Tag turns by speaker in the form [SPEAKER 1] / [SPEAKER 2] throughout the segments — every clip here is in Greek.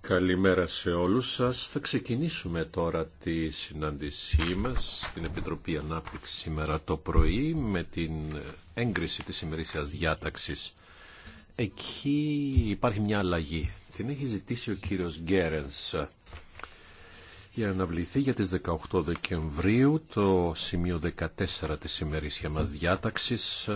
[SPEAKER 1] Καλημέρα σε όλους σας. Θα ξεκινήσουμε τώρα τη συνάντησή μας στην Επιτροπή Ανάπτυξη σήμερα το πρωί με την έγκριση της ημερήσιας διάταξης. Εκεί υπάρχει μια αλλαγή. Την έχει ζητήσει ο κύριος Γκέρενς για να βληθεί για τις 18 Δεκεμβρίου το σημείο 14 της ημερήσιας μας διάταξης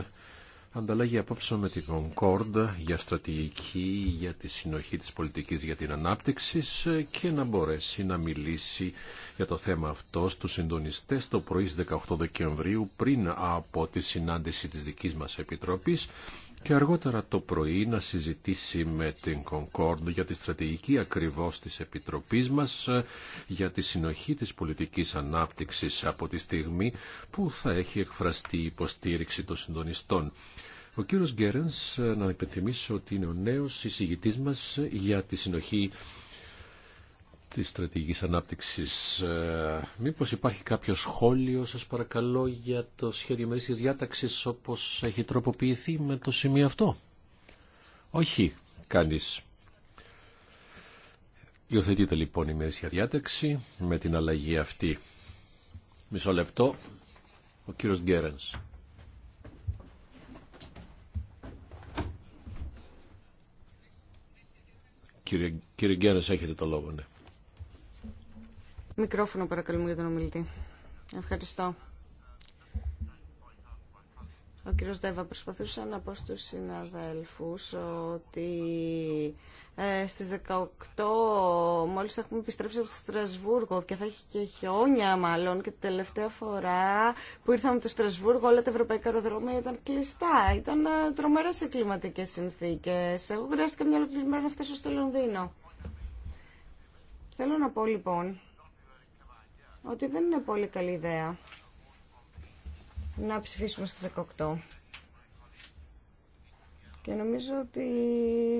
[SPEAKER 1] ανταλλαγή απόψεων με την Concord για στρατηγική, για τη συνοχή της πολιτικής για την ανάπτυξη και να μπορέσει να μιλήσει για το θέμα αυτό στους συντονιστές το πρωί 18 Δεκεμβρίου πριν από τη συνάντηση της δικής μας Επιτροπής και αργότερα το πρωί να συζητήσει με την Κονκόρντ για τη στρατηγική ακριβώς της Επιτροπής μας ε, για τη συνοχή της πολιτικής ανάπτυξης από τη στιγμή που θα έχει εκφραστεί η υποστήριξη των συντονιστών. Ο κύριος Γκέρενς, ε, να υπενθυμίσω ότι είναι ο νέος εισηγητής μας για τη συνοχή της στρατηγικής ανάπτυξης. Ε, μήπως υπάρχει κάποιο σχόλιο, σας παρακαλώ, για το σχέδιο μερίσιας διάταξης όπως έχει τροποποιηθεί με το σημείο αυτό. Όχι, κανείς. Υιοθετείται λοιπόν η μερίσια διάταξη με την αλλαγή αυτή. Μισό λεπτό, ο κύριος Γκέρενς. Κύριε, κύριε έχετε το λόγο, ναι.
[SPEAKER 2] Μικρόφωνο παρακαλούμε για τον ομιλητή. Ευχαριστώ. Ο κύριος Δέβα προσπαθούσε να πω στους συναδέλφους ότι ε, στις 18 μόλις έχουμε επιστρέψει από το Στρασβούργο και θα έχει και χιόνια μάλλον και την τελευταία φορά που ήρθαμε από το Στρασβούργο όλα τα ευρωπαϊκά αεροδρόμια ήταν κλειστά, ήταν ε, τρομερές οι κλιματικές συνθήκες. Εγώ χρειάστηκα μια ολοκληρή μέρα να φτάσω στο Λονδίνο. Θέλω να πω λοιπόν ότι δεν είναι πολύ καλή ιδέα να ψηφίσουμε στις 18. Και νομίζω ότι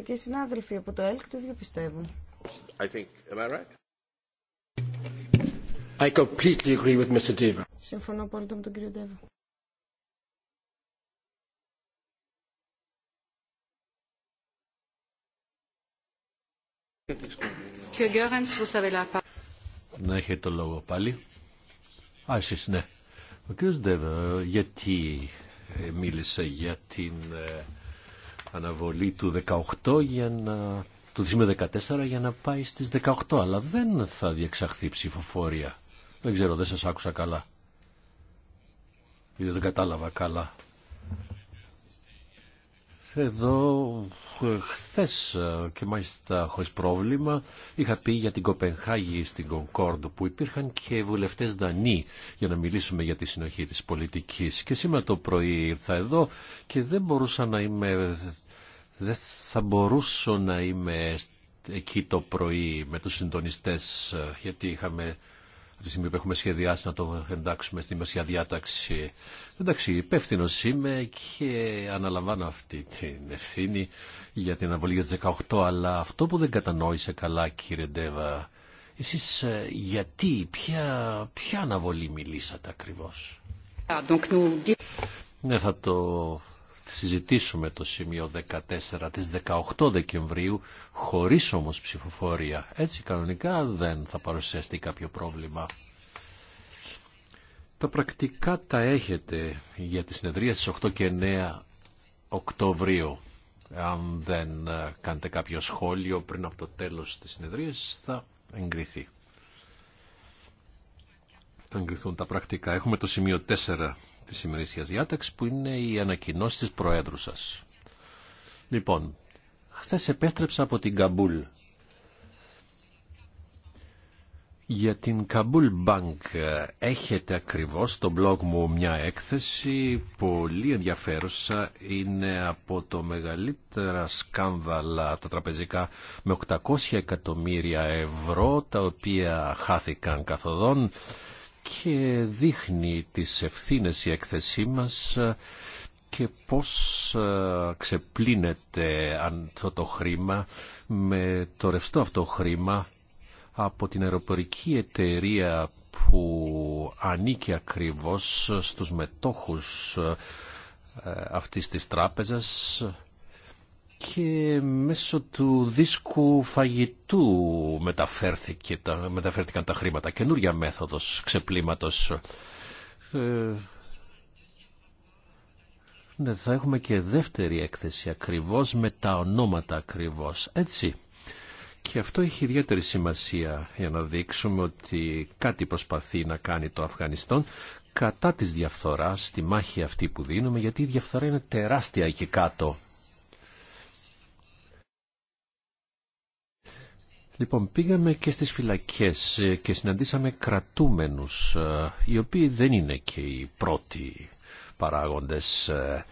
[SPEAKER 2] και οι συνάδελφοι από το ΕΛΚ το ίδιο πιστεύουν.
[SPEAKER 1] I think, am I right? I completely agree with Mr. Deva.
[SPEAKER 2] Συμφωνώ απόλυτα με τον κύριο Ντέβα.
[SPEAKER 3] Monsieur Goerens, vous savez la parole
[SPEAKER 1] να έχετε το λόγο πάλι. Α, εσείς, ναι. Ο κ. Ε, γιατί ε, μίλησε για την ε, αναβολή του 18 για να του 14 για να πάει στις 18, αλλά δεν θα διεξαχθεί ψηφοφόρια. Δεν ξέρω, δεν σας άκουσα καλά. Δεν δεν κατάλαβα καλά. Εδώ ε, χθε ε, και μάλιστα χωρίς πρόβλημα είχα πει για την Κοπενχάγη στην Κονκόρντο που υπήρχαν και βουλευτές Δανείοι για να μιλήσουμε για τη συνοχή της πολιτικής και σήμερα το πρωί ήρθα εδώ και δεν μπορούσα να είμαι δεν θα μπορούσα να είμαι εκεί το πρωί με τους συντονιστές ε, γιατί είχαμε τη στιγμή που έχουμε σχεδιάσει να το εντάξουμε στη μεσιά διάταξη. Εντάξει, υπεύθυνο είμαι και αναλαμβάνω αυτή την ευθύνη για την αναβολή για τι 18, αλλά αυτό που δεν κατανόησε καλά κύριε Ντέβα, εσείς ε, γιατί, ποια, ποια αναβολή μιλήσατε ακριβώς. Ναι, θα το συζητήσουμε το σημείο 14 της 18 Δεκεμβρίου χωρίς όμως ψηφοφορία. Έτσι κανονικά δεν θα παρουσιαστεί κάποιο πρόβλημα. Τα πρακτικά τα έχετε για τη συνεδρία στις 8 και 9 Οκτωβρίου. Αν δεν ε, κάνετε κάποιο σχόλιο πριν από το τέλος της συνεδρίας θα εγκριθεί. Θα εγκριθούν τα πρακτικά. Έχουμε το σημείο 4 της ημερήσιας διάταξης που είναι η ανακοινώσει της Προέδρου σας. Λοιπόν, χθε επέστρεψα από την Καμπούλ. Για την Καμπούλ Μπανκ ε, έχετε ακριβώς στο blog μου μια έκθεση πολύ ενδιαφέρουσα. Είναι από το μεγαλύτερα σκάνδαλα τα τραπεζικά με 800 εκατομμύρια ευρώ τα οποία χάθηκαν καθοδόν και δείχνει τις ευθύνες η έκθεσή μας ε, και πώς ε, ξεπλύνεται αυτό το χρήμα με το ρευστό αυτό χρήμα από την αεροπορική εταιρεία που ανήκει ακριβώς στους μετόχους ε, αυτής της τράπεζας και μέσω του δίσκου φαγητού μεταφέρθηκε τα, μεταφέρθηκαν τα χρήματα. Καινούρια μέθοδος ξεπλήματος. Ε, ναι, θα έχουμε και δεύτερη έκθεση ακριβώς με τα ονόματα ακριβώς. Έτσι. Και αυτό έχει ιδιαίτερη σημασία για να δείξουμε ότι κάτι προσπαθεί να κάνει το Αφγανιστόν κατά της διαφθοράς, τη μάχη αυτή που δίνουμε, γιατί η διαφθορά είναι τεράστια εκεί κάτω. Λοιπόν, πήγαμε και στις φυλακές ε, και συναντήσαμε κρατούμενους, ε, οι οποίοι δεν είναι και οι πρώτοι παράγοντες. Ε.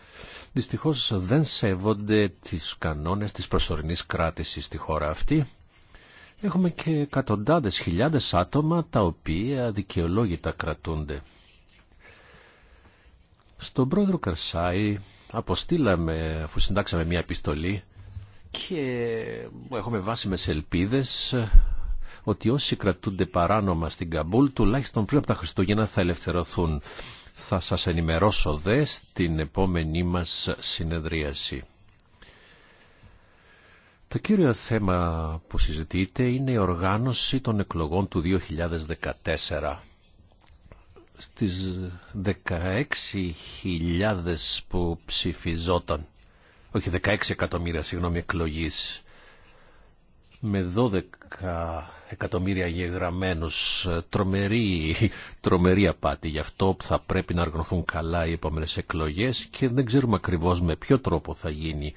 [SPEAKER 1] Δυστυχώς δεν σέβονται τις κανόνες της προσωρινής κράτησης στη χώρα αυτή. Έχουμε και εκατοντάδες χιλιάδες άτομα τα οποία δικαιολόγητα κρατούνται. Στον πρόεδρο Καρσάη αποστήλαμε, αφού συντάξαμε μια επιστολή, και έχουμε βάσιμες ελπίδες ε, ότι όσοι κρατούνται παράνομα στην Καμπούλ τουλάχιστον πριν από τα Χριστούγεννα θα ελευθερωθούν. Θα σας ενημερώσω δε στην επόμενή μας συνεδρίαση. Το κύριο θέμα που συζητείτε είναι η οργάνωση των εκλογών του 2014. Στις 16.000 που ψηφιζόταν όχι 16 εκατομμύρια, συγγνώμη, εκλογής με 12 εκατομμύρια γεγραμμένους ε, τρομερή, τρομερή απάτη. Γι' αυτό θα πρέπει να αργωθούν καλά οι επόμενες εκλογές και δεν ξέρουμε ακριβώς με ποιο τρόπο θα γίνει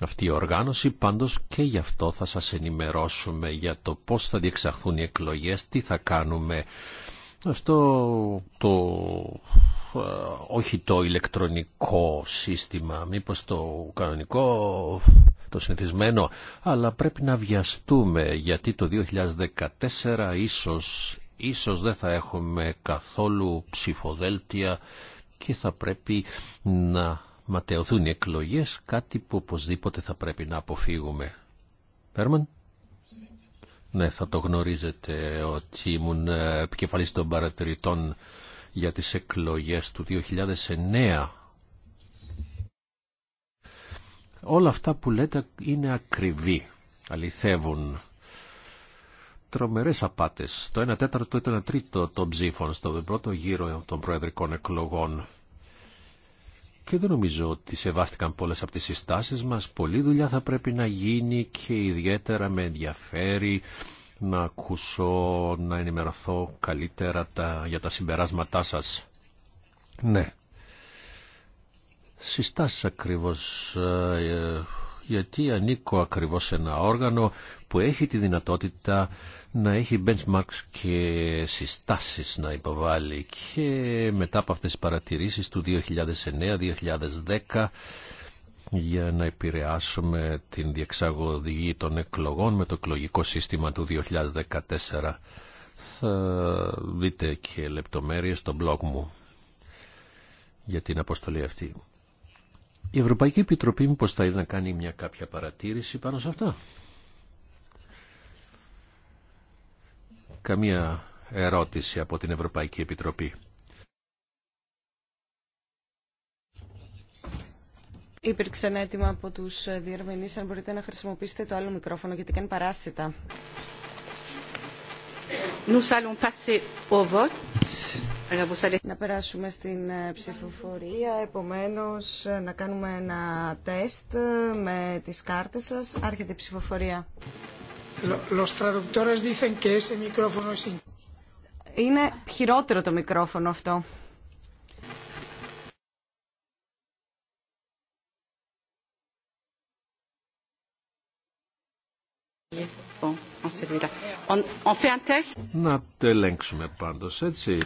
[SPEAKER 1] αυτή η οργάνωση. Πάντως και γι' αυτό θα σας ενημερώσουμε για το πώς θα διεξαχθούν οι εκλογές, τι θα κάνουμε. Αυτό το ε, όχι το ηλεκτρονικό σύστημα, μήπως το κανονικό, το συνηθισμένο, αλλά πρέπει να βιαστούμε γιατί το 2014 ίσως, ίσως δεν θα έχουμε καθόλου ψηφοδέλτια και θα πρέπει να ματαιωθούν οι εκλογές, κάτι που οπωσδήποτε θα πρέπει να αποφύγουμε. Πέρμαν. Ναι, θα το γνωρίζετε ότι ήμουν επικεφαλής των παρατηρητών για τις εκλογές του 2009. Όλα αυτά που λέτε είναι ακριβή, αληθεύουν. Τρομερές απάτες. Το 1 τέταρτο ή ήταν τρίτο των ψήφων στο πρώτο γύρο των προεδρικών εκλογών. Και δεν νομίζω ότι σεβάστηκαν πολλές από τις συστάσεις μας. πολύ δουλειά θα πρέπει να γίνει και ιδιαίτερα με ενδιαφέρει να ακούσω, να ενημερωθώ καλύτερα για τα συμπεράσματά σας. Ναι. Συστάσεις ακριβώς, ε, γιατί ανήκω ακριβώς σε ένα όργανο που έχει τη δυνατότητα να έχει benchmarks και συστάσεις να υποβάλει και μετά από αυτές τις παρατηρήσεις του 2009-2010 για να επηρεάσουμε την διεξαγωγή των εκλογών με το εκλογικό σύστημα του 2014. Θα δείτε και λεπτομέρειες στο blog μου για την αποστολή αυτή. Η Ευρωπαϊκή Επιτροπή μήπως θα ήθελε να κάνει μια κάποια παρατήρηση πάνω σε αυτά. Καμία ερώτηση από την Ευρωπαϊκή Επιτροπή.
[SPEAKER 2] Υπήρξε ένα αίτημα από τους ε, διερμηνείς, αν μπορείτε να χρησιμοποιήσετε το άλλο μικρόφωνο, γιατί κάνει παράσιτα. Nous allons passer au vote. Να περάσουμε στην ε, ψηφοφορία, επομένως ε, να κάνουμε ένα τεστ με τις κάρτες σας. Άρχεται η ψηφοφορία. Είναι χειρότερο το μικρόφωνο αυτό.
[SPEAKER 1] Να το ελέγξουμε έτσι.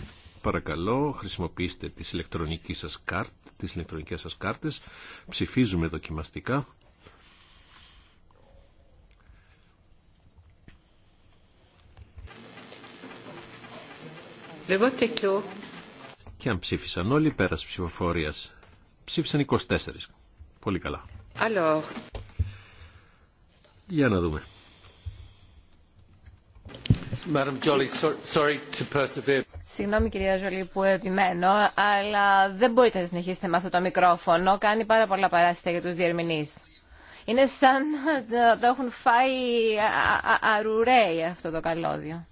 [SPEAKER 1] Παρακαλώ, χρησιμοποιήστε τις ηλεκτρονικέ σα κάρτε. κάρτες. Ψηφίζουμε δοκιμαστικά. Και αν ψήφισαν όλοι, πέρας ψηφοφορία, Ψήφισαν 24. Πολύ καλά. Alors... Για να δούμε.
[SPEAKER 3] Συγγνώμη κυρία Ζολή που επιμένω, αλλά δεν μπορείτε να συνεχίσετε με αυτό το μικρόφωνο. Κάνει πάρα πολλά παράσιτα για τους διερμηνείς. Είναι σαν να το έχουν φάει αρουραίοι αυτό το καλώδιο.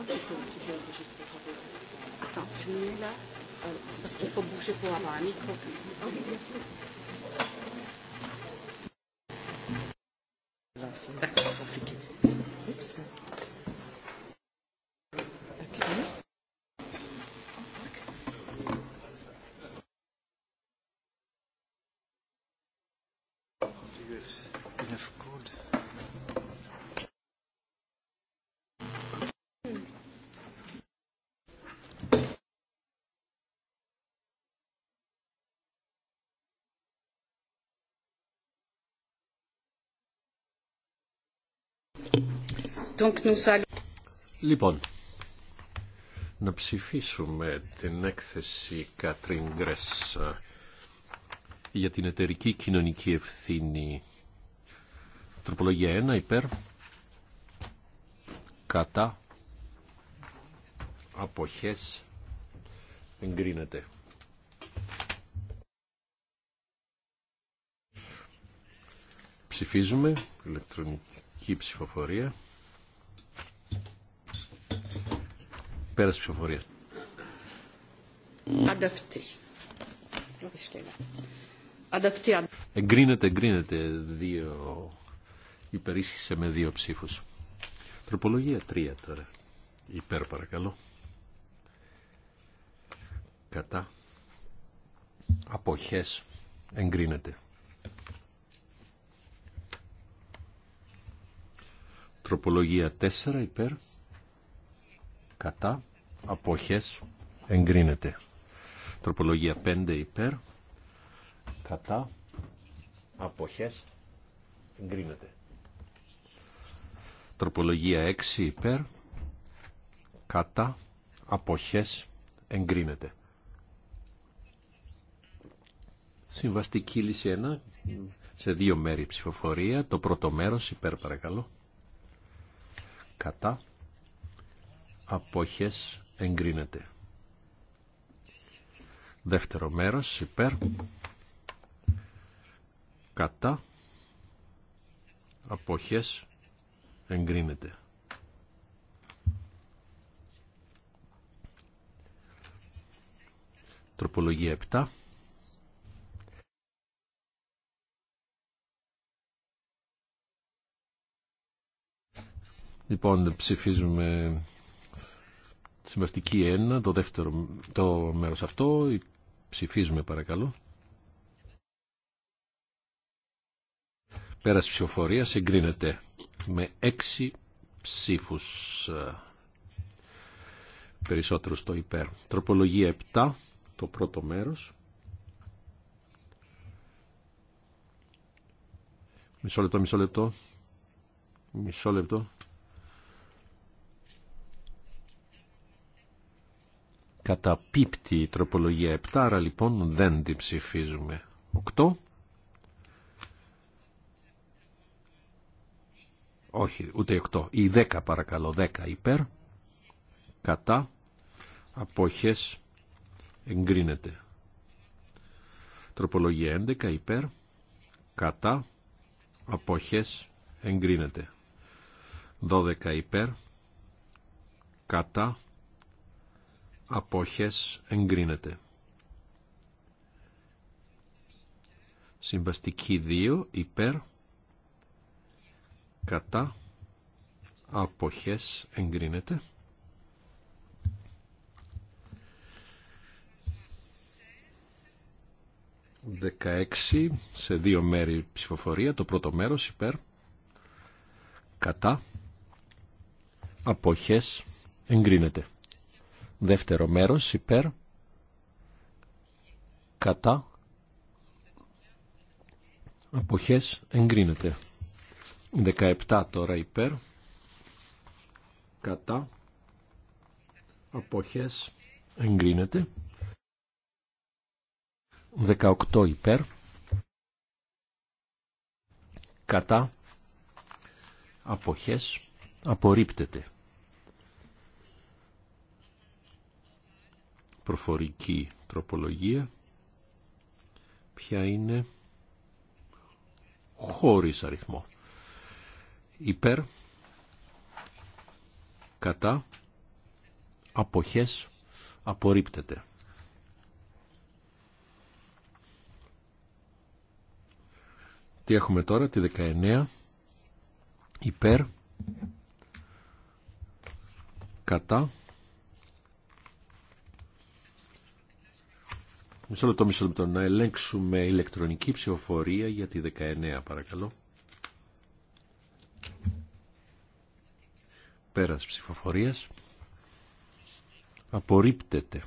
[SPEAKER 2] Il faut bouger pour avoir un micro.
[SPEAKER 3] Là, c'est compliqué.
[SPEAKER 2] Oups.
[SPEAKER 1] Λοιπόν, να ψηφίσουμε την έκθεση Κατρίν Γκρέσ ε, για την εταιρική κοινωνική ευθύνη. Τροπολογία 1 υπέρ κατά αποχές εγκρίνεται. Ψηφίζουμε ηλεκτρονική. Ονομαστική ψηφοφορία. Πέρας ψηφοφορία.
[SPEAKER 3] Ανταυτή. Ανταυτή.
[SPEAKER 1] Εγκρίνεται, εγκρίνεται δύο υπερίσχυσε με δύο ψήφους. Τροπολογία τρία τώρα. Υπέρ παρακαλώ. Κατά. Αποχές. Εγκρίνεται. Τροπολογία 4 υπέρ κατά αποχές εγκρίνεται. Τροπολογία 5 υπέρ κατά αποχές εγκρίνεται. Τροπολογία 6 υπέρ κατά αποχές εγκρίνεται. Συμβαστική λύση 1 σε δύο μέρη ψηφοφορία. Το πρώτο μέρος υπέρ παρακαλώ κατά απόχες εγκρίνεται. Δεύτερο μέρος υπέρ κατά απόχες εγκρίνεται. Τροπολογία 7 Λοιπόν, ψηφίζουμε συμβαστική 1, το δεύτερο το μέρος αυτό. Ψηφίζουμε παρακαλώ. Πέρας ψηφοφορία συγκρίνεται με 6 ψήφους ε, περισσότερους το υπέρ. Τροπολογία 7, το πρώτο μέρος. Μισό λεπτό, μισό λεπτό. Μισό λεπτό. Καταπίπτει η τροπολογία 7, άρα λοιπόν δεν την ψηφίζουμε. 8. Όχι, ούτε 8. Η 10 παρακαλώ. 10 υπέρ. Κατά. Απόχες. Εγκρίνεται. Τροπολογία 11 υπέρ. Κατά. Απόχες. Εγκρίνεται. 12 υπέρ. Κατά απόχες εγκρίνεται. Συμβαστική 2 υπέρ κατά αποχές εγκρίνεται. Δεκαέξι σε δύο μέρη ψηφοφορία, το πρώτο μέρος υπέρ, κατά, αποχές εγκρίνεται. Δεύτερο μέρος υπέρ κατά αποχές εγκρίνεται. 17 τώρα υπέρ κατά αποχές εγκρίνεται. 18 υπέρ κατά αποχές απορρίπτεται. προφορική τροπολογία. Ποια είναι χωρίς αριθμό. Υπέρ, κατά, αποχές, απορρίπτεται. Τι έχουμε τώρα, τη 19, υπέρ, κατά, Μισό λεπτό, μισό λεπτό. Να ελέγξουμε ηλεκτρονική ψηφοφορία για τη 19, παρακαλώ. Πέρας ψηφοφορίας. Απορρίπτεται.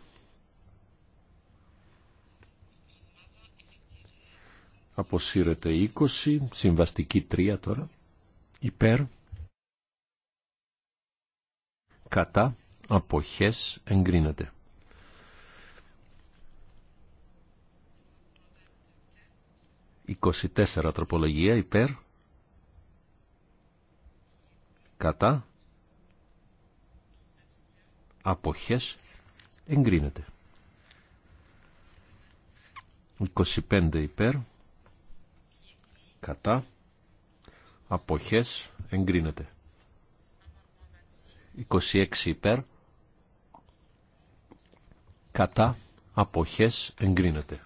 [SPEAKER 1] Αποσύρεται 20, συμβαστική 3 τώρα. Υπέρ. Κατά. Αποχές εγκρίνεται. 24 τροπολογία υπέρ κατά αποχές εγκρίνεται 25 υπέρ κατά αποχές εγκρίνεται 26 υπέρ κατά αποχές εγκρίνεται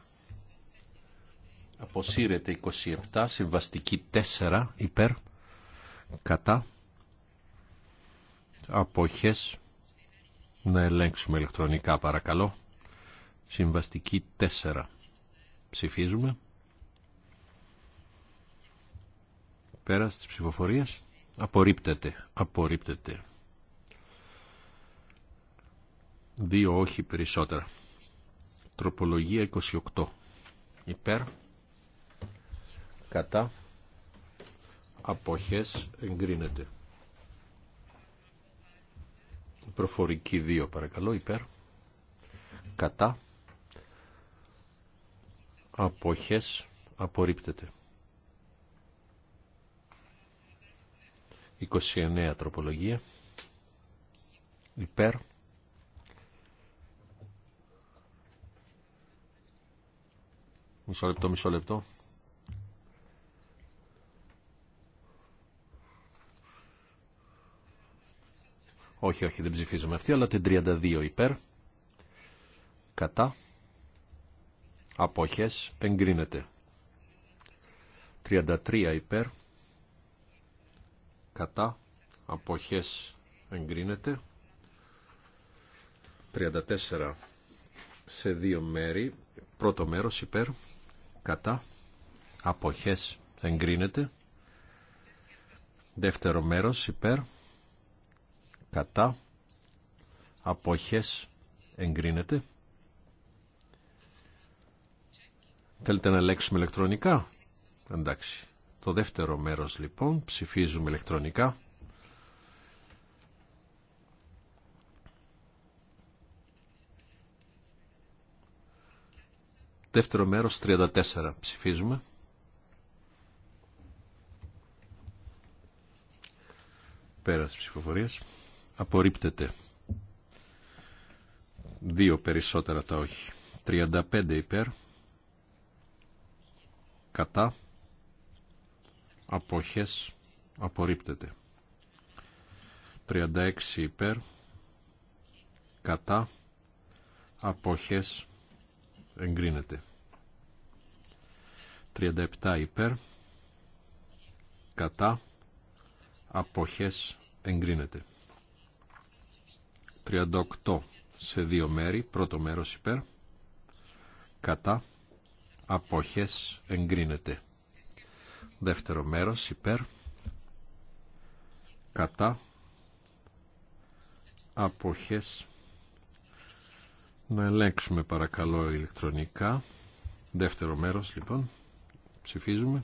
[SPEAKER 1] Αποσύρεται 27, συμβαστική 4, υπέρ, κατά, αποχές, να ελέγξουμε ηλεκτρονικά παρακαλώ. Συμβαστική 4. Ψηφίζουμε. Πέρας της ψηφοφορίας. Απορρίπτεται. Απορρίπτεται. Δύο όχι περισσότερα. Τροπολογία 28. Υπέρ κατά αποχές εγκρίνεται. Προφορική 2 παρακαλώ υπέρ κατά αποχές απορρίπτεται. 29 τροπολογία υπέρ μισό λεπτό μισό λεπτό Όχι, όχι, δεν ψηφίζουμε αυτή, αλλά την 32 υπέρ. Κατά. Αποχές. Εγκρίνεται. 33 υπέρ. Κατά. Αποχές. Εγκρίνεται. 34 σε δύο μέρη. Πρώτο μέρος υπέρ. Κατά. Αποχές. Εγκρίνεται. Δεύτερο μέρος υπέρ κατά, αποχές, εγκρίνεται. Θέλετε να ελέγξουμε ηλεκτρονικά. Εντάξει. Το δεύτερο μέρος λοιπόν ψηφίζουμε ηλεκτρονικά. Δεύτερο μέρος 34 ψηφίζουμε. Πέρας ψηφοφορίας απορρίπτεται. Δύο περισσότερα τα όχι. 35 υπέρ. Κατά. Αποχές. Απορρίπτεται. 36 υπέρ. Κατά. Αποχές. Εγκρίνεται. 37 υπέρ. Κατά. Αποχές. Εγκρίνεται. 38 σε δύο μέρη, πρώτο μέρος υπέρ, κατά, αποχές, εγκρίνεται. Δεύτερο μέρος υπέρ, κατά, αποχές, να ελέγξουμε παρακαλώ ηλεκτρονικά. Δεύτερο μέρος λοιπόν, ψηφίζουμε.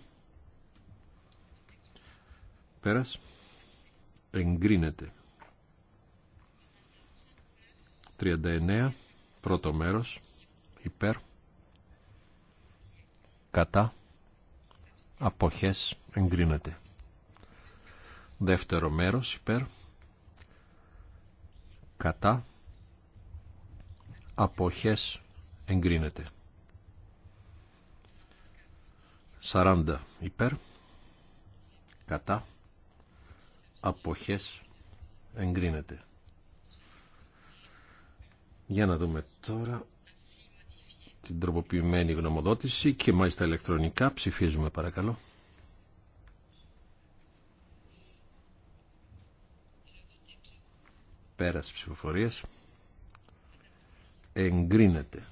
[SPEAKER 1] Πέρας, εγκρίνεται. 39 πρώτο μέρος υπέρ κατά αποχές εγκρίνεται δεύτερο μέρος υπέρ κατά αποχές εγκρίνεται 40 υπέρ κατά αποχές εγκρίνεται για να δούμε τώρα την τροποποιημένη γνωμοδότηση και μάλιστα ηλεκτρονικά ψηφίζουμε παρακαλώ. Πέρας ψηφοφορίας εγκρίνεται.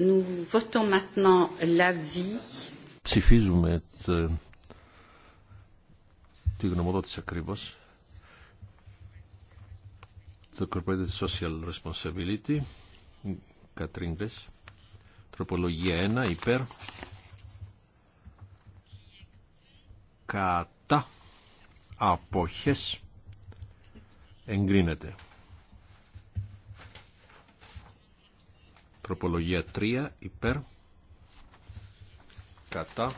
[SPEAKER 3] Nous votons maintenant
[SPEAKER 1] Ψηφίζουμε τη γνωμοδότηση ακριβώ. Το Corporate Social Responsibility. Κατρίν Τροπολογία 1. Υπέρ. Κατά. Αποχές. Εγκρίνεται. Τροπολογία 3 υπέρ κατά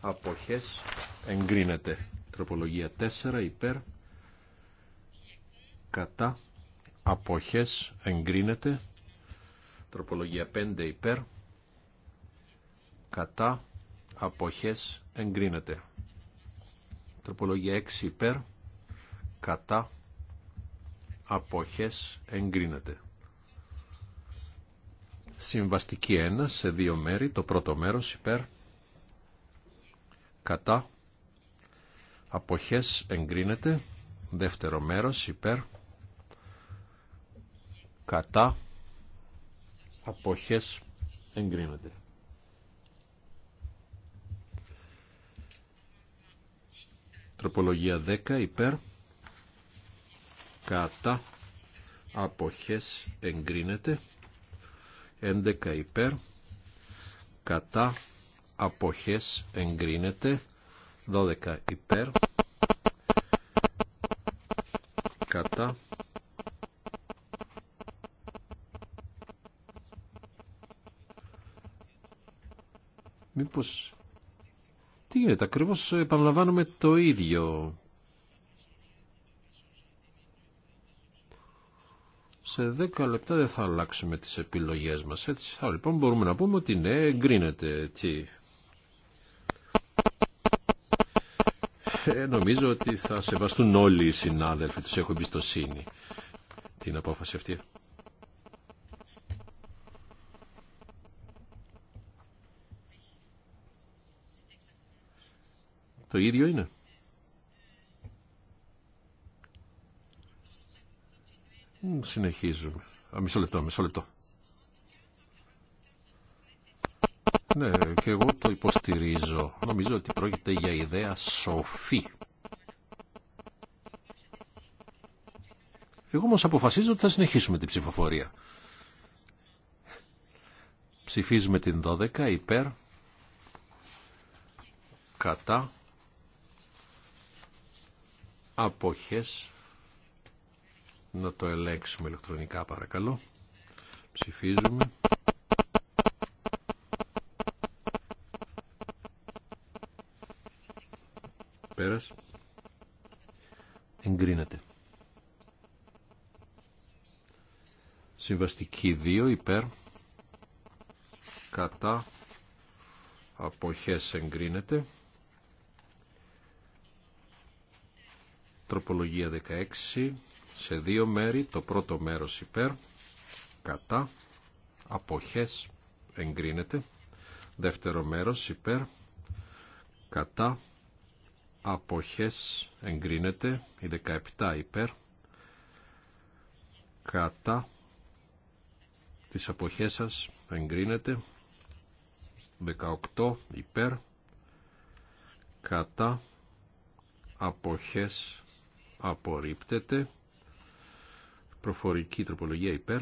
[SPEAKER 1] αποχές εγκρίνεται. Τροπολογία 4 υπέρ κατά αποχές εγκρίνεται. Τροπολογία 5 υπέρ κατά αποχές εγκρίνεται. Τροπολογία 6 υπέρ κατά αποχές εγκρίνεται. Συμβαστική 1 σε δύο μέρη, το πρώτο μέρος υπέρ, κατά, αποχές εγκρίνεται, δεύτερο μέρος υπέρ, κατά, αποχές εγκρίνεται. Τροπολογία 10 υπέρ, κατά, αποχές εγκρίνεται. 11 υπέρ κατά αποχές εγκρίνεται 12 υπέρ κατά Μήπως... Τι γίνεται, ακριβώς επαναλαμβάνουμε το ίδιο. σε 10 λεπτά δεν θα αλλάξουμε τις επιλογές μας. Έτσι, θα, λοιπόν, μπορούμε να πούμε ότι ναι, εγκρίνεται. Τι. Ε, νομίζω ότι θα σεβαστούν όλοι οι συνάδελφοι, τους έχω εμπιστοσύνη την απόφαση αυτή. Το ίδιο είναι. Συνεχίζουμε. Α, μισό λεπτό, μισό λεπτό. Ναι, και εγώ το υποστηρίζω. Νομίζω ότι πρόκειται για ιδέα σοφή. Εγώ όμως αποφασίζω ότι θα συνεχίσουμε την ψηφοφορία. Ψηφίζουμε την 12 υπέρ, κατά, αποχές, να το ελέγξουμε ηλεκτρονικά παρακαλώ. Ψηφίζουμε. Πέρας. Εγκρίνεται. Συμβαστική 2 υπέρ. Κατά. Αποχές εγκρίνεται. Τροπολογία 16 σε δύο μέρη, το πρώτο μέρος υπέρ, κατά, αποχές, εγκρίνεται, δεύτερο μέρος υπέρ, κατά, αποχές, εγκρίνεται, η 17 υπέρ, κατά, τις αποχές σας, εγκρίνεται, 18 υπέρ, κατά, αποχές, απορρίπτεται, Προφορική τροπολογία υπέρ.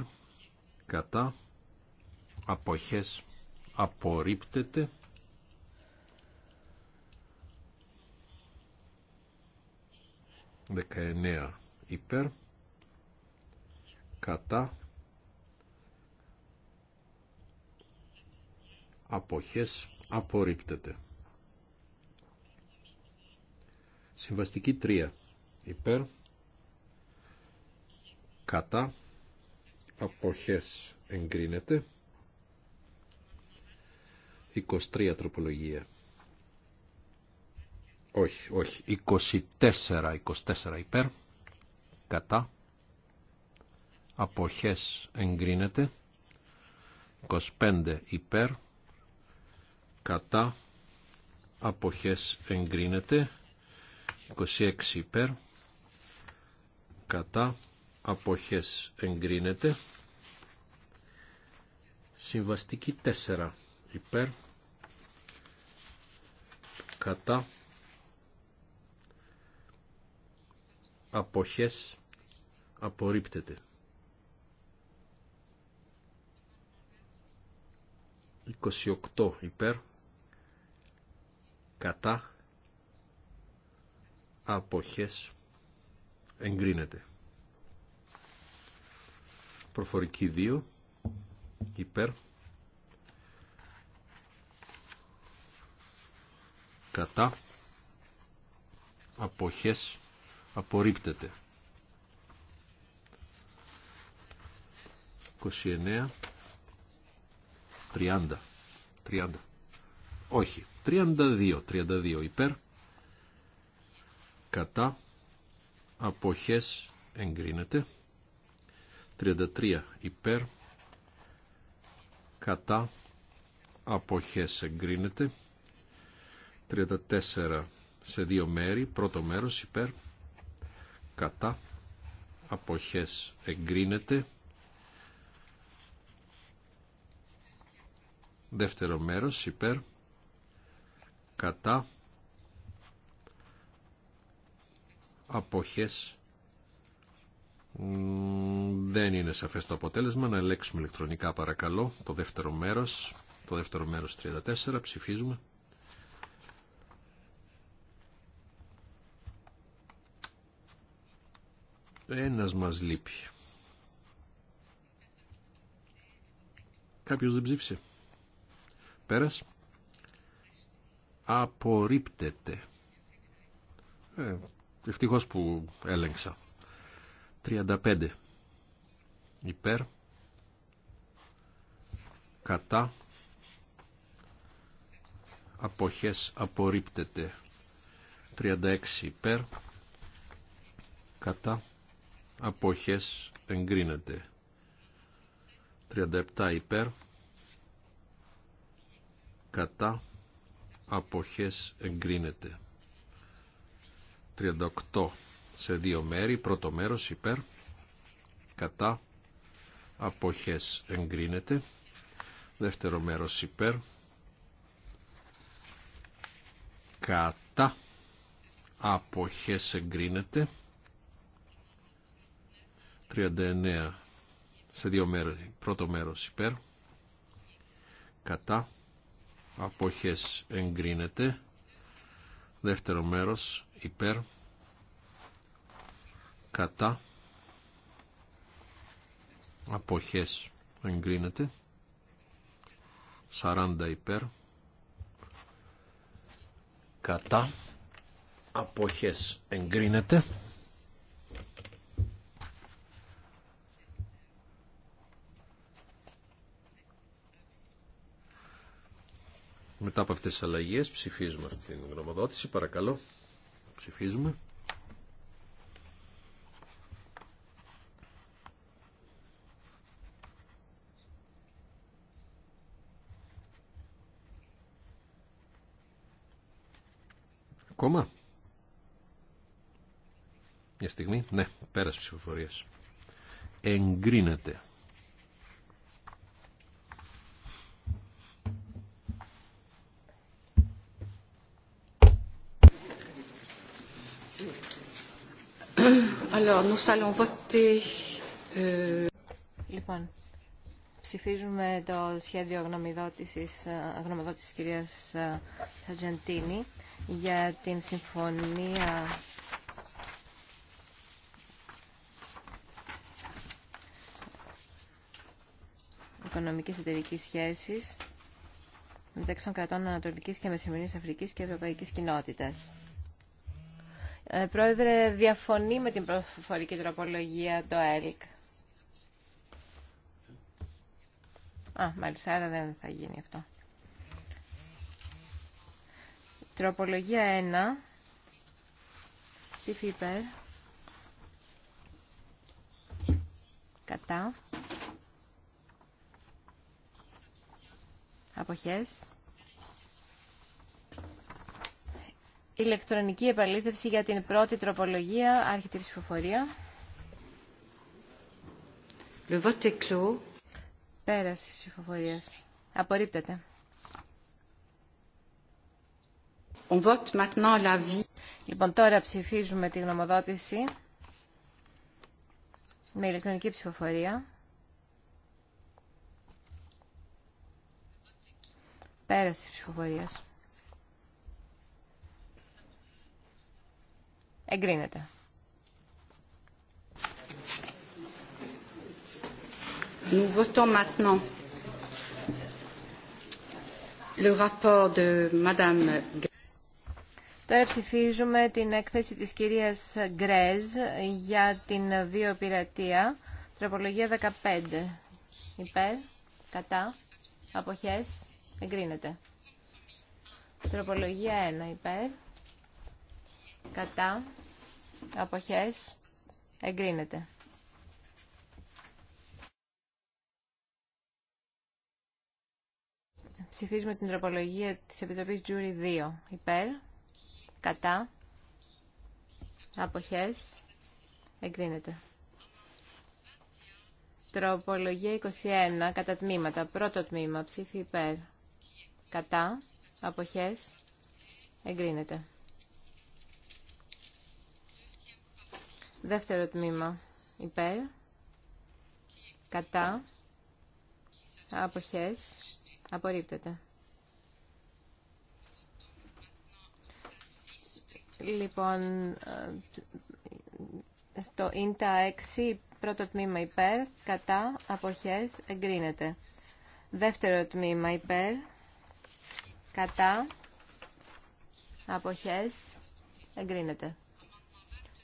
[SPEAKER 1] Κατά. Αποχές. Απορρίπτεται. Δεκαεννέα υπέρ. Κατά. Αποχές. Απορρίπτεται. Συμβαστική τρία Υπέρ κατά αποχές εγκρίνεται 23 τροπολογία όχι, όχι, 24, 24 υπέρ, κατά, αποχές εγκρίνεται, 25 υπέρ, κατά, αποχές εγκρίνεται, 26 υπέρ, κατά, αποχές εγκρίνεται. Συμβαστική 4 υπέρ κατά αποχές απορρίπτεται. 28 υπέρ κατά αποχές εγκρίνεται. Προφορική 2. Υπέρ. Κατά. Αποχές. Απορρίπτεται. 29. 30. 30. Όχι. 32. 32 υπέρ. Κατά. Αποχές εγκρίνεται. 33 υπέρ κατά αποχές εγκρίνεται 34 σε δύο μέρη πρώτο μέρος υπέρ κατά αποχές εγκρίνεται δεύτερο μέρος υπέρ κατά αποχές δεν είναι σαφές το αποτέλεσμα. Να ελέγξουμε ηλεκτρονικά παρακαλώ το δεύτερο μέρος. Το δεύτερο μέρος 34. Ψηφίζουμε. Ένας μας λείπει. Κάποιος δεν ψήφισε. Πέρας. Απορρίπτεται. Ε, ευτυχώς που έλεγξα. 35 υπέρ κατά αποχές απορρίπτεται 36 υπέρ κατά αποχές εγκρίνεται 37 υπέρ κατά αποχές εγκρίνεται 38 σε δύο μέρη. Πρώτο μέρος υπέρ, κατά, αποχές εγκρίνεται. Δεύτερο μέρος υπέρ, κατά, αποχές εγκρίνεται. 39 σε δύο μέρη. Πρώτο μέρος υπέρ, κατά, αποχές εγκρίνεται. Δεύτερο μέρος υπέρ, κατά αποχές εγκρίνεται 40 υπέρ κατά αποχές εγκρίνεται Μετά από αυτές τις αλλαγές ψηφίζουμε αυτή την γνωμοδότηση. Παρακαλώ, ψηφίζουμε. στιγμή. Ναι, πέρας ψηφοφορίας. Εγκρίνεται.
[SPEAKER 3] Alors, nous allons voter... Euh, λοιπόν, ψηφίζουμε το σχέδιο ε, γνωμοδότησης, τη κυρίας ε, Σατζεντίνη για την συμφωνία και εταιρικής σχέσεις μεταξύ των κρατών Ανατολικής και Μεσημερινής Αφρικής και Ευρωπαϊκής Κοινότητας. Ε, πρόεδρε, διαφωνεί με την προφορική τροπολογία το ΕΛΚ. Α, μάλιστα, άρα δεν θα γίνει αυτό. Τροπολογία 1. Ψήφι υπέρ. Κατά. Αποχές. Ηλεκτρονική επαλήθευση για την πρώτη τροπολογία. Άρχεται η ψηφοφορία. Le Πέραση ψηφοφορίας. Απορρίπτεται. Λοιπόν, τώρα ψηφίζουμε τη γνωμοδότηση με ηλεκτρονική ψηφοφορία. Πέραση ψηφοφορίας. Εγκρίνεται. Nous votons maintenant le rapport de Madame. Τώρα ψηφίζουμε την έκθεση της κυρίας Γκρέζ για την βιοπειρατεία. Τροπολογία 15. Υπέρ, κατά, αποχές, Εγκρίνεται. Τροπολογία 1 υπέρ. Κατά. Αποχές. Εγκρίνεται. Ψηφίζουμε την τροπολογία της Επιτροπής Τζούρι 2. Υπέρ. Κατά. Αποχές. Εγκρίνεται. Τροπολογία 21. Κατά τμήματα. Πρώτο τμήμα. Ψήφι υπέρ κατά, αποχές, εγκρίνεται. Δεύτερο τμήμα, υπέρ, κατά, αποχές, απορρίπτεται. Λοιπόν, ε, στο ίντα 6, πρώτο τμήμα υπέρ, κατά, αποχές, εγκρίνεται. Δεύτερο τμήμα υπέρ, κατά, αποχές, εγκρίνεται.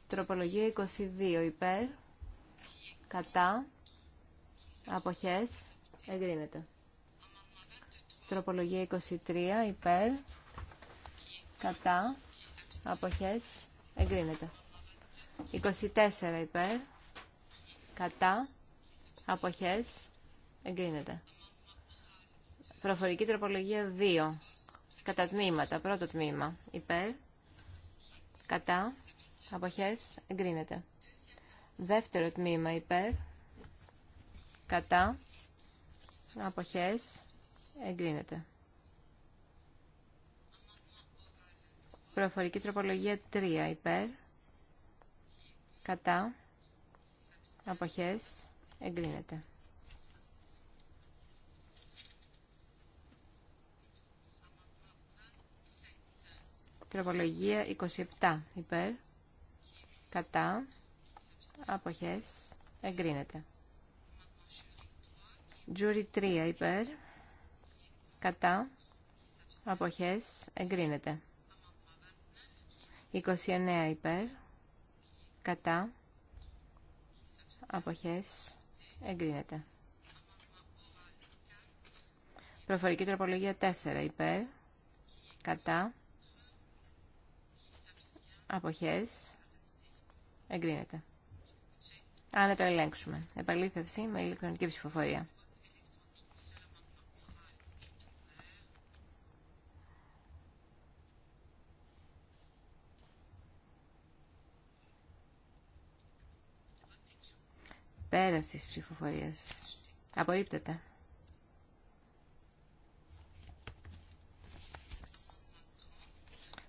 [SPEAKER 3] Τροπολογία 22 υπέρ, κατά, αποχές, εγκρίνεται. Τροπολογία 23 υπέρ, κατά, αποχές, εγκρίνεται. 24 υπέρ, κατά, αποχές, εγκρίνεται. Προφορική τροπολογία 2 κατά τμήματα. Πρώτο τμήμα υπέρ, κατά, αποχές, εγκρίνεται. Δεύτερο τμήμα υπέρ, κατά, αποχές, εγκρίνεται. Προφορική τροπολογία 3 υπέρ, κατά, αποχές, εγκρίνεται. Τροπολογία 27 υπέρ. Κατά. Αποχές. Εγκρίνεται. Τζούρι 3 υπέρ. Κατά. Αποχές. Εγκρίνεται. 29 υπέρ. Κατά. Αποχές. Εγκρίνεται. Προφορική τροπολογία 4 υπέρ. Κατά. Αποχές. Εγκρίνεται. Αν δεν το ελέγξουμε. Επαλήθευση με ηλεκτρονική ψηφοφορία. Πέρας της ψηφοφορίας. Απορρίπτεται.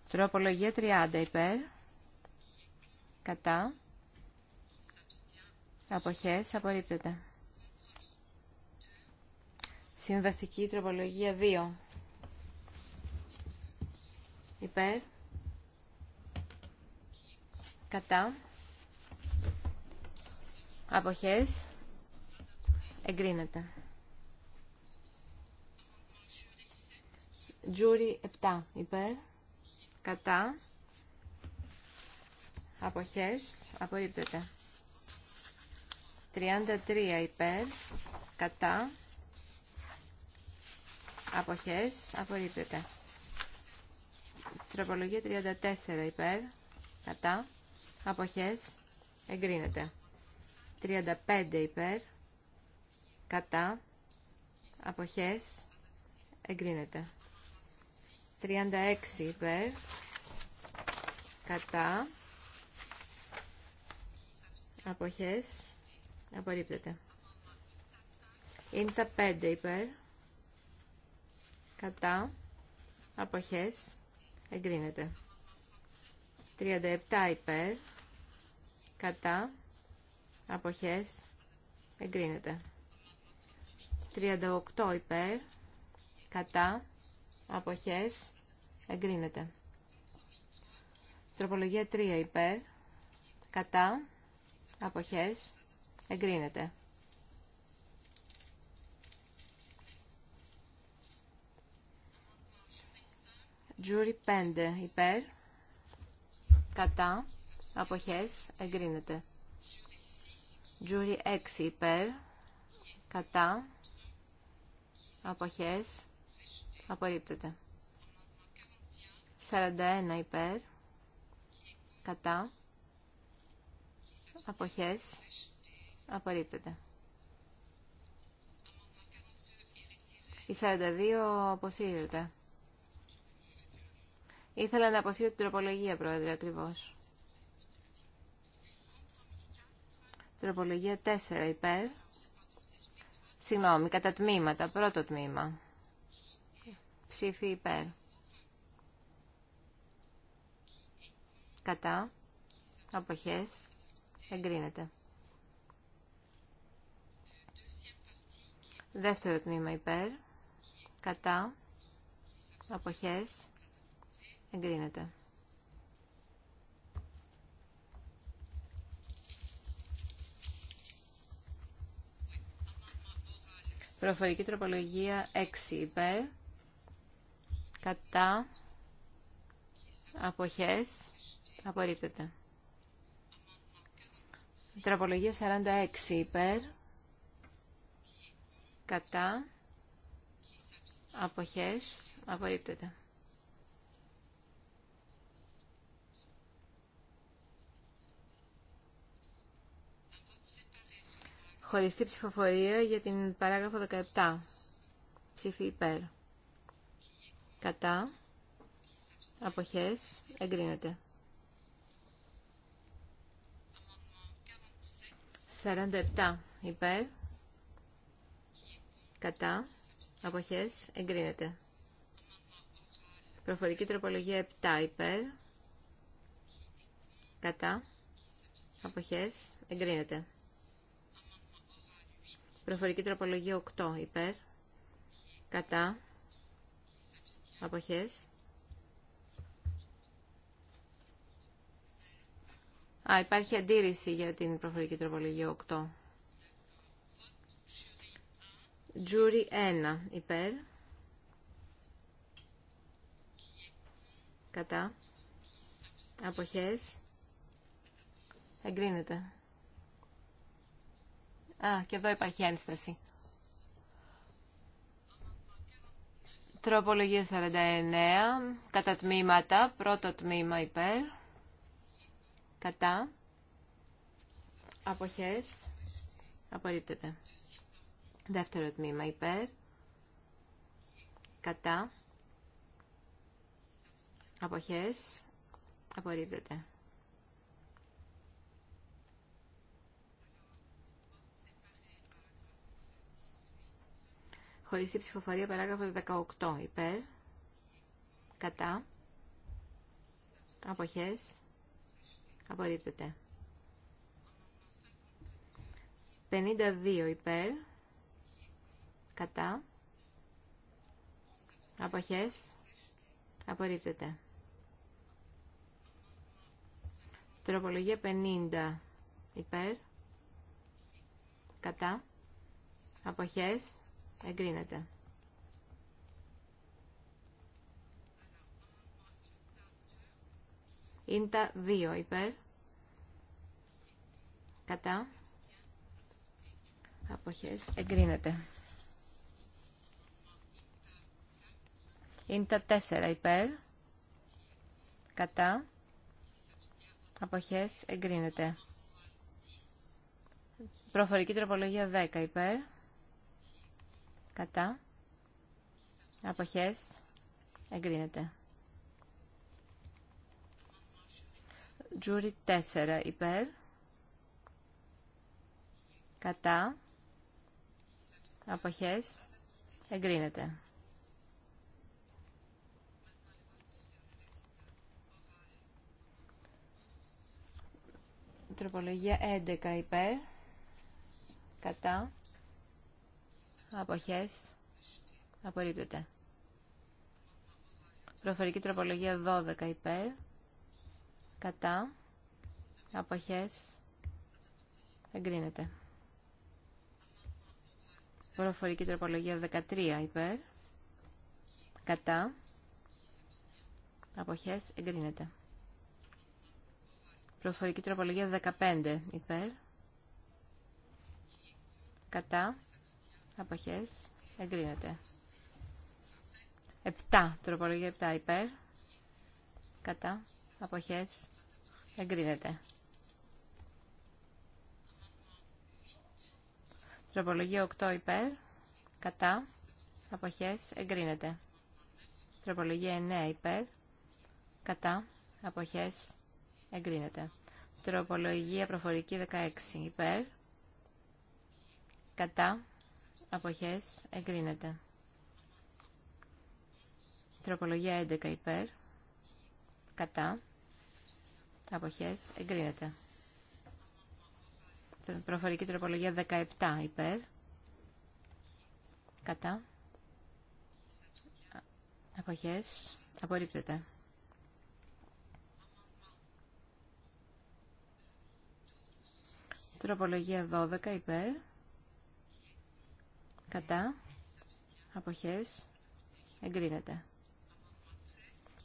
[SPEAKER 3] Τροπολογία 30 υπέρ. Κατά. Αποχές απορρίπτεται. Συμβαστική τροπολογία 2. Υπέρ. Κατά. Αποχές. Εγκρίνεται. Τζούρι 7. Υπέρ κατά αποχές απορρίπτεται 33 υπέρ κατά αποχές απορρίπτεται τροπολογία 34 υπέρ κατά αποχές εγκρίνεται 35 υπέρ κατά αποχές εγκρίνεται 36 υπέρ κατά αποχές απορρίπτεται είναι τα 5 υπέρ κατά αποχές εγκρίνεται 37 υπέρ κατά αποχές εγκρίνεται 38 υπέρ κατά αποχές εγκρίνεται. Τροπολογία 3 υπέρ, κατά, αποχές εγκρίνεται. Τζούρι 5 υπέρ, κατά, αποχές εγκρίνεται. Τζούρι 6 υπέρ, κατά, αποχές Απορρίπτεται. 41 υπέρ. Κατά. Αποχές. Απορρίπτεται. Η 42 αποσύρεται. Ήθελα να αποσύρω την τροπολογία, Πρόεδρε, ακριβώς. Τροπολογία 4 υπέρ. Συγγνώμη, κατά τμήματα. Πρώτο τμήμα. Ψήφι υπέρ. Κατά. Αποχές. Εγκρίνεται. Δεύτερο τμήμα υπέρ. Κατά. Αποχές. Εγκρίνεται. Προφορική τροπολογία 6 υπέρ κατά αποχές απορρίπτεται. Τροπολογία 46 υπέρ κατά αποχές απορρίπτεται. Χωριστή ψηφοφορία για την παράγραφο 17. Ψήφι υπέρ κατά, αποχές, εγκρίνεται. 47 υπέρ, κατά, αποχές, εγκρίνεται. Προφορική τροπολογία 7 υπέρ, κατά, αποχές, εγκρίνεται. Προφορική τροπολογία 8 υπέρ, κατά, αποχές Α, υπάρχει αντίρρηση για την προφορική τροπολογία 8. Τζούρι 1, υπέρ. Κατά. Αποχές. Εγκρίνεται. Α, και εδώ υπάρχει ένσταση. Τροπολογία 49, κατά τμήματα, πρώτο τμήμα υπέρ, κατά, αποχές, απορρίπτεται. Δεύτερο τμήμα υπέρ, κατά, αποχές, απορρίπτεται. χωριστή ψηφοφορία παράγραφος 18 υπέρ κατά αποχές απορρίπτεται 52 υπέρ κατά αποχές απορρίπτεται τροπολογία 50 υπέρ κατά αποχές Εγκρίνεται. Είναι τα 2 υπέρ. Κατά. Αποχές. Εγκρίνεται. Είναι τα 4 υπέρ. Κατά. Αποχές. Εγκρίνεται. Προφορική τροπολογία 10 υπέρ κατά, αποχές, εγκρίνεται. Τζούρι 4 υπέρ, κατά, αποχές, εγκρίνεται. Τροπολογία 11 υπέρ, κατά, Αποχές. Απορρίπτεται. Προφορική τροπολογία 12 υπέρ. Κατά. Αποχές. Εγκρίνεται. Προφορική τροπολογία 13 υπέρ. Κατά. Αποχές. Εγκρίνεται. Προφορική τροπολογία 15 υπέρ. Κατά αποχές εγκρίνεται. 7. Τροπολογία 7 υπέρ. Κατά. Αποχές. Εγκρίνεται. Τροπολογία 8 υπέρ. Κατά. Αποχές. Εγκρίνεται. Τροπολογία 9 υπέρ. Κατά. Αποχές. Εγκρίνεται. Τροπολογία προφορική 16 υπέρ. Κατά αποχές εγκρίνεται. Τροπολογία 11 υπέρ, κατά, αποχές εγκρίνεται. Προφορική τροπολογία 17 υπέρ, κατά, αποχές απορρίπτεται. Τροπολογία 12 υπέρ, κατά, αποχές, εγκρίνεται.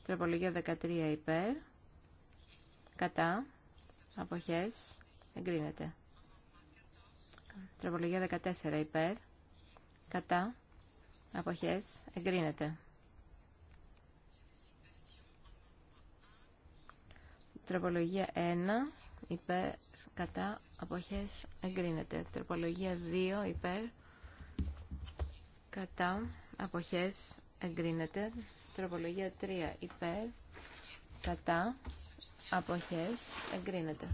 [SPEAKER 3] Τροπολογία 13 υπέρ, κατά, αποχές, εγκρίνεται. Τροπολογία 14 υπέρ, κατά, αποχές, εγκρίνεται. Τροπολογία 1 υπέρ, κατά, αποχές, εγκρίνεται. Τροπολογία 2 υπέρ, κατά αποχές εγκρίνεται τροπολογία 3 υπέρ κατά αποχές εγκρίνεται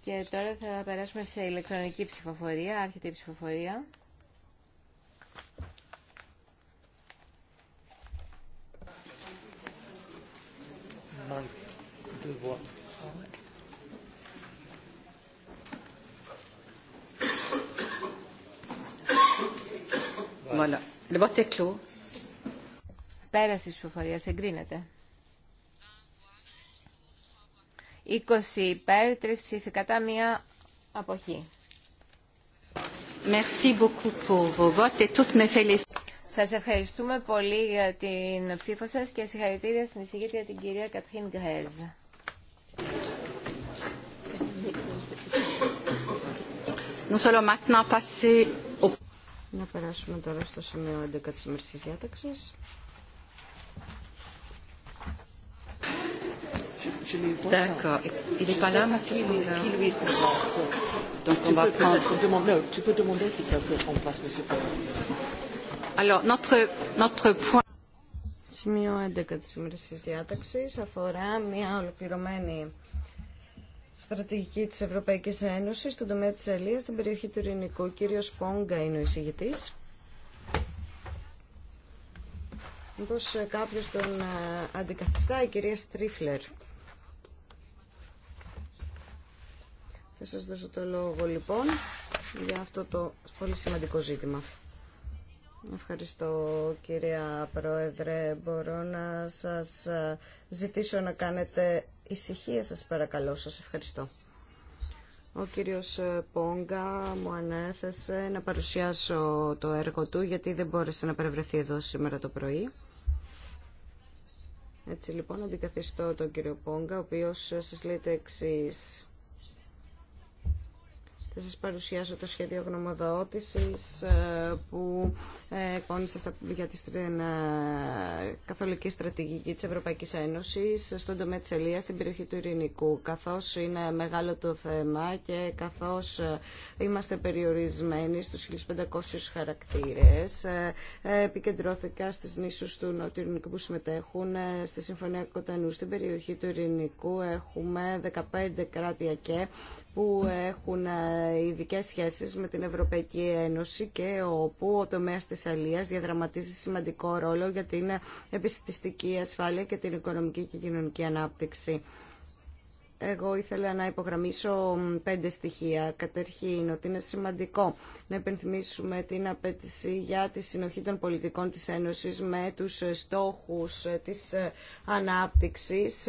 [SPEAKER 3] και τώρα θα περάσουμε σε ηλεκτρονική ψηφοφορία άρχεται η ψηφοφορία Voilà. Le vote est clos. Πέραση τη ψηφοφορία Εγκρίνεται. 20 υπέρ, 3 ψήφοι κατά, μία αποχή. Merci beaucoup pour vos votes et toutes mes félicitations. ευχαριστούμε πολύ για την ψήφο σα και συγχαρητήρια στην εισηγήτρια την κυρία Κατρίν Γκρέζ.
[SPEAKER 2] Nous allons maintenant passer να περάσουμε τώρα στο σημείο 11 της ημερικής διάταξης.
[SPEAKER 3] Il pas lui
[SPEAKER 2] Σημείο 11 της ημερικής διάταξης αφορά μια ολοκληρωμένη στρατηγική της Ευρωπαϊκής Ένωσης στον τομέα της Αλίας στην περιοχή του Ειρηνικού. Ο κύριος Πόγκα είναι ο εισηγητής. Μήπως ε, κάποιος τον ε, αντικαθιστά, η κυρία Στρίφλερ. Θα σας δώσω το λόγο λοιπόν για αυτό το πολύ σημαντικό ζήτημα. Ευχαριστώ κυρία Πρόεδρε. Μπορώ να σας ε, ζητήσω να κάνετε ησυχία σας παρακαλώ. Σας ευχαριστώ. Ο κύριος ε, Πόγκα μου ανέθεσε να παρουσιάσω το έργο του γιατί δεν μπόρεσε να παρευρεθεί εδώ σήμερα το πρωί. Έτσι λοιπόν αντικαθιστώ τον κύριο Πόγκα ο οποίος ε, σας λέει το εξής. Θα σας παρουσιάσω το σχέδιο γνωμοδότησης ε, που ε, εκπώνησα για τη ε, καθολική στρατηγική της Ευρωπαϊκής Ένωσης στον τομέα της Ελίας, στην περιοχή του Ειρηνικού. Καθώς είναι μεγάλο το θέμα και καθώς είμαστε περιορισμένοι στους 1500 χαρακτήρες, επικεντρώθηκα στις νήσους του Νότιου Ειρηνικού που συμμετέχουν στη Συμφωνία Κοτανού. Στην περιοχή του Ειρηνικού έχουμε 15 κράτη και που έχουν ε, ειδικέ σχέσεις με την Ευρωπαϊκή Ένωση και όπου ο τομέα της Αλία διαδραματίζει σημαντικό ρόλο για την επιστηστική ασφάλεια και την οικονομική και κοινωνική ανάπτυξη. Εγώ ήθελα να υπογραμμίσω πέντε στοιχεία. Καταρχήν, ότι είναι σημαντικό να επενθυμίσουμε την απέτηση για τη συνοχή των πολιτικών της Ένωσης με τους ε, στόχους ε, της ανάπτυξης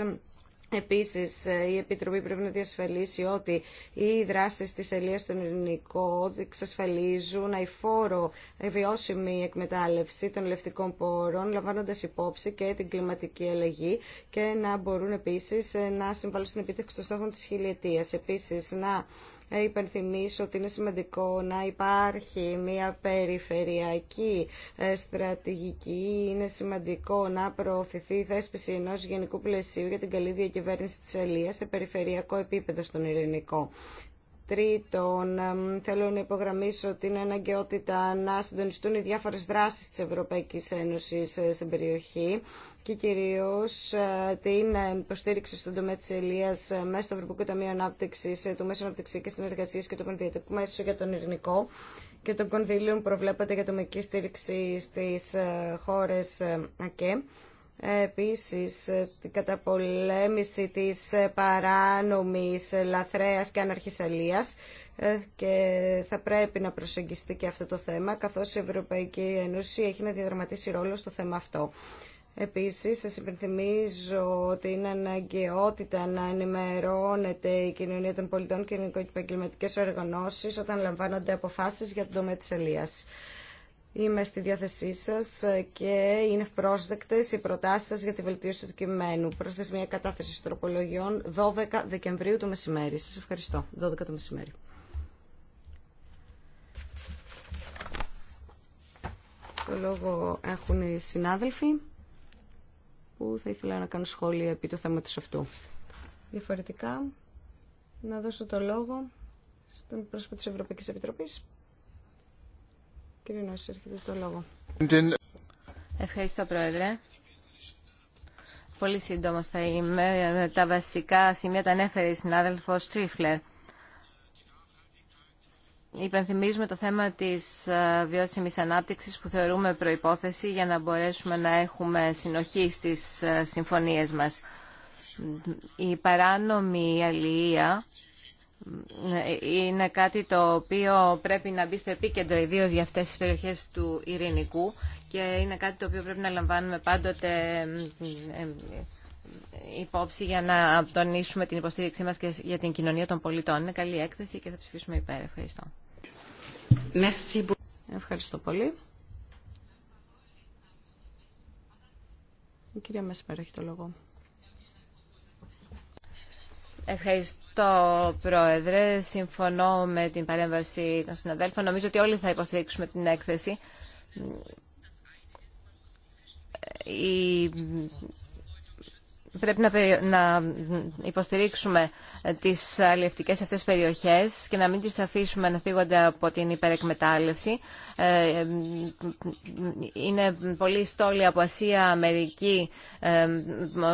[SPEAKER 2] Επίσης, η Επιτροπή πρέπει να διασφαλίσει ότι οι δράσεις της Ελίας στον ελληνικό εξασφαλίζουν αηφόρο βιώσιμη εκμετάλλευση των λευτικών πόρων, λαμβάνοντας υπόψη και την κλιματική αλλαγή και να μπορούν επίσης να συμβάλλουν στην επίτευξη των στόχων της χιλιετίας. Επίσης, να υπενθυμίσω ότι είναι σημαντικό να υπάρχει μια περιφερειακή ε, στρατηγική. Είναι σημαντικό να προωθηθεί η θέσπιση ενό γενικού πλαισίου για την καλή διακυβέρνηση τη Ελία σε περιφερειακό επίπεδο στον ειρηνικό. Τρίτον, θέλω να υπογραμμίσω την αναγκαιότητα να συντονιστούν οι διάφορες δράσεις της Ευρωπαϊκής Ένωσης ε, στην περιοχή και κυρίως ε, την υποστήριξη στον τομέα της Ελίας ε, μέσα στο Ευρωπαϊκό Ταμείο Ανάπτυξης, του Μέσου και Συνεργασίας και του Πανδιατικού Μέσου για τον Ειρηνικό και των κονδύλιων προβλέπεται για το στήριξη στις χώρες ΑΚΕ. Επίσης, την καταπολέμηση της παράνομης λαθρέας και αναρχισαλίας ε, και θα πρέπει να προσεγγιστεί και αυτό το θέμα, καθώς η Ευρωπαϊκή Ένωση έχει να διαδραματίσει ρόλο στο θέμα αυτό. Επίσης, σας υπενθυμίζω ότι είναι αναγκαιότητα να ενημερώνεται η κοινωνία των πολιτών και οι επαγγελματικέ οργανώσεις όταν λαμβάνονται αποφάσεις για τον τομέα της αλίας. Είμαι στη διάθεσή σας και είναι ευπρόσδεκτες οι προτάσεις σας για τη βελτίωση του κειμένου. Πρόσδεσμη μια κατάθεση τροπολογιών 12 Δεκεμβρίου το μεσημέρι. Σας ευχαριστώ. 12 το μεσημέρι. Το λόγο έχουν οι συνάδελφοι που θα ήθελα να κάνουν σχόλια επί του θέματος αυτού. Διαφορετικά, να δώσω το λόγο στον πρόσωπο της Ευρωπαϊκής
[SPEAKER 3] Επιτροπής Κύριε έρχεται το λόγο. Ευχαριστώ, Πρόεδρε. Πολύ σύντομο θα είμαι. Τα βασικά σημεία τα ανέφερε η συνάδελφο Τρίφλερ. Υπενθυμίζουμε το θέμα της ε, βιώσιμης ανάπτυξης που θεωρούμε προϋπόθεση για να μπορέσουμε να έχουμε συνοχή στις ε, συμφωνίες μας. Η παράνομη αλληλεία είναι κάτι το οποίο πρέπει να μπει στο επίκεντρο ιδίω για αυτές τις περιοχές του ειρηνικού και είναι κάτι το οποίο πρέπει να λαμβάνουμε πάντοτε υπόψη για να τονίσουμε την υποστήριξή μας και για την κοινωνία των πολιτών. Είναι καλή έκθεση και θα ψηφίσουμε υπέρ. Ευχαριστώ.
[SPEAKER 2] Ευχαριστώ πολύ.
[SPEAKER 3] Η κυρία Μέσπερ έχει το λόγο. Ευχαριστώ, Πρόεδρε. Συμφωνώ με την παρέμβαση των συναδέλφων. Νομίζω ότι όλοι θα υποστηρίξουμε την έκθεση. Πρέπει να υποστηρίξουμε τις αλληλευτικές αυτές περιοχές και να μην τις αφήσουμε να θίγονται από την υπερεκμετάλλευση. Ε, είναι πολλοί στόλοι από Ασία, Αμερική ε,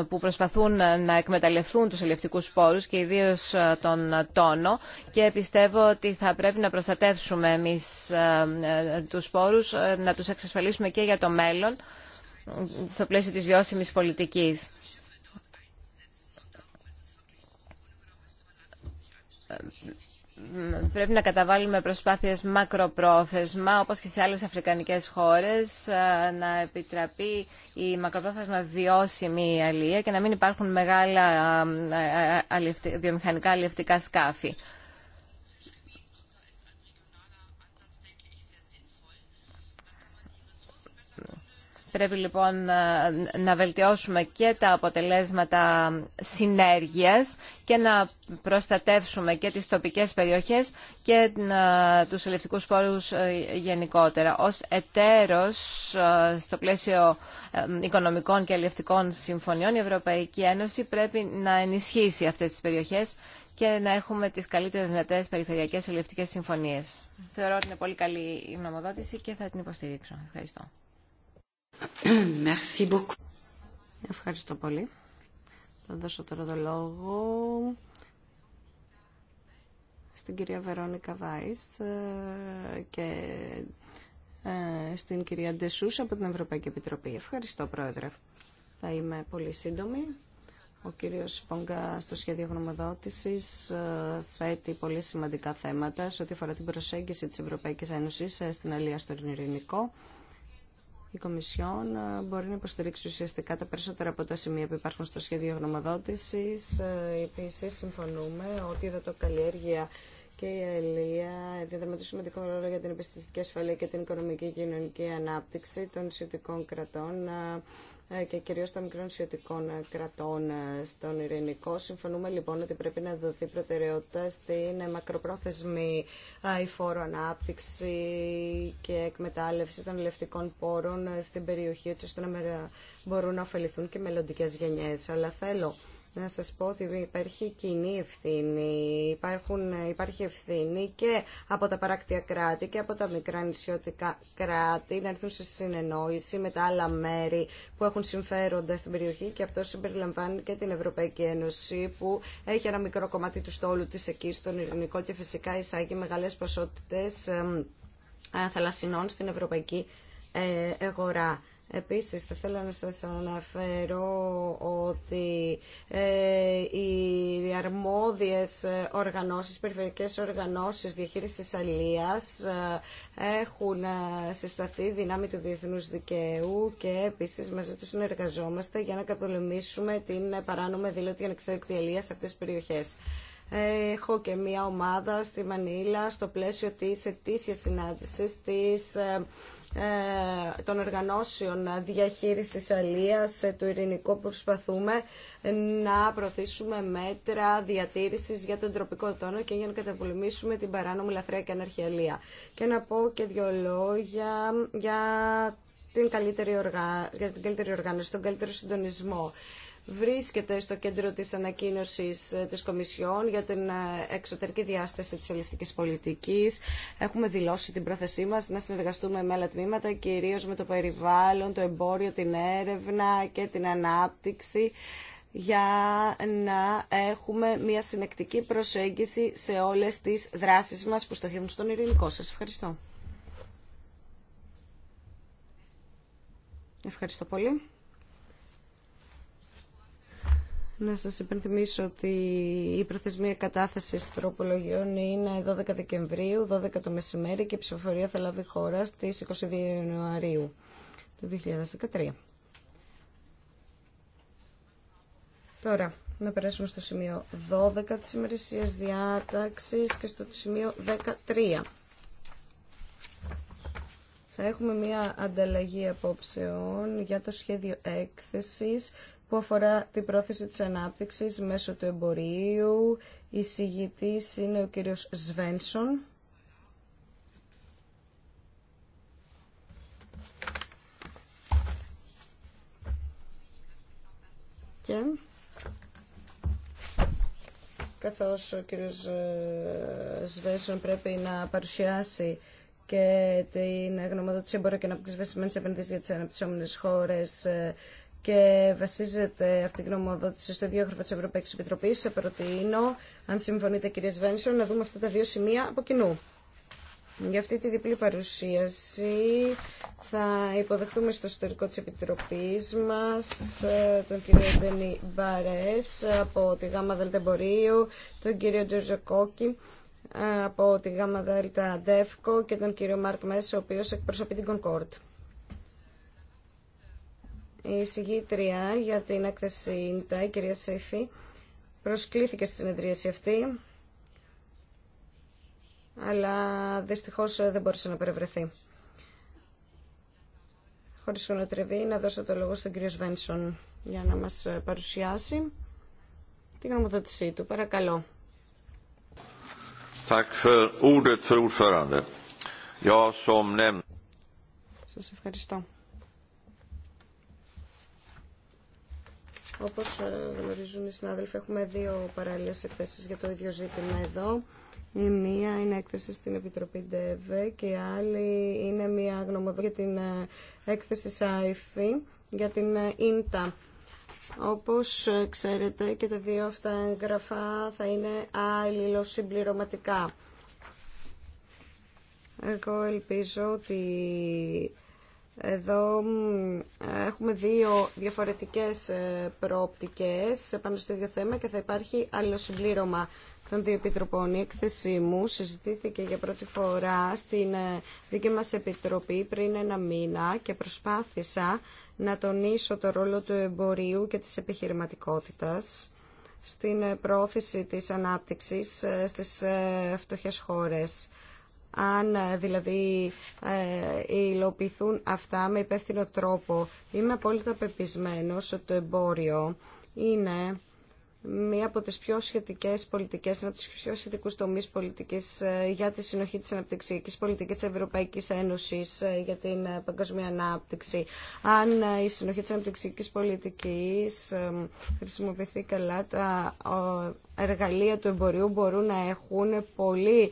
[SPEAKER 3] που προσπαθούν να εκμεταλλευτούν τους αλληλευτικούς πόρους και ιδίως ε, τον τόνο και πιστεύω ότι θα πρέπει να προστατεύσουμε εμείς τους πόρους, να τους εξασφαλίσουμε και για το μέλλον στο πλαίσιο της βιώσιμης πολιτικής. πρέπει να καταβάλουμε προσπάθειες μακροπρόθεσμα, όπως και σε άλλες αφρικανικές χώρες, να επιτραπεί η μακροπρόθεσμα βιώσιμη αλία και να μην υπάρχουν μεγάλα βιομηχανικά αλλιευτικά σκάφη. Πρέπει λοιπόν να βελτιώσουμε και τα αποτελέσματα συνέργειας και να προστατεύσουμε και τις τοπικές περιοχές και τους ελευθερικούς πόρους ε, γενικότερα. Ως εταίρος ε, στο πλαίσιο ε, οικονομικών και ελευτικών συμφωνιών η Ευρωπαϊκή Ένωση πρέπει να ενισχύσει αυτές τις περιοχές και να έχουμε τις καλύτερες δυνατές περιφερειακές ελευτικές συμφωνίες. Θεωρώ ότι είναι πολύ καλή η γνωμοδότηση και θα την υποστηρίξω. Ευχαριστώ.
[SPEAKER 2] Ευχαριστώ πολύ. Θα δώσω τώρα το λόγο στην κυρία Βερόνικα Βάις ε, και ε, στην κυρία Ντεσούς από την Ευρωπαϊκή Επιτροπή. Ευχαριστώ, Πρόεδρε. Θα είμαι πολύ σύντομη. Ο κύριος Πόγκα στο σχέδιο γνωμοδότησης ε, θέτει πολύ σημαντικά θέματα σε ό,τι αφορά την προσέγγιση της Ευρωπαϊκής Ένωσης στην Αλία στο Ειρηνικό η Κομισιόν ε, μπορεί να υποστηρίξει ουσιαστικά τα περισσότερα από τα σημεία που υπάρχουν στο σχέδιο γνωμοδότησης. Ε, Επίση, συμφωνούμε ότι η δατοκαλλιέργεια και η αελία διαδραματίζουν σημαντικό ρόλο για την επιστημική ασφαλεία και την οικονομική και κοινωνική ανάπτυξη των σχετικών κρατών ε, ε, και κυρίως των μικρών ισιωτικών ε, κρατών ε, στον ειρηνικό. Συμφωνούμε λοιπόν ότι πρέπει να δοθεί προτεραιότητα στην μακροπρόθεσμη αηφόρο ανάπτυξη και εκμετάλλευση των λευτικών πόρων στην περιοχή, έτσι ώστε να μπορούν να ωφεληθούν και μελλοντικέ γενιές. Αλλά θέλω να σας πω ότι υπάρχει κοινή ευθύνη, υπάρχουν, υπάρχει ευθύνη και από τα παράκτια κράτη και από τα μικρά νησιωτικά κράτη να έρθουν σε συνεννόηση με τα άλλα μέρη που έχουν συμφέροντα στην περιοχή και αυτό συμπεριλαμβάνει και την Ευρωπαϊκή Ένωση που έχει ένα μικρό κομμάτι του στόλου της εκεί στον ειρηνικό και φυσικά εισάγει μεγάλες ποσότητες θαλασσινών στην Ευρωπαϊκή ε, αγορά. Επίσης, θα θέλω να σας αναφέρω ότι ε, οι αρμόδιες οργανώσεις, περιφερειακές οργανώσεις διαχείρισης αλίας ε, έχουν ε, συσταθεί δυνάμει του διεθνούς δικαίου και επίσης μαζί τους συνεργαζόμαστε για να καθολεμήσουμε την παράνομη δηλώτη ανεξέλεκτη αλία σε αυτές τις περιοχές. Έχω και μία ομάδα στη Μανίλα στο πλαίσιο της ετήσιας συνάντησης της ε, των οργανώσεων διαχείρισης αλίας ε, το ειρηνικού που προσπαθούμε να προωθήσουμε μέτρα διατήρησης για τον τροπικό τόνο και για να καταπολεμήσουμε την παράνομη λαθρέα και αναρχιαλία. Και να πω και δύο λόγια για την καλύτερη, οργάνωση, τον καλύτερο συντονισμό βρίσκεται στο κέντρο της ανακοίνωσης ε, της Κομισιόν για την ε, εξωτερική διάσταση της ελληνικής πολιτικής. Έχουμε δηλώσει την πρόθεσή μας να συνεργαστούμε με άλλα τμήματα, κυρίως με το περιβάλλον, το εμπόριο, την έρευνα και την ανάπτυξη για να έχουμε μια συνεκτική προσέγγιση σε όλες τις δράσεις μας που στοχεύουν στον ειρηνικό. Σας ευχαριστώ. Ευχαριστώ πολύ. Να σας υπενθυμίσω ότι η προθεσμία κατάθεσης τροπολογιών είναι 12 Δεκεμβρίου, 12 το μεσημέρι και η ψηφοφορία θα λάβει χώρα στις 22 Ιανουαρίου του 2013. Τώρα, να περάσουμε στο σημείο 12 της ημερησίας διάταξης και στο σημείο 13. Θα έχουμε μία ανταλλαγή απόψεων για το σχέδιο έκθεσης που αφορά την πρόθεση της ανάπτυξης μέσω του εμπορίου. Η συγητής είναι ο κύριος Σβένσον. Και καθώς ο κύριος ε, Σβένσον πρέπει να παρουσιάσει και την γνωμοδότηση εμπόρου και ανάπτυξης βασισμένης επενδύσεις για τις αναπτυσσόμενες χώρες ε, και βασίζεται αυτή η γνωμοδότηση στο ίδιο τη Ευρωπαϊκή Επιτροπή. Σε προτείνω, αν συμφωνείτε κυρία Σβένσον, να δούμε αυτά τα δύο σημεία από κοινού. Για αυτή τη διπλή παρουσίαση θα υποδεχτούμε στο ιστορικό της Επιτροπής μας ε, τον κύριο Δενί Μπαρές από τη ΓΑΜΑ Δελτεμπορίου, τον κύριο Τζορζο Κόκκι ε, από τη ΓΑΜΑ Δελτα Ντεύκο και τον κύριο Μάρκ Μέσα, ο οποίος εκπροσωπεί την Κονκόρτ η εισηγήτρια για την έκθεση ΙΝΤΑ, η κυρία Σέφη, προσκλήθηκε στη συνεδρίαση αυτή, αλλά δυστυχώς ε, δεν μπόρεσε να περιβρεθεί. Χωρίς χρονοτριβή, να δώσω το λόγο στον κύριο Σβένσον για να μας ε, παρουσιάσει την γνωμοδότησή του. Παρακαλώ. Σας ευχαριστώ. Όπως ε, γνωρίζουν οι συνάδελφοι, έχουμε δύο παράλληλες εκθέσεις για το ίδιο ζήτημα εδώ. Η μία είναι έκθεση στην Επιτροπή ΔΕΒΕ και η άλλη είναι μια γνωμοδότηση για την ε, έκθεση ΣΑΙΦΗ για την ε, ΙΝΤΑ. Όπως ξέρετε και τα δύο αυτά εγγραφά θα είναι αλληλοσυμπληρωματικά. Εγώ ελπίζω ότι εδώ έχουμε δύο διαφορετικές ε, προοπτικές πάνω στο ίδιο θέμα και θα υπάρχει άλλο συμπλήρωμα των δύο επιτροπών. Η έκθεσή μου συζητήθηκε για πρώτη φορά στην ε, δική μας επιτροπή πριν ένα μήνα και προσπάθησα να τονίσω το ρόλο του εμπορίου και της επιχειρηματικότητας στην ε, πρόθεση της ανάπτυξης στις φτωχές χώρες αν ε, δηλαδή ε, υλοποιηθούν αυτά με υπεύθυνο τρόπο. Είμαι απόλυτα πεπισμένος ότι το εμπόριο είναι μία από τις πιο σχετικές πολιτικές, ένα από τους πιο σχετικούς τομείς πολιτικής ε, για τη συνοχή της αναπτυξιακής πολιτικής της Ευρωπαϊκής Ένωσης ε, για την ε, παγκοσμία ανάπτυξη. Αν η συνοχή της αναπτυξιακής πολιτικής χρησιμοποιηθεί καλά, τα εργαλεία του εμπορίου μπορούν να έχουν πολύ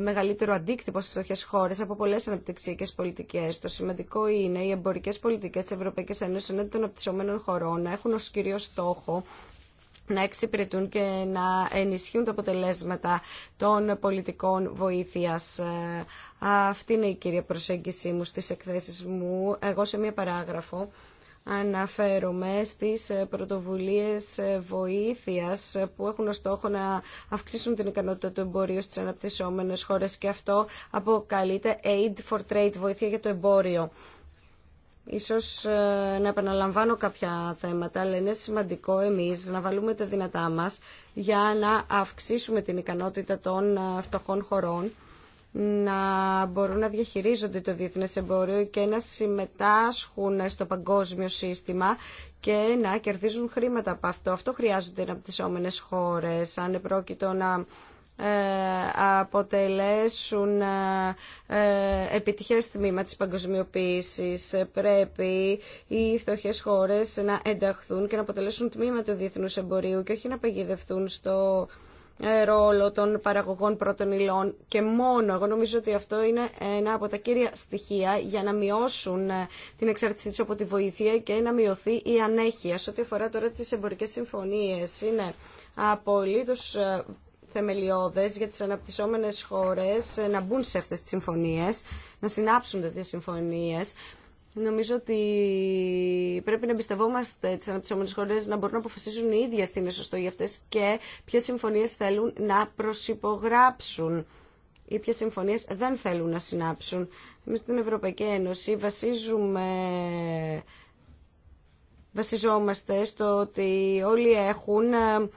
[SPEAKER 2] μεγαλύτερο αντίκτυπο στι φτωχέ χώρε από πολλέ αναπτυξιακέ πολιτικέ. Το σημαντικό είναι οι εμπορικέ πολιτικέ τη Ευρωπαϊκή Ένωση ενάντια των αναπτυσσόμενων χωρών να έχουν ω κύριο στόχο να εξυπηρετούν και να ενισχύουν τα αποτελέσματα των πολιτικών βοήθειας. Ε, αυτή είναι η κύρια προσέγγιση μου στις εκθέσεις μου. Εγώ σε μία παράγραφο αναφέρομαι στις πρωτοβουλίες βοήθειας που έχουν ως στόχο να αυξήσουν την ικανότητα του εμπορίου στις αναπτυσσόμενες χώρες και αυτό αποκαλείται Aid for Trade, βοήθεια για το εμπόριο. Ίσως ε, να επαναλαμβάνω κάποια θέματα, αλλά είναι σημαντικό εμείς να βάλουμε τα δυνατά μας για να αυξήσουμε την ικανότητα των ε, φτωχών χωρών να μπορούν να διαχειρίζονται το διεθνές εμπόριο και να συμμετάσχουν στο παγκόσμιο σύστημα και να κερδίζουν χρήματα από αυτό. Αυτό χρειάζονται οι αναπτυσσόμενες χώρες, αν να ε, αποτελέσουν ε, ε, επιτυχές τμήμα της παγκοσμιοποίησης. Πρέπει οι φτωχές χώρες να ενταχθούν και να αποτελέσουν τμήμα του διεθνούς εμπορίου και όχι να παγιδευτούν στο ρόλο των παραγωγών πρώτων υλών και μόνο. Εγώ νομίζω ότι αυτό είναι ένα από τα κύρια στοιχεία για να μειώσουν την εξάρτησή του από τη βοήθεια και να μειωθεί η ανέχεια. Σε ό,τι αφορά τώρα τις εμπορικές συμφωνίες, είναι απολύτως θεμελιώδες για τις αναπτυσσόμενες χώρες να μπουν σε αυτές τις συμφωνίες, να συνάψουν τέτοιες συμφωνίες. Νομίζω ότι πρέπει να εμπιστευόμαστε τι αναπτυσσόμενες χώρε να μπορούν να αποφασίζουν οι ίδιε τι είναι σωστό για αυτέ και ποιε συμφωνίε θέλουν να προσυπογράψουν ή ποιε συμφωνίε δεν θέλουν να συνάψουν. Εμεί στην Ευρωπαϊκή Ένωση βασίζουμε. Βασιζόμαστε στο ότι όλοι έχουν ε,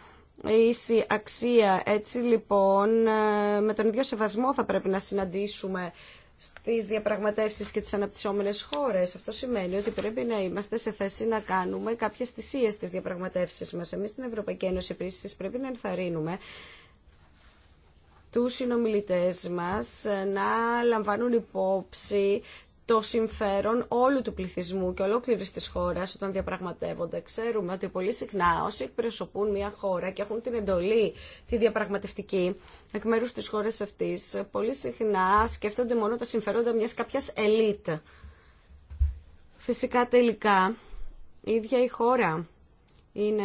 [SPEAKER 2] ίση αξία. Έτσι λοιπόν, ε, με τον ίδιο σεβασμό θα πρέπει να συναντήσουμε στις διαπραγματεύσεις και τις αναπτυσσόμενες χώρες. Αυτό σημαίνει ότι πρέπει να είμαστε σε θέση να κάνουμε κάποιες θυσίες στις διαπραγματεύσεις μας. Εμείς στην Ευρωπαϊκή Ένωση επίσης πρέπει να ενθαρρύνουμε τους συνομιλητές μας να λαμβάνουν υπόψη το συμφέρον όλου του πληθυσμού και ολόκληρη τη χώρα όταν διαπραγματεύονται. Ξέρουμε ότι πολύ συχνά όσοι εκπροσωπούν μια χώρα και έχουν την εντολή τη διαπραγματευτική εκ μέρου τη χώρα αυτή, πολύ συχνά σκέφτονται μόνο τα συμφέροντα μια κάποια ελίτ. Φυσικά τελικά η ίδια η χώρα είναι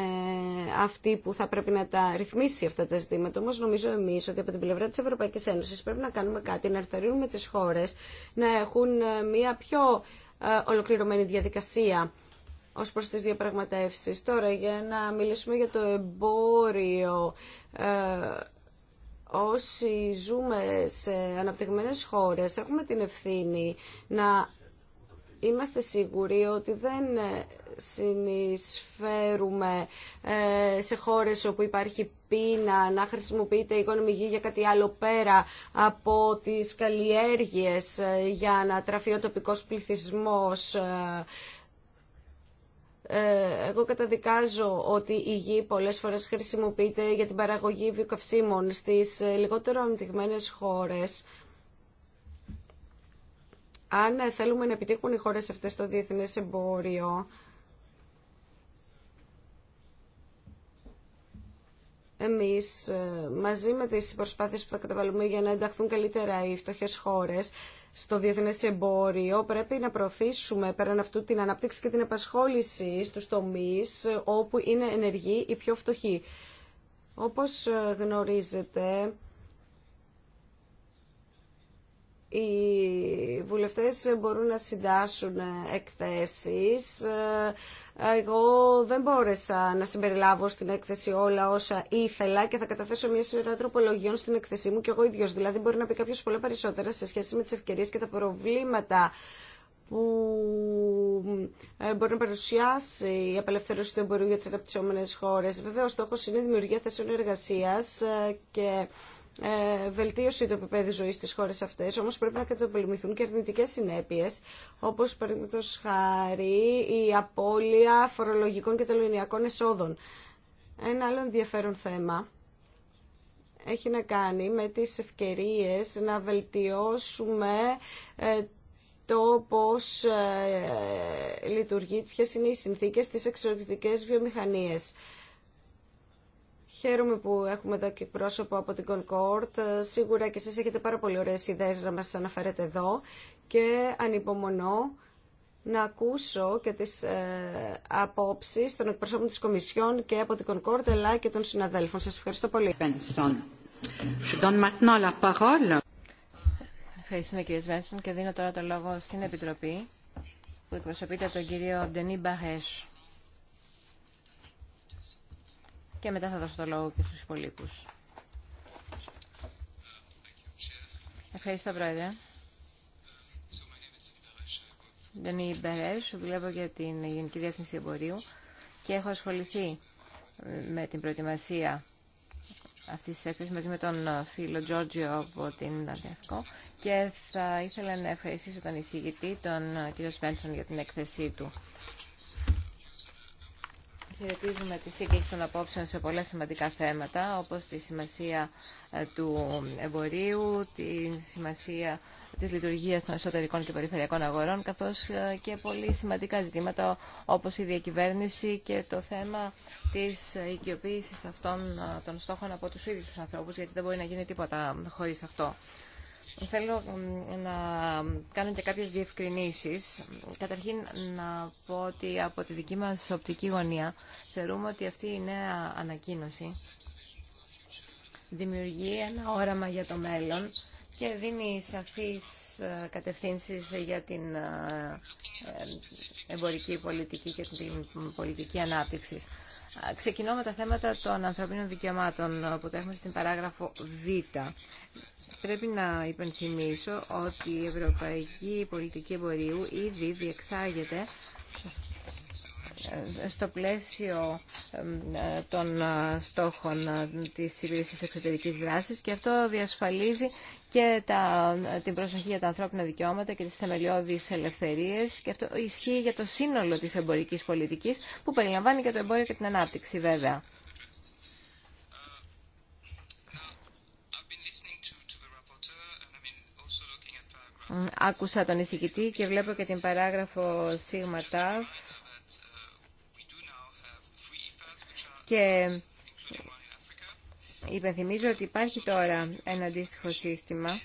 [SPEAKER 2] αυτή που θα πρέπει να τα ρυθμίσει αυτά τα ζητήματα. Όμω νομίζω εμεί ότι από την πλευρά τη Ευρωπαϊκή Ένωση πρέπει να κάνουμε κάτι, να ερθαρρύνουμε τι χώρε να έχουν ε, μια πιο ε, ολοκληρωμένη διαδικασία ω προ τι διαπραγματεύσει. Τώρα, για να μιλήσουμε για το εμπόριο. Ε, όσοι ζούμε σε αναπτυγμένες χώρες έχουμε την ευθύνη να είμαστε σίγουροι ότι δεν ε, συνεισφέρουμε ε, σε χώρες όπου υπάρχει πείνα να χρησιμοποιείται η οικονομική γη για κάτι άλλο πέρα από τις καλλιέργειες ε, για να τραφεί ο τοπικός πληθυσμός. Εγώ καταδικάζω ότι η γη πολλές φορές χρησιμοποιείται για την παραγωγή βιοκαυσίμων στις λιγότερο ανεπτυγμένες χώρες αν θέλουμε να επιτύχουν οι χώρες αυτές στο διεθνές εμπόριο, εμείς ε, μαζί με τις προσπάθειες που θα καταβαλούμε για να ενταχθούν καλύτερα οι φτωχές χώρες στο διεθνές εμπόριο πρέπει να προωθήσουμε πέραν αυτού την ανάπτυξη και την επασχόληση στους τομείς όπου είναι ενεργοί οι πιο φτωχοί. Όπως ε, γνωρίζετε, οι βουλευτές μπορούν να συντάσσουν εκθέσεις. Εγώ δεν μπόρεσα να συμπεριλάβω στην έκθεση όλα όσα ήθελα και θα καταθέσω μια σειρά τροπολογιών στην έκθεσή μου και εγώ ίδιος. Δηλαδή μπορεί να πει κάποιος πολλά περισσότερα σε σχέση με τις ευκαιρίες και τα προβλήματα που ε, μπορεί να παρουσιάσει η απελευθέρωση του εμπορίου για τις αναπτυσσόμενες χώρες. Βέβαια, ο στόχος είναι η δημιουργία θέσεων εργασίας ε, και ε, βελτίωση του επίπεδου ζωή στι χώρε αυτέ. Όμω πρέπει να καταπολεμηθούν και αρνητικέ συνέπειε, όπω παραδείγματο χάρη η απώλεια φορολογικών και τελωνιακών εσόδων. Ένα άλλο ενδιαφέρον θέμα έχει να κάνει με τις ευκαιρίες να βελτιώσουμε ε, το πώς ε, λειτουργεί, ποιες είναι οι συνθήκες στις εξωτερικές βιομηχανίες. Χαίρομαι που έχουμε εδώ και πρόσωπο από την Concord. Ε, σίγουρα και εσείς έχετε πάρα πολύ ωραίες ιδέες να μας αναφέρετε εδώ και ανυπομονώ να ακούσω και τις ε, απόψεις των εκπροσώπων της Κομισιόν και από την Concord αλλά και των
[SPEAKER 3] συναδέλφων. Σας ευχαριστώ πολύ. Ευχαριστούμε κύριε Σβένσον και δίνω τώρα το λόγο στην Επιτροπή που εκπροσωπείται τον κύριο Ντενί Μπαχέσου και μετά θα δώσω το λόγο και στους υπολείπους. Ευχαριστώ, Πρόεδρε. είμαι Μπερές, δουλεύω για την Γενική Διεύθυνση Εμπορίου και έχω ασχοληθεί με την προετοιμασία αυτή τη έκθεση μαζί με τον φίλο Τζόρτζιο από την ΑΔΕΦΚΟ και θα ήθελα να ευχαριστήσω τον εισηγητή, τον κύριο Σπένσον, για την έκθεσή του. Χαιρετίζουμε τη σύγκληση των απόψεων σε πολλά σημαντικά θέματα, όπως τη σημασία ε, του εμπορίου, τη σημασία της λειτουργίας των εσωτερικών και περιφερειακών αγορών, καθώς ε, και πολύ σημαντικά ζητήματα, όπως η διακυβέρνηση και το θέμα της οικειοποίησης αυτών ε, των στόχων από τους ίδιους τους ανθρώπους, γιατί δεν μπορεί να γίνει τίποτα χωρίς αυτό. Θέλω να κάνω και κάποιες διευκρινήσεις. Καταρχήν να πω ότι από τη δική μας οπτική γωνία θεωρούμε ότι αυτή η νέα ανακοίνωση δημιουργεί ένα όραμα για το μέλλον και δίνει σαφείς ε, κατευθύνσεις για την ε, ε, εμπορική πολιτική και την πολιτική ανάπτυξη. Ξεκινώ με τα θέματα των ανθρωπίνων δικαιωμάτων που τα έχουμε στην παράγραφο Β. Πρέπει να υπενθυμίσω ότι η ευρωπαϊκή πολιτική εμπορίου ήδη διεξάγεται στο πλαίσιο των ε, στόχων ε, της υπηρεσίας εξωτερικής δράσης και αυτό διασφαλίζει και τα, ε, την προσοχή για τα ανθρώπινα δικαιώματα και τις θεμελιώδεις ελευθερίες και αυτό ισχύει για το σύνολο της εμπορικής πολιτικής που περιλαμβάνει και το εμπόριο και την ανάπτυξη βέβαια. Άκουσα τον εισηγητή και βλέπω και την παράγραφο σίγμα Και υπενθυμίζω ότι υπάρχει τώρα ένα αντίστοιχο σύστημα.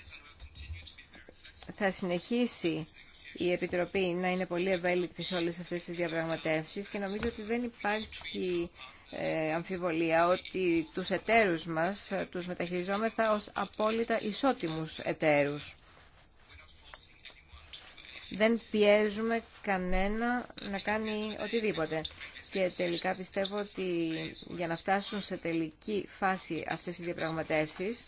[SPEAKER 3] Θα συνεχίσει η Επιτροπή να είναι πολύ ευέλικτη σε όλες αυτές τις διαπραγματεύσεις και νομίζω ότι δεν υπάρχει ε, αμφιβολία ότι τους εταίρους μας τους μεταχειριζόμεθα ως απόλυτα ισότιμους εταίρους δεν πιέζουμε κανένα να κάνει οτιδήποτε. Και τελικά πιστεύω ότι για να φτάσουν σε τελική φάση αυτές οι διαπραγματεύσεις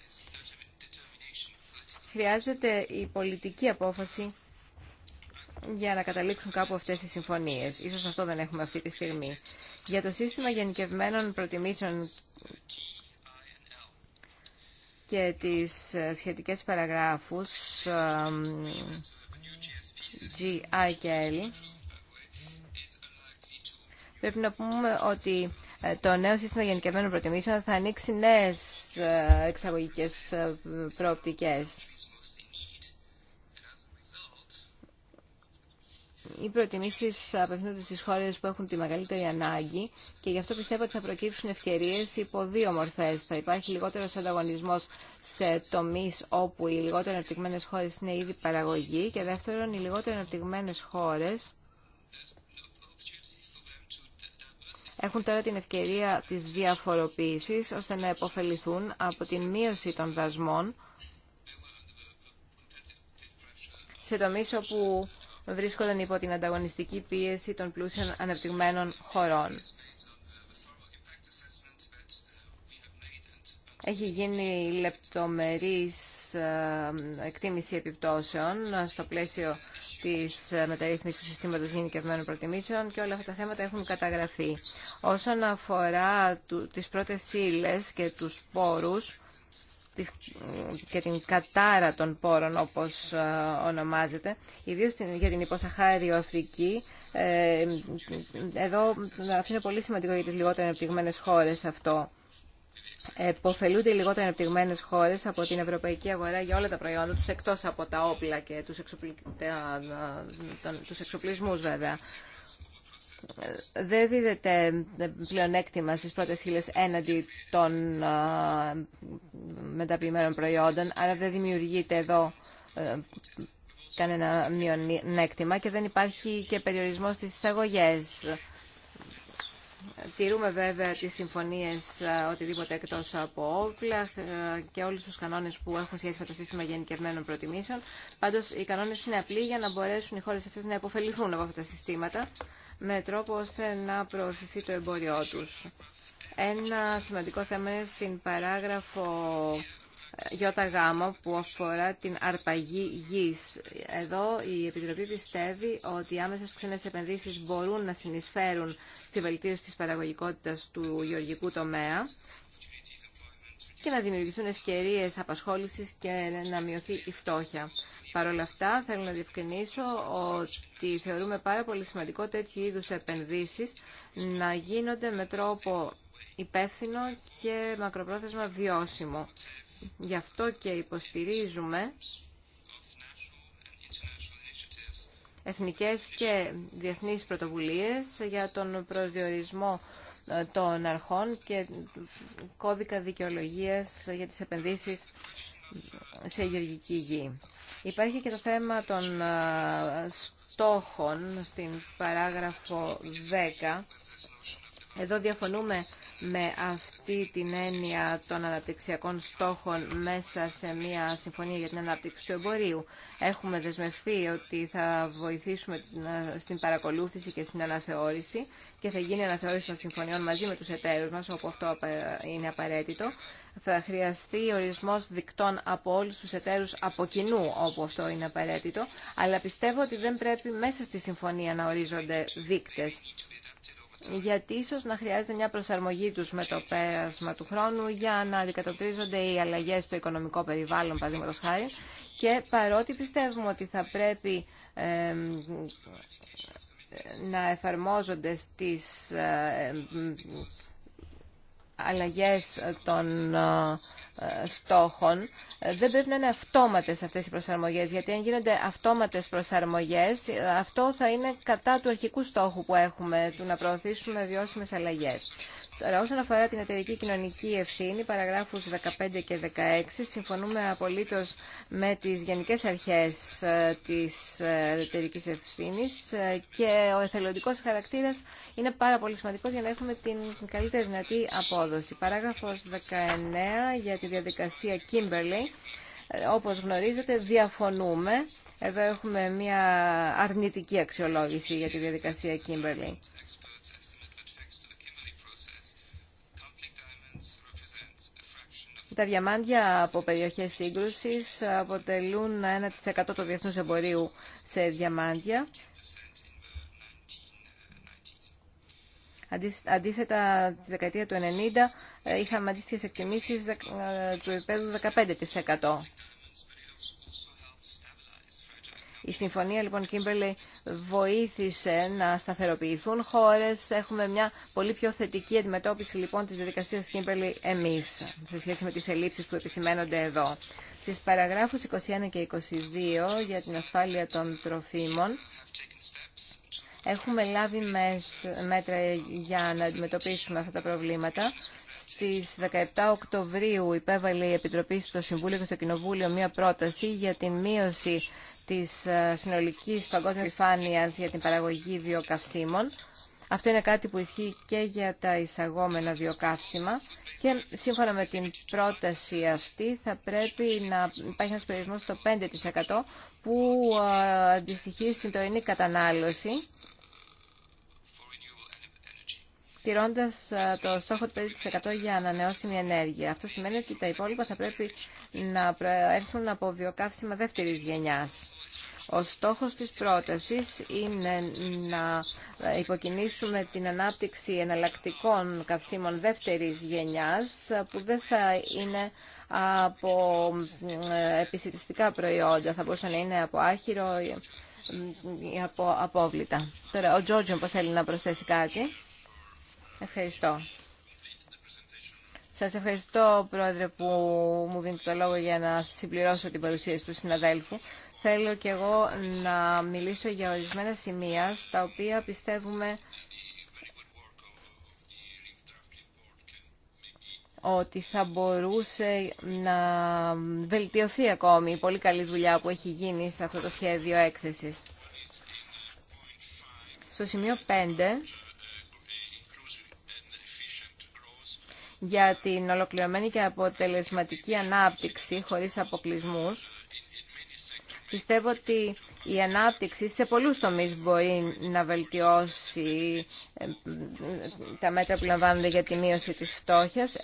[SPEAKER 3] χρειάζεται η πολιτική απόφαση για να καταλήξουν κάπου αυτές τις συμφωνίες. Ίσως αυτό δεν έχουμε αυτή τη στιγμή. Για το σύστημα γενικευμένων προτιμήσεων και τις σχετικές παραγράφους GI και πρέπει να πούμε ότι ε, το νέο σύστημα γενικευμένων προτιμήσεων θα ανοίξει νέες ε, εξαγωγικές ε, προοπτικές. οι προτιμήσει απευθύνονται στι χώρες που έχουν τη μεγαλύτερη ανάγκη και γι' αυτό πιστεύω ότι θα προκύψουν ευκαιρίε υπό δύο μορφές. Θα υπάρχει λιγότερο ανταγωνισμό σε τομεί όπου οι λιγότερο αναπτυγμένε χώρες είναι ήδη παραγωγή και δεύτερον οι λιγότερο αναπτυγμένε χώρες έχουν τώρα την ευκαιρία της διαφοροποίησης ώστε να επωφεληθούν από την μείωση των δασμών σε τομείς όπου βρίσκονταν υπό την ανταγωνιστική πίεση των πλούσιων αναπτυγμένων χωρών. Έχει γίνει λεπτομερής ε, εκτίμηση επιπτώσεων ε, στο πλαίσιο της ε, μεταρρύθμισης του συστήματος γενικευμένων προτιμήσεων και όλα αυτά τα θέματα έχουν καταγραφεί. Όσον αφορά τις πρώτες ύλες και τους πόρους, και την κατάρα των πόρων όπως ε, ονομάζεται ιδίως για την υποσαχάριο Αφρική ε, εδώ αυτό είναι πολύ σημαντικό για τις λιγότερο ανεπτυγμένες χώρες αυτό εποφελούνται οι λιγότερο ανεπτυγμένες χώρες από την ευρωπαϊκή αγορά για όλα τα προϊόντα τους εκτός από τα όπλα και τους, εξοπλισμούς βέβαια δεν δίδεται πλεονέκτημα στις πρώτες χείλε έναντι των μεταποιημένων προϊόντων, αλλά δεν δημιουργείται εδώ ε, κανένα μειονέκτημα και δεν υπάρχει και περιορισμός στις εισαγωγές. Τηρούμε βέβαια τις συμφωνίες οτιδήποτε εκτός από όπλα ε, και όλους τους κανόνες που έχουν σχέση με το σύστημα γενικευμένων προτιμήσεων. Πάντως οι κανόνες είναι απλοί για να μπορέσουν οι χώρες αυτές να υποφεληθούν από αυτά τα συστήματα με τρόπο ώστε να προωθηθεί το εμπόριό τους. Ένα σημαντικό θέμα είναι στην παράγραφο ΙΓ που αφορά την αρπαγή γης. Εδώ η Επιτροπή πιστεύει ότι οι άμεσες ξένες επενδύσεις μπορούν να συνεισφέρουν στη βελτίωση της παραγωγικότητας του γεωργικού τομέα και να δημιουργηθούν ευκαιρίε απασχόληση και να μειωθεί η φτώχεια. Παρ' όλα αυτά, θέλω να διευκρινίσω ότι θεωρούμε πάρα πολύ σημαντικό τέτοιου είδου επενδύσει να γίνονται με τρόπο υπεύθυνο και μακροπρόθεσμα βιώσιμο. Γι' αυτό και υποστηρίζουμε εθνικές και διεθνείς πρωτοβουλίες για τον προσδιορισμό των αρχών και κώδικα δικαιολογίας για τις επενδύσεις σε γεωργική γη. Υπάρχει και το θέμα των στόχων στην παράγραφο 10. Εδώ διαφωνούμε με αυτή την έννοια των αναπτυξιακών στόχων μέσα σε μια συμφωνία για την ανάπτυξη του εμπορίου. Έχουμε δεσμευθεί ότι θα βοηθήσουμε ε, στην παρακολούθηση και στην αναθεώρηση και θα γίνει αναθεώρηση των συμφωνιών μαζί με τους εταίρους μας, όπου αυτό είναι απαραίτητο. Θα χρειαστεί ορισμός δικτών από όλους τους εταίρους από κοινού, όπου αυτό είναι απαραίτητο, αλλά πιστεύω ότι δεν πρέπει μέσα στη συμφωνία να ορίζονται δείκτες γιατί ίσως να χρειάζεται μια προσαρμογή τους με το πέρασμα του χρόνου για να αντικατοπτρίζονται οι αλλαγές στο οικονομικό περιβάλλον, παραδείγματο χάρη, και παρότι πιστεύουμε ότι θα πρέπει να εφαρμόζονται στις ε, αλλαγές ε, των ε, ε, στόχων δεν πρέπει να είναι αυτόματες αυτές οι προσαρμογές γιατί αν γίνονται αυτόματες προσαρμογές αυτό θα είναι κατά του αρχικού στόχου που έχουμε του να προωθήσουμε βιώσιμες αλλαγές. Τώρα όσον αφορά την εταιρική κοινωνική ευθύνη παραγράφους 15 και 16 συμφωνούμε απολύτως με τις γενικές αρχές της εταιρική ευθύνη και ο εθελοντικός χαρακτήρας είναι πάρα πολύ σημαντικός για να έχουμε την καλύτερη δυνατή απόδοση απόδοση. Παράγραφος 19 για τη διαδικασία Kimberley. Ε, όπως γνωρίζετε διαφωνούμε. Εδώ έχουμε μια αρνητική αξιολόγηση για τη διαδικασία Kimberley. Τα διαμάντια από περιοχές σύγκρουσης αποτελούν 1% του διεθνούς εμπορίου σε διαμάντια Αντίθετα, τη δεκαετία του 90 ε, είχαμε αντίστοιχε εκτιμήσεις ε, του επίπεδου 15%. Η συμφωνία λοιπόν Κίμπερλι βοήθησε να σταθεροποιηθούν χώρες. Έχουμε μια πολύ πιο θετική αντιμετώπιση λοιπόν της διαδικασίας Κίμπερλι εμείς σε σχέση με τις ελλείψεις που επισημαίνονται εδώ. Στις παραγράφους 21 και 22 για την ασφάλεια των τροφίμων Έχουμε λάβει μέτρα για να αντιμετωπίσουμε αυτά τα προβλήματα. Στις 17 Οκτωβρίου υπέβαλε η Επιτροπή στο Συμβούλιο και στο Κοινοβούλιο μία πρόταση για την μείωση της ε, συνολικής παγκόσμιας επιφάνειας για την παραγωγή βιοκαυσίμων. Αυτό είναι κάτι που ισχύει και για τα εισαγόμενα βιοκαύσιμα. Και σύμφωνα με την πρόταση αυτή θα πρέπει να υπάρχει ένα περιορισμό στο 5% που ε, αντιστοιχεί στην τωρινή κατανάλωση τηρώντας ε, το στόχο του 5% για ανανεώσιμη ενέργεια. Αυτό σημαίνει ότι τα υπόλοιπα θα πρέπει να έρθουν από βιοκαύσιμα δεύτερης γενιάς. Ο στόχος της πρότασης είναι να υποκινήσουμε την ανάπτυξη εναλλακτικών καυσίμων δεύτερης γενιάς που δεν θα είναι από ε, επισητιστικά προϊόντα, θα μπορούσαν να είναι από άχυρο ή από απόβλητα. Τώρα, ο Τζόρτζιον πώς θέλει να προσθέσει κάτι. Ευχαριστώ. Σας ευχαριστώ, Πρόεδρε, που μου δίνετε το λόγο για να συμπληρώσω την παρουσίαση του συναδέλφου. Θέλω και εγώ να μιλήσω για ορισμένα σημεία στα οποία πιστεύουμε ότι θα μπορούσε να βελτιωθεί ακόμη η πολύ καλή δουλειά που έχει γίνει σε αυτό το σχέδιο έκθεσης. Στο σημείο 5 για την ολοκληρωμένη και αποτελεσματική ανάπτυξη χωρίς αποκλεισμούς. Πιστεύω ότι η ανάπτυξη σε πολλούς τομείς μπορεί να βελτιώσει ε, τα μέτρα που λαμβάνονται για τη μείωση της φτώχειας,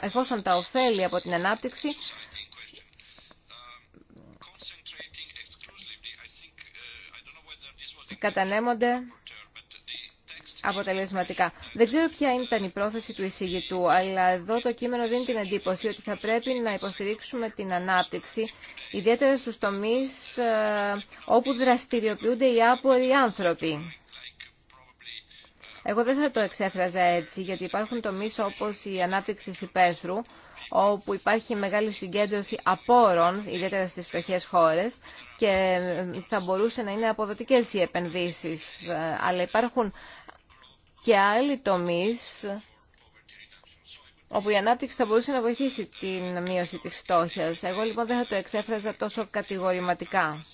[SPEAKER 3] εφόσον τα ωφέλη από την ανάπτυξη κατανέμονται αποτελεσματικά. Δεν ξέρω ποια ήταν η πρόθεση του εισηγητού, αλλά εδώ το κείμενο δίνει την εντύπωση ότι θα πρέπει να υποστηρίξουμε την ανάπτυξη, ιδιαίτερα στους τομείς ε, όπου δραστηριοποιούνται οι άποροι άνθρωποι. Εγώ δεν θα το εξέφραζα έτσι, γιατί υπάρχουν τομείς όπως η ανάπτυξη της υπαίθρου, όπου υπάρχει μεγάλη συγκέντρωση απόρων, ιδιαίτερα στις φτωχές χώρες, και θα μπορούσε να είναι αποδοτικέ οι επενδύσει, ε, Αλλά υπάρχουν και άλλοι τομείς όπου η ανάπτυξη θα μπορούσε να βοηθήσει την μείωση της φτώχειας. Εγώ λοιπόν δεν θα το εξέφραζα τόσο κατηγορηματικά.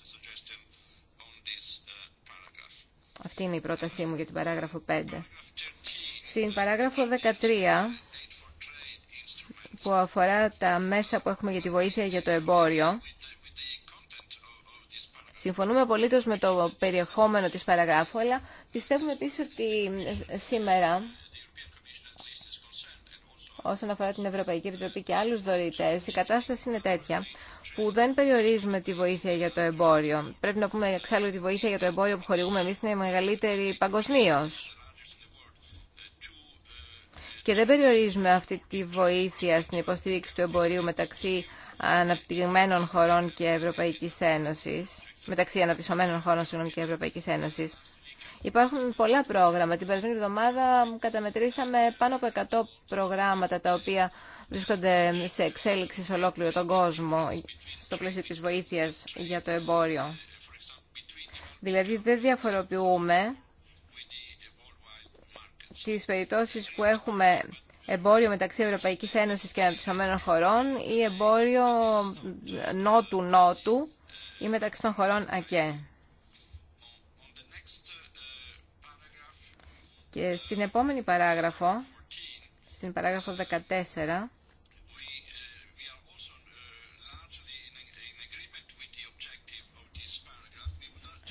[SPEAKER 3] Αυτή είναι η πρότασή μου για την παράγραφο 5. Στην παράγραφο 13 που αφορά τα μέσα που έχουμε για τη βοήθεια για το εμπόριο, συμφωνούμε απολύτως με το περιεχόμενο της παραγράφου, Πιστεύουμε επίσης ότι σήμερα όσον αφορά την Ευρωπαϊκή Επιτροπή και άλλους δωρητές, η κατάσταση είναι τέτοια που δεν περιορίζουμε τη βοήθεια για το εμπόριο. Πρέπει να πούμε εξάλλου ότι η βοήθεια για το εμπόριο που χορηγούμε εμείς είναι η μεγαλύτερη παγκοσμίω. Και δεν περιορίζουμε αυτή τη βοήθεια στην υποστήριξη του εμπορίου μεταξύ αναπτυγμένων χωρών και Ευρωπαϊκής Ένωσης, μεταξύ αναπτυσσομένων χωρών και Ευρωπαϊκής Ένωσης. Υπάρχουν πολλά πρόγραμμα. Την περασμένη εβδομάδα καταμετρήσαμε πάνω από 100 προγράμματα τα οποία βρίσκονται σε εξέλιξη σε ολόκληρο τον κόσμο στο πλαίσιο της βοήθειας για το εμπόριο. Δηλαδή δεν διαφοροποιούμε τις περιπτώσεις που έχουμε εμπόριο μεταξύ Ευρωπαϊκής Ένωσης και αναπτυσσομένων χωρών ή εμπόριο νότου-νότου ή μεταξύ των χωρών ΑΚΕ. Και στην επόμενη παράγραφο, στην παράγραφο 14,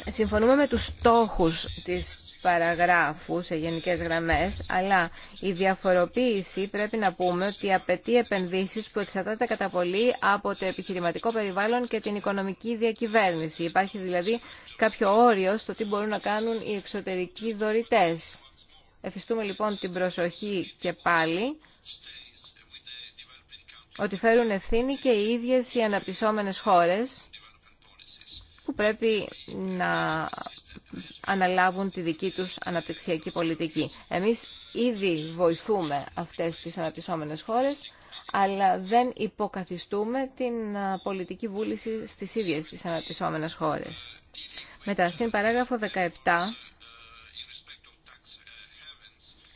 [SPEAKER 3] Συμφωνούμε με τους στόχους της παραγράφου σε γενικές γραμμές, αλλά η διαφοροποίηση πρέπει να πούμε ότι απαιτεί επενδύσεις που εξαρτάται κατά πολύ από το επιχειρηματικό περιβάλλον και την οικονομική διακυβέρνηση. Υπάρχει δηλαδή κάποιο όριο στο τι μπορούν να κάνουν οι εξωτερικοί δωρητές. Εφιστούμε λοιπόν την προσοχή και πάλι ότι φέρουν ευθύνη και οι ίδιες οι αναπτυσσόμενες χώρες που πρέπει να αναλάβουν τη δική τους αναπτυξιακή πολιτική. Εμείς ήδη βοηθούμε αυτές τις αναπτυσσόμενες χώρες, αλλά δεν υποκαθιστούμε την πολιτική βούληση στις ίδιες τις αναπτυσσόμενες χώρες. Μετά, στην παράγραφο 17,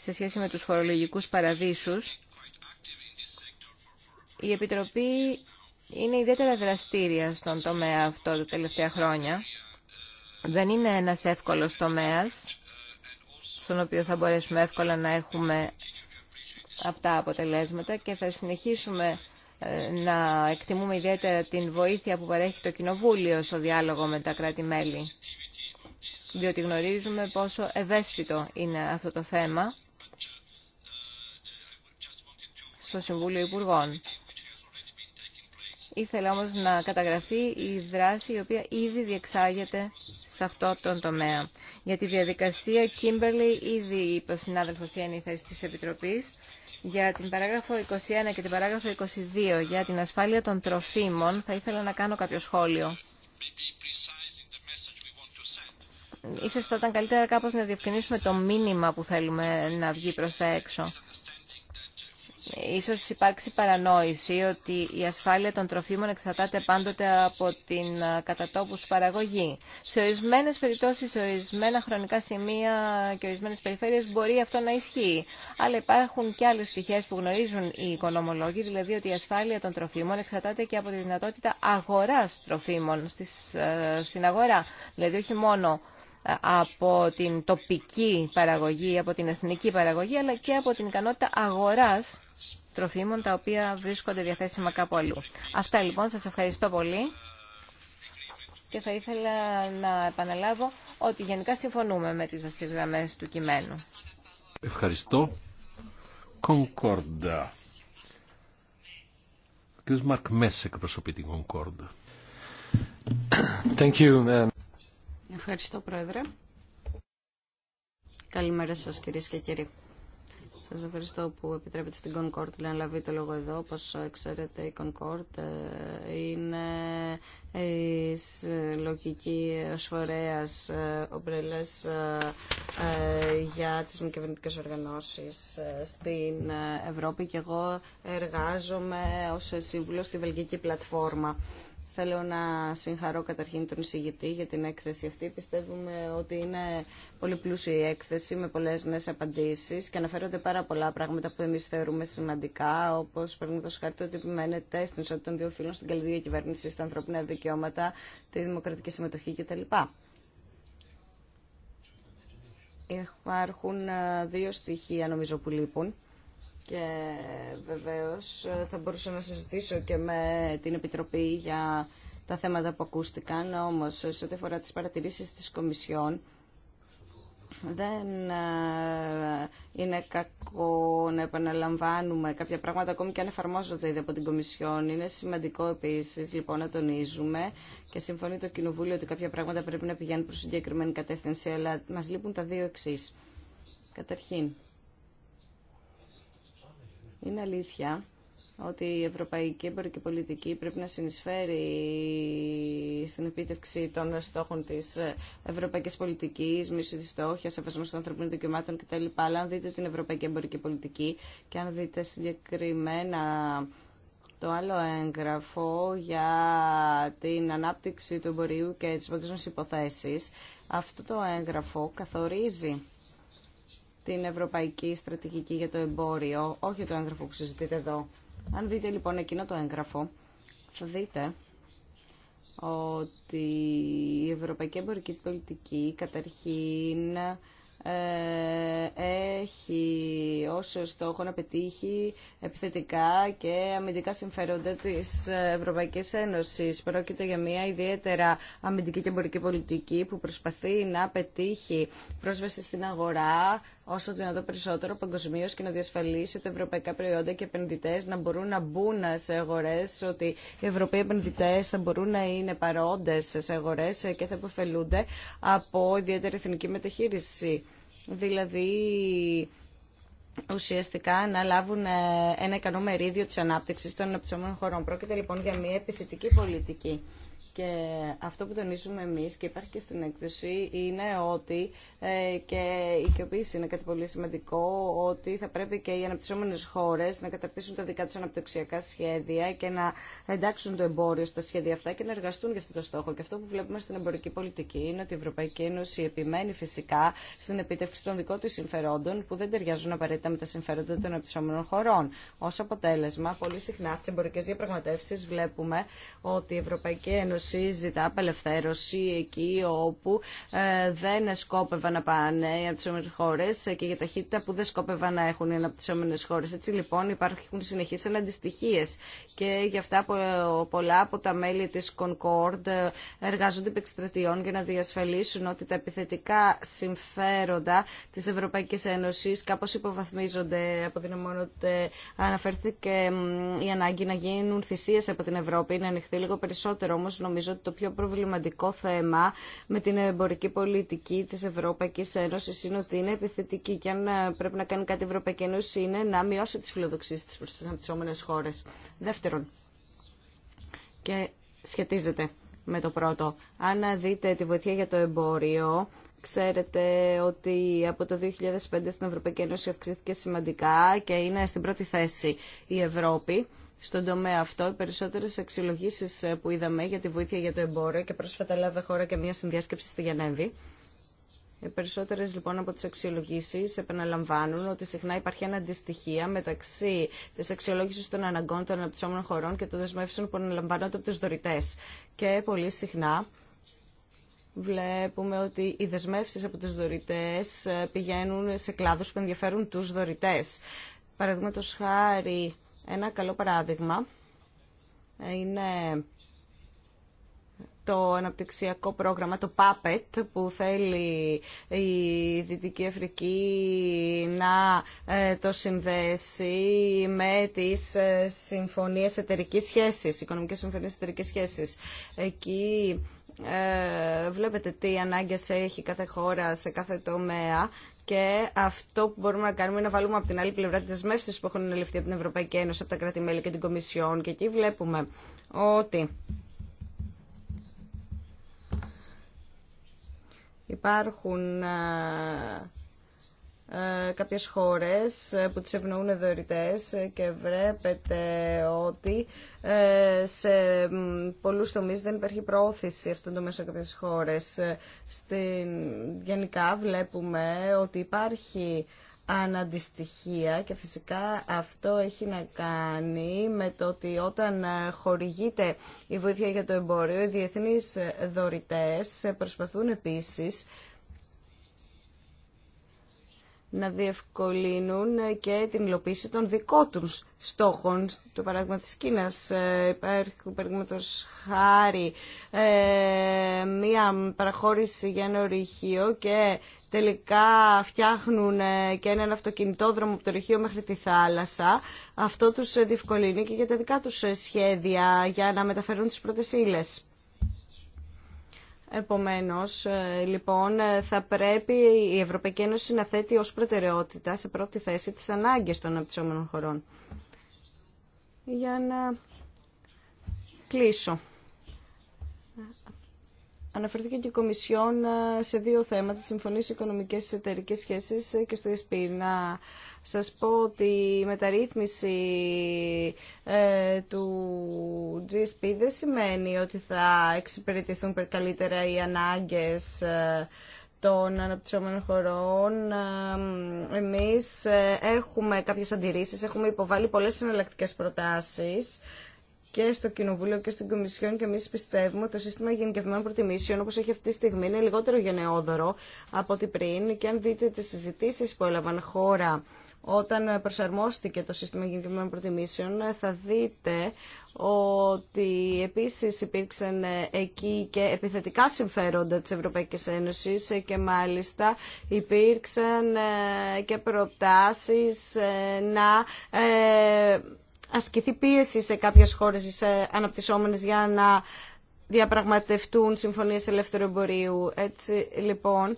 [SPEAKER 3] σε σχέση με τους φορολογικούς παραδείσους, η Επιτροπή είναι ιδιαίτερα δραστήρια στον τομέα αυτό τα τελευταία χρόνια. Δεν είναι ένας εύκολος τομέας, στον οποίο θα μπορέσουμε εύκολα να έχουμε αυτά αποτελέσματα και θα συνεχίσουμε ε, να εκτιμούμε ιδιαίτερα την βοήθεια που παρέχει το Κοινοβούλιο στο διάλογο με τα κράτη-μέλη, διότι γνωρίζουμε πόσο ευαίσθητο είναι αυτό το θέμα στο Συμβούλιο Υπουργών. Ήθελα όμως να καταγραφεί η δράση η οποία ήδη διεξάγεται σε αυτό τον τομέα. Για τη διαδικασία Κίμπερλι ήδη είπε ο συνάδελφος ποια είναι η θέση της Επιτροπής. Για την παράγραφο 21 και την παράγραφο 22 για την ασφάλεια των τροφίμων θα ήθελα να κάνω κάποιο σχόλιο. Ίσως θα ήταν καλύτερα κάπως να διευκρινίσουμε το μήνυμα που θέλουμε να βγει προς τα έξω ίσως υπάρξει παρανόηση ότι η ασφάλεια των τροφίμων εξαρτάται πάντοτε από την κατατόπους παραγωγή. Σε ορισμένες περιπτώσεις, σε ορισμένα χρονικά σημεία και ορισμένες περιφέρειες μπορεί αυτό να ισχύει. Αλλά υπάρχουν και άλλες πτυχές που γνωρίζουν οι οικονομολόγοι, δηλαδή ότι η ασφάλεια των τροφίμων εξαρτάται και από τη δυνατότητα αγοράς τροφίμων στην αγορά. Δηλαδή όχι μόνο από την τοπική παραγωγή, από την εθνική παραγωγή, αλλά και από την ικανότητα αγοράς τροφίμων τα οποία βρίσκονται διαθέσιμα κάπου αλλού. Αυτά λοιπόν, σας ευχαριστώ πολύ και θα ήθελα να επαναλάβω ότι γενικά συμφωνούμε με τις βασικές γραμμές του κειμένου.
[SPEAKER 1] Ευχαριστώ. Κονκόρντα. Ο κ. Μαρκ Μέσεκ προσωπεί την Κονκόρντα. Thank uh,
[SPEAKER 2] Ευχαριστώ, Πρόεδρε. Καλημέρα σας, κυρίες και κύριοι. Σας ευχαριστώ που επιτρέπετε στην Concord να λάβει το λόγο εδώ. Όπως ξέρετε η Concord ε, είναι η λογική φορέας ε, ομπρέλες ε, για τις μη κυβερνητικέ οργανώσεις στην Ευρώπη και εγώ εργάζομαι ως σύμβουλο στη Βελγική Πλατφόρμα Θέλω να συγχαρώ καταρχήν τον εισηγητή για την έκθεση αυτή. Πιστεύουμε ότι είναι πολύ πλούσια η έκθεση με πολλές νέε απαντήσεις και αναφέρονται πάρα πολλά πράγματα που εμεί θεωρούμε σημαντικά, όπως παραδείγματο το ότι επιμένεται στην ισότητα των δύο φίλων στην καλή διακυβέρνηση, στα ανθρώπινα δικαιώματα, τη δημοκρατική συμμετοχή κτλ. Υπάρχουν ε, δύο στοιχεία νομίζω που λείπουν και βεβαίως ε, θα μπορούσα να συζητήσω και με την Επιτροπή για τα θέματα που ακούστηκαν, όμως ε, σε ό,τι αφορά τις παρατηρήσεις της Κομισιόν, δεν ε, είναι κακό να επαναλαμβάνουμε κάποια πράγματα ακόμη και αν εφαρμόζονται ήδη από την Κομισιόν. Είναι σημαντικό επίση λοιπόν να τονίζουμε και συμφωνεί το Κοινοβούλιο ότι κάποια πράγματα πρέπει να πηγαίνουν προ συγκεκριμένη κατεύθυνση, αλλά μα λείπουν τα δύο εξή. Καταρχήν, είναι αλήθεια ότι η ευρωπαϊκή εμπορική πολιτική πρέπει να συνεισφέρει στην επίτευξη των στόχων της ευρωπαϊκής πολιτικής, μίσου της στόχια, σεβασμό των ανθρωπίνων δικαιωμάτων κτλ. Αλλά αν δείτε την ευρωπαϊκή εμπορική πολιτική και αν δείτε συγκεκριμένα το άλλο έγγραφο για την ανάπτυξη του εμπορίου και τις παγκόσμιες υποθέσεις, αυτό το έγγραφο καθορίζει την Ευρωπαϊκή Στρατηγική για το Εμπόριο, όχι το έγγραφο που συζητείτε εδώ. Αν δείτε λοιπόν εκείνο το έγγραφο, θα δείτε ότι η Ευρωπαϊκή Εμπορική Πολιτική καταρχήν ε, έχει ως στόχο να πετύχει επιθετικά και αμυντικά συμφέροντα της Ευρωπαϊκής Ένωσης. Πρόκειται για μια ιδιαίτερα αμυντική και εμπορική πολιτική που προσπαθεί να πετύχει πρόσβαση στην αγορά, όσο δυνατόν περισσότερο παγκοσμίω και να διασφαλίσει ότι ευρωπαϊκά προϊόντα και επενδυτέ να μπορούν να μπουν σε αγορέ, ότι οι ευρωπαίοι επενδυτέ θα μπορούν να είναι παρόντε σε αγορέ και θα υποφελούνται από ιδιαίτερη εθνική μεταχείριση. Δηλαδή, ουσιαστικά να λάβουν ε, ένα ικανό μερίδιο της ανάπτυξης των αναπτυσσόμενων χωρών. Πρόκειται λοιπόν για μια επιθετική πολιτική και αυτό που τονίζουμε εμείς και υπάρχει και στην έκδοση είναι ότι ε, και η οικειοποίηση είναι κάτι πολύ σημαντικό, ότι θα πρέπει και οι αναπτυσσόμενες χώρες να καταρτήσουν τα δικά τους αναπτυξιακά σχέδια και να εντάξουν το εμπόριο στα σχέδια αυτά και να εργαστούν για αυτό το στόχο. Και αυτό που βλέπουμε στην εμπορική πολιτική είναι ότι η Ευρωπαϊκή Ένωση επιμένει φυσικά στην επίτευξη των δικών της συμφερόντων που δεν ταιριάζουν απαραίτητα με τα συμφέροντα των αναπτυσσόμενων χωρών. Ως αποτέλεσμα, πολύ συχνά στις εμπορικές διαπραγματεύσεις βλέπουμε ότι η Ευρωπαϊκή Ένωση Ένωση ζητά απελευθέρωση εκεί όπου ε, δεν σκόπευαν να πάνε οι αναπτυσσόμενε χώρε και για ταχύτητα που δεν σκόπευαν να έχουν οι αναπτυσσόμενε χώρε. Έτσι λοιπόν υπάρχουν συνεχεί αναντιστοιχίε και γι' αυτά πολλά από τα μέλη τη Concord εργάζονται επί εξτρατιών για να διασφαλίσουν ότι τα επιθετικά συμφέροντα τη Ευρωπαϊκή Ένωση κάπω υποβαθμίζονται, αποδυναμώνονται. Αναφέρθηκε η ανάγκη να γίνουν θυσίε από την Ευρώπη, να ανοιχτεί λίγο περισσότερο νομίζω νομίζω ότι το πιο προβληματικό θέμα με την εμπορική πολιτική της Ευρωπαϊκή Ένωσης είναι ότι είναι επιθετική και αν ε, πρέπει να κάνει κάτι η Ευρωπαϊκή Ένωση είναι να μειώσει τις φιλοδοξίες της προς τις αναπτυσσόμενες χώρες. Δεύτερον, και σχετίζεται με το πρώτο, αν δείτε τη βοήθεια για το εμπόριο, Ξέρετε ότι από το 2005 στην Ευρωπαϊκή Ένωση αυξήθηκε σημαντικά και είναι στην πρώτη θέση η Ευρώπη στον τομέα αυτό. Οι περισσότερε αξιολογήσει ε, που είδαμε για τη βοήθεια για το εμπόριο και πρόσφατα λάβε χώρα και μια συνδιάσκεψη στη Γενέβη. Οι ε, περισσότερε λοιπόν από τι αξιολογήσει επαναλαμβάνουν ότι συχνά υπάρχει ένα αντιστοιχεία μεταξύ τη αξιολόγηση των αναγκών των αναπτυσσόμενων χωρών και των δεσμεύσεων που αναλαμβάνονται από του δωρητέ. Και πολύ συχνά βλέπουμε ότι οι δεσμεύσει από του δωρητέ ε, πηγαίνουν σε κλάδου που ενδιαφέρουν του δωρητέ. Παραδείγματο χάρη ένα καλό παράδειγμα είναι το αναπτυξιακό πρόγραμμα, το PAPET, που θέλει η Δυτική Αφρική να ε, το συνδέσει με τις ε, συμφωνίες εταιρικής σχέσης, οικονομικές συμφωνίες εταιρικής σχέσης. Εκεί ε, βλέπετε τι ανάγκες έχει κάθε χώρα σε κάθε τομέα και αυτό που μπορούμε να κάνουμε είναι να βάλουμε από την άλλη πλευρά τι δεσμεύσει που έχουν αναλυφθεί από την Ευρωπαϊκή Ένωση, από τα κράτη-μέλη και την Κομισιόν. Και εκεί βλέπουμε ότι υπάρχουν ε, ε, κάποιες χώρες ε, που τις ευνοούν δωρητές ε, και βρέπετε ότι σε πολλούς τομείς δεν υπάρχει πρόθεση αυτών των μέσων κάποιες χώρες. Στην... Γενικά βλέπουμε ότι υπάρχει αναντιστοιχεία και φυσικά αυτό έχει να κάνει με το ότι όταν χορηγείται η βοήθεια για το εμπόριο, οι διεθνείς δωρητές προσπαθούν επίσης να διευκολύνουν και την υλοποίηση των δικών τους στόχων. Στο παράδειγμα της Κίνας ε, υπάρχει παραδείγματος χάρη ε, μία παραχώρηση για ένα ορυχείο και τελικά φτιάχνουν ε, και έναν αυτοκινητόδρομο από το ρηχείο μέχρι τη θάλασσα. Αυτό τους διευκολύνει και για τα δικά τους σχέδια για να μεταφέρουν τις πρώτες ύλες. Επομένως, ε, λοιπόν, ε, θα πρέπει η Ευρωπαϊκή Ένωση να θέτει ως προτεραιότητα σε πρώτη θέση τις ανάγκες των αναπτυσσόμενων χωρών. Για να κλείσω. Αναφερθήκε και η Κομισιόν ε, σε δύο θέματα, τη συμφωνίες οικονομικές και εταιρικές σχέσεις ε, και στο ΕΣΠΗ. Να σας πω ότι η μεταρρύθμιση ε, του GSP δεν σημαίνει ότι θα εξυπηρετηθούν καλύτερα οι ανάγκες των αναπτυσσόμενων χωρών. Εμείς έχουμε κάποιες αντιρρήσεις, έχουμε υποβάλει πολλές συναλλακτικές προτάσεις και στο Κοινοβούλιο και στην Κομισιόν και εμεί πιστεύουμε ότι το σύστημα γενικευμένων προτιμήσεων όπω έχει αυτή τη στιγμή είναι λιγότερο γενναιόδωρο από ό,τι πριν και αν δείτε τι συζητήσει που έλαβαν χώρα όταν προσαρμόστηκε το σύστημα γενικευμένων προτιμήσεων θα δείτε ότι επίσης υπήρξαν εκεί και επιθετικά συμφέροντα της Ευρωπαϊκής Ένωσης και μάλιστα υπήρξαν και προτάσεις να ε, ασκηθεί πίεση σε κάποιες χώρες αναπτυσσόμενες για να διαπραγματευτούν συμφωνίες ελεύθερου εμπορίου. Έτσι λοιπόν,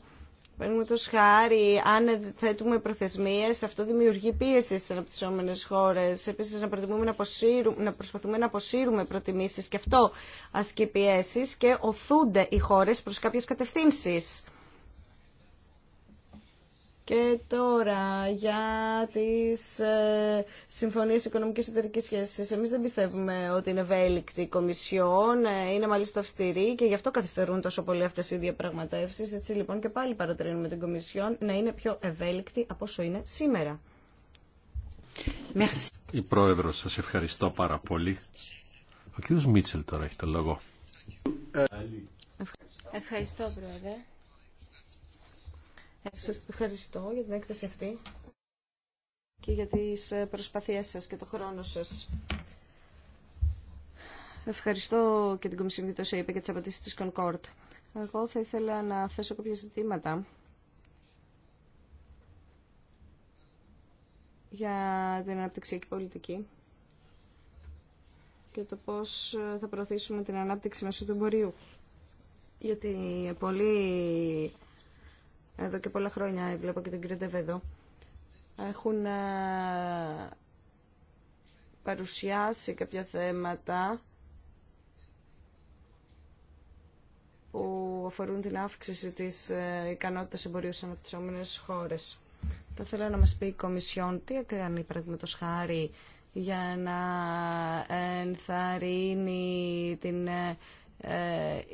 [SPEAKER 2] το σχάρι, αν θέτουμε προθεσμίες, αυτό δημιουργεί πίεση στις αναπτυσσόμενες χώρες. Επίσης, να, προτιμούμε να, αποσύρουμε, προσπαθούμε να αποσύρουμε προτιμήσεις και αυτό ασκεί πιέσεις και οθούνται οι χώρες προς κάποιες κατευθύνσεις. Και τώρα για τις ε, συμφωνίες οικονομικής εταιρική σχέσης. Εμείς δεν πιστεύουμε ότι είναι ευέλικτη η Κομισιόν, ε, είναι μάλιστα αυστηρή και γι' αυτό καθυστερούν τόσο πολύ αυτέ οι διαπραγματεύσει. Έτσι λοιπόν και πάλι παροτρύνουμε την Κομισιόν να είναι πιο ευέλικτη από όσο είναι σήμερα.
[SPEAKER 1] Merci. ευχαριστώ πάρα πολύ. Ο Μίτσελ τώρα έχει το λόγο.
[SPEAKER 2] Ε, ευχαριστώ, Πρόεδρε. Σας ευχαριστώ για την έκθεση αυτή και για τις ε, προσπαθίες σας και το χρόνο σας. Ευχαριστώ και την Κομισιόν για το είπε και τις απαντήσεις της Concord. Εγώ θα ήθελα να θέσω κάποια ζητήματα για την αναπτυξιακή πολιτική και το πώς ε, θα προωθήσουμε την ανάπτυξη μέσω του εμπορίου. Γιατί πολλοί εδώ και πολλά χρόνια, βλέπω και τον κύριο Ντεβέδο, έχουν ε, παρουσιάσει κάποια θέματα που αφορούν την αύξηση της ε, ικανότητας εμπορίου σε αναπτυσσόμενες χώρες. Θα ήθελα να μας πει η Κομισιόν τι έκανε, παραδείγματος χάρη, για να ενθαρρύνει την ε,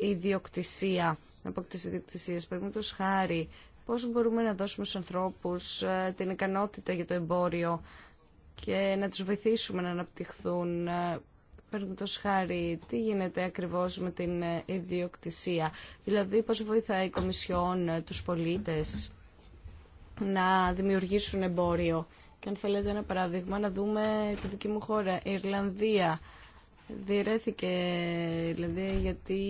[SPEAKER 2] ιδιοκτησία, αποκτήση ιδιοκτησίες. Παραδείγματος χάρη, Πώς μπορούμε να δώσουμε στους ανθρώπους ε, την ικανότητα για το εμπόριο και να τους βοηθήσουμε να αναπτυχθούν ε, το χάρη, τι γίνεται ακριβώ με την ε, ιδιοκτησία, δηλαδή πώ βοηθάει η Κομισιόν τους πολίτε να δημιουργήσουν εμπόριο. Και αν θέλετε ένα παράδειγμα, να δούμε τη δική μου χώρα, η Ιρλανδία διαιρέθηκε δηλαδή γιατί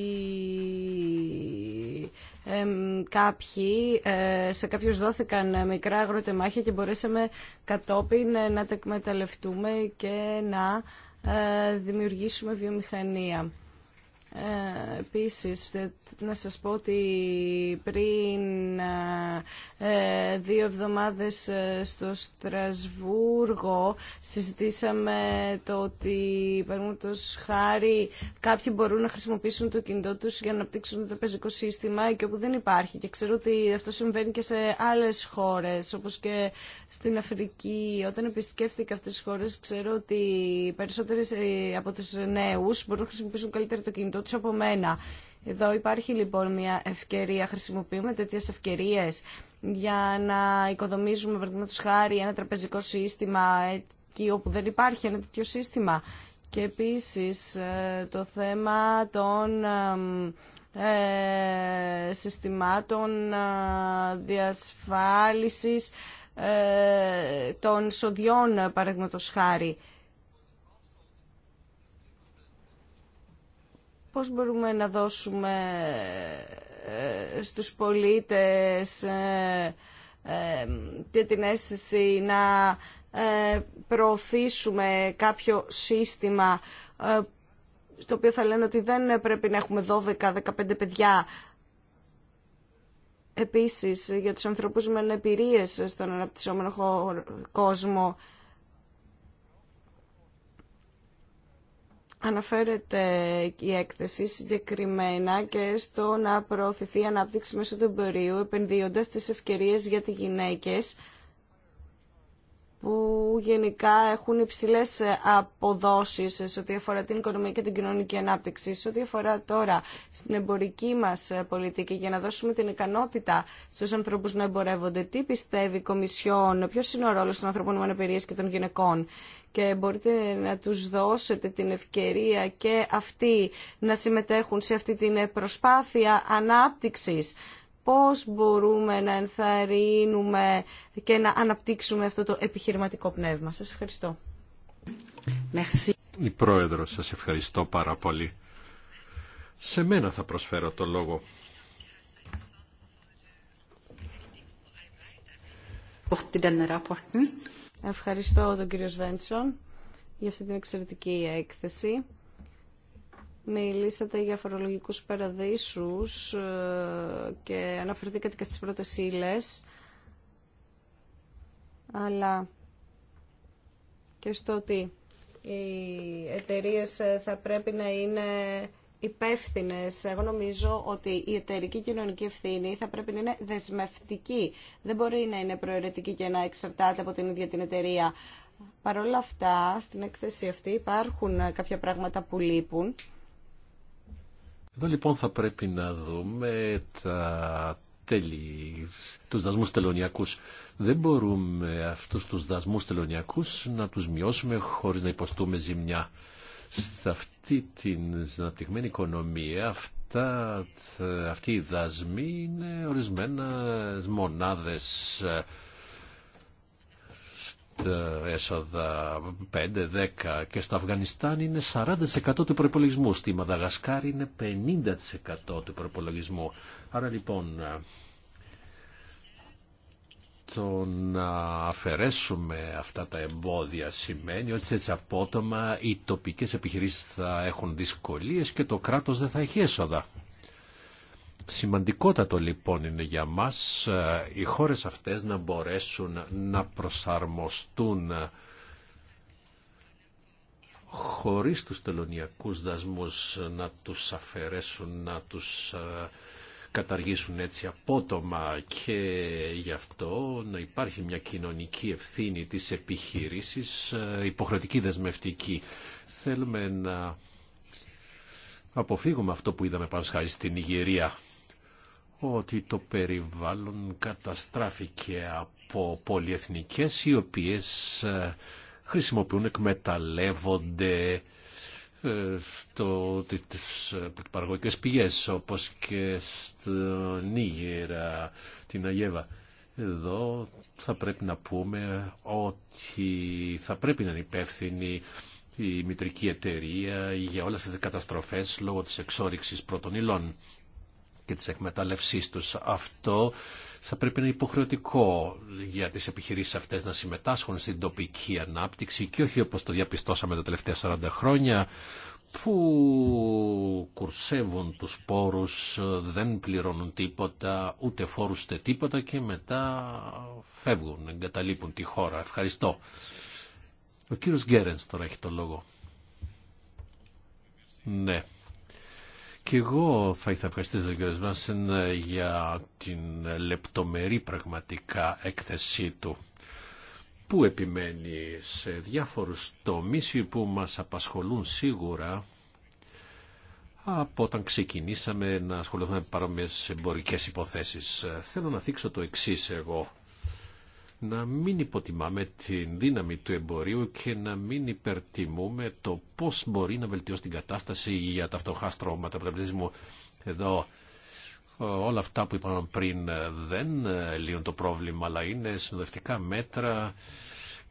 [SPEAKER 2] κάποιοι, ε, σε κάποιους δόθηκαν μικρά αγροτεμάχια και μπορέσαμε κατόπιν να τα εκμεταλλευτούμε και να ε, δημιουργήσουμε βιομηχανία. Επίση επίσης, να σας πω ότι πριν ε, δύο εβδομάδες ε, στο Στρασβούργο συζητήσαμε το ότι παραδείγματος χάρη κάποιοι μπορούν να χρησιμοποιήσουν το κινητό τους για να αναπτύξουν το πεζικό σύστημα και όπου δεν υπάρχει. Και ξέρω ότι αυτό συμβαίνει και σε άλλες χώρες, όπως και στην Αφρική. Όταν επισκέφθηκα αυτές τις χώρες, ξέρω ότι οι περισσότερες ε, από τους νέους μπορούν να χρησιμοποιήσουν καλύτερα το κινητό από μένα. Εδώ υπάρχει λοιπόν μια ευκαιρία, χρησιμοποιούμε τέτοιε ευκαιρίε για να οικοδομήσουμε παραδείγματο χάρη, ένα τραπεζικό σύστημα εκεί όπου δεν υπάρχει ένα τέτοιο σύστημα. Και επίσης ε, το θέμα των ε, ε συστημάτων ε, διασφάλισης των σοδιών, παραδείγματο χάρη. Πώς μπορούμε να δώσουμε ε, στους πολίτες ε, ε, και την αίσθηση να προωθήσουμε κάποιο σύστημα στο οποίο θα λένε ότι δεν πρέπει να έχουμε 12-15 παιδιά επίσης για τους ανθρώπους με εμπειρίες στον αναπτυσσόμενο κόσμο Αναφέρεται η έκθεση συγκεκριμένα και στο να προωθηθεί η ανάπτυξη μέσω του εμπορίου, επενδύοντας τις ευκαιρίες για τις γυναίκες, που γενικά έχουν υψηλές αποδόσεις σε ό,τι αφορά την οικονομία και την κοινωνική ανάπτυξη, σε ό,τι αφορά τώρα στην εμπορική μας πολιτική, για να δώσουμε την ικανότητα στους ανθρώπους να εμπορεύονται. Τι πιστεύει η Κομισιόν, ποιος είναι ο ρόλος των ανθρώπων με και των γυναικών και μπορείτε να τους δώσετε την ευκαιρία και αυτοί να συμμετέχουν σε αυτή την προσπάθεια ανάπτυξης πώς μπορούμε να ενθαρρύνουμε και να αναπτύξουμε αυτό το επιχειρηματικό πνεύμα. Σας ευχαριστώ. Merci.
[SPEAKER 1] Η Πρόεδρο, σας ευχαριστώ πάρα πολύ. Σε μένα θα προσφέρω το λόγο.
[SPEAKER 2] Ευχαριστώ τον κύριο Σβέντσον για αυτή την εξαιρετική έκθεση. Μιλήσατε για φορολογικούς παραδείσους ε, και αναφερθήκατε και στις πρώτες ύλε. αλλά και στο ότι οι εταιρείες ε, θα πρέπει να είναι υπεύθυνε. Εγώ νομίζω ότι η εταιρική κοινωνική ευθύνη θα πρέπει να είναι δεσμευτική. Δεν μπορεί να είναι προαιρετική και να εξαρτάται από την ίδια την εταιρεία. Παρ' όλα αυτά, στην έκθεση αυτή υπάρχουν κάποια πράγματα που λείπουν.
[SPEAKER 1] Εδώ λοιπόν θα πρέπει να δούμε τα τέλη, τους δασμούς τελωνιακούς. Δεν μπορούμε αυτούς τους δασμούς τελωνιακούς να τους μειώσουμε χωρίς να υποστούμε ζημιά σε αυτή την αναπτυγμένη οικονομία αυτά, αυτοί οι δασμοί είναι ορισμένα μονάδες ε, στα έσοδα 5-10 και στο Αφγανιστάν είναι 40% του προπολογισμού. Στη Μαδαγασκάρη είναι 50% του προπολογισμού. Άρα λοιπόν το να αφαιρέσουμε αυτά τα εμπόδια σημαίνει ότι έτσι απότομα οι τοπικές επιχειρήσεις θα έχουν δυσκολίες και το κράτος δεν θα έχει έσοδα. Σημαντικότατο λοιπόν είναι για μας ε, οι χώρες αυτές να μπορέσουν να προσαρμοστούν ε, χωρίς τους τελωνιακούς δασμούς να τους αφαιρέσουν, να τους ε, καταργήσουν έτσι απότομα και γι' αυτό να υπάρχει μια κοινωνική ευθύνη της επιχείρησης ε, υποχρεωτική δεσμευτική. Θέλουμε να αποφύγουμε αυτό που είδαμε πάνω στην Ιγυρία ότι το περιβάλλον καταστράφηκε από πολυεθνικές οι οποίες ε, χρησιμοποιούν, εκμεταλλεύονται ε, στο, τις ε, παραγωγικές πηγές όπως και στο Νίγερα, την Αγέβα. Εδώ θα πρέπει να πούμε ότι θα πρέπει να είναι υπεύθυνη η μητρική εταιρεία για όλες τις καταστροφές λόγω της εξόριξης πρώτων υλών και της εκμετάλλευσής τους. Αυτό θα πρέπει να είναι υποχρεωτικό για τις επιχειρήσεις αυτές να συμμετάσχουν στην τοπική ανάπτυξη και όχι όπως το διαπιστώσαμε τα τελευταία 40 χρόνια που κουρσεύουν τους πόρους, δεν πληρώνουν τίποτα, ούτε φόρους ούτε τίποτα και μετά φεύγουν, εγκαταλείπουν τη χώρα. Ευχαριστώ. Ο κύριος Γκέρενς τώρα έχει το λόγο. Ναι, και εγώ θα ήθελα ευχαριστήσω τον κ. Βάσεν ε, για την λεπτομερή πραγματικά έκθεσή του που επιμένει σε διάφορους τομείς που μας απασχολούν σίγουρα από όταν ξεκινήσαμε να ασχοληθούμε με παρόμοιες εμπορικές υποθέσεις. Ε, θέλω να δείξω το εξής εγώ να μην υποτιμάμε την δύναμη του εμπορίου και να μην υπερτιμούμε το πώς μπορεί να βελτιώσει την κατάσταση για τα φτωχά στρώματα του Εδώ ε, όλα αυτά που είπαμε πριν ε, δεν ε, λύνουν το πρόβλημα, αλλά είναι συνοδευτικά μέτρα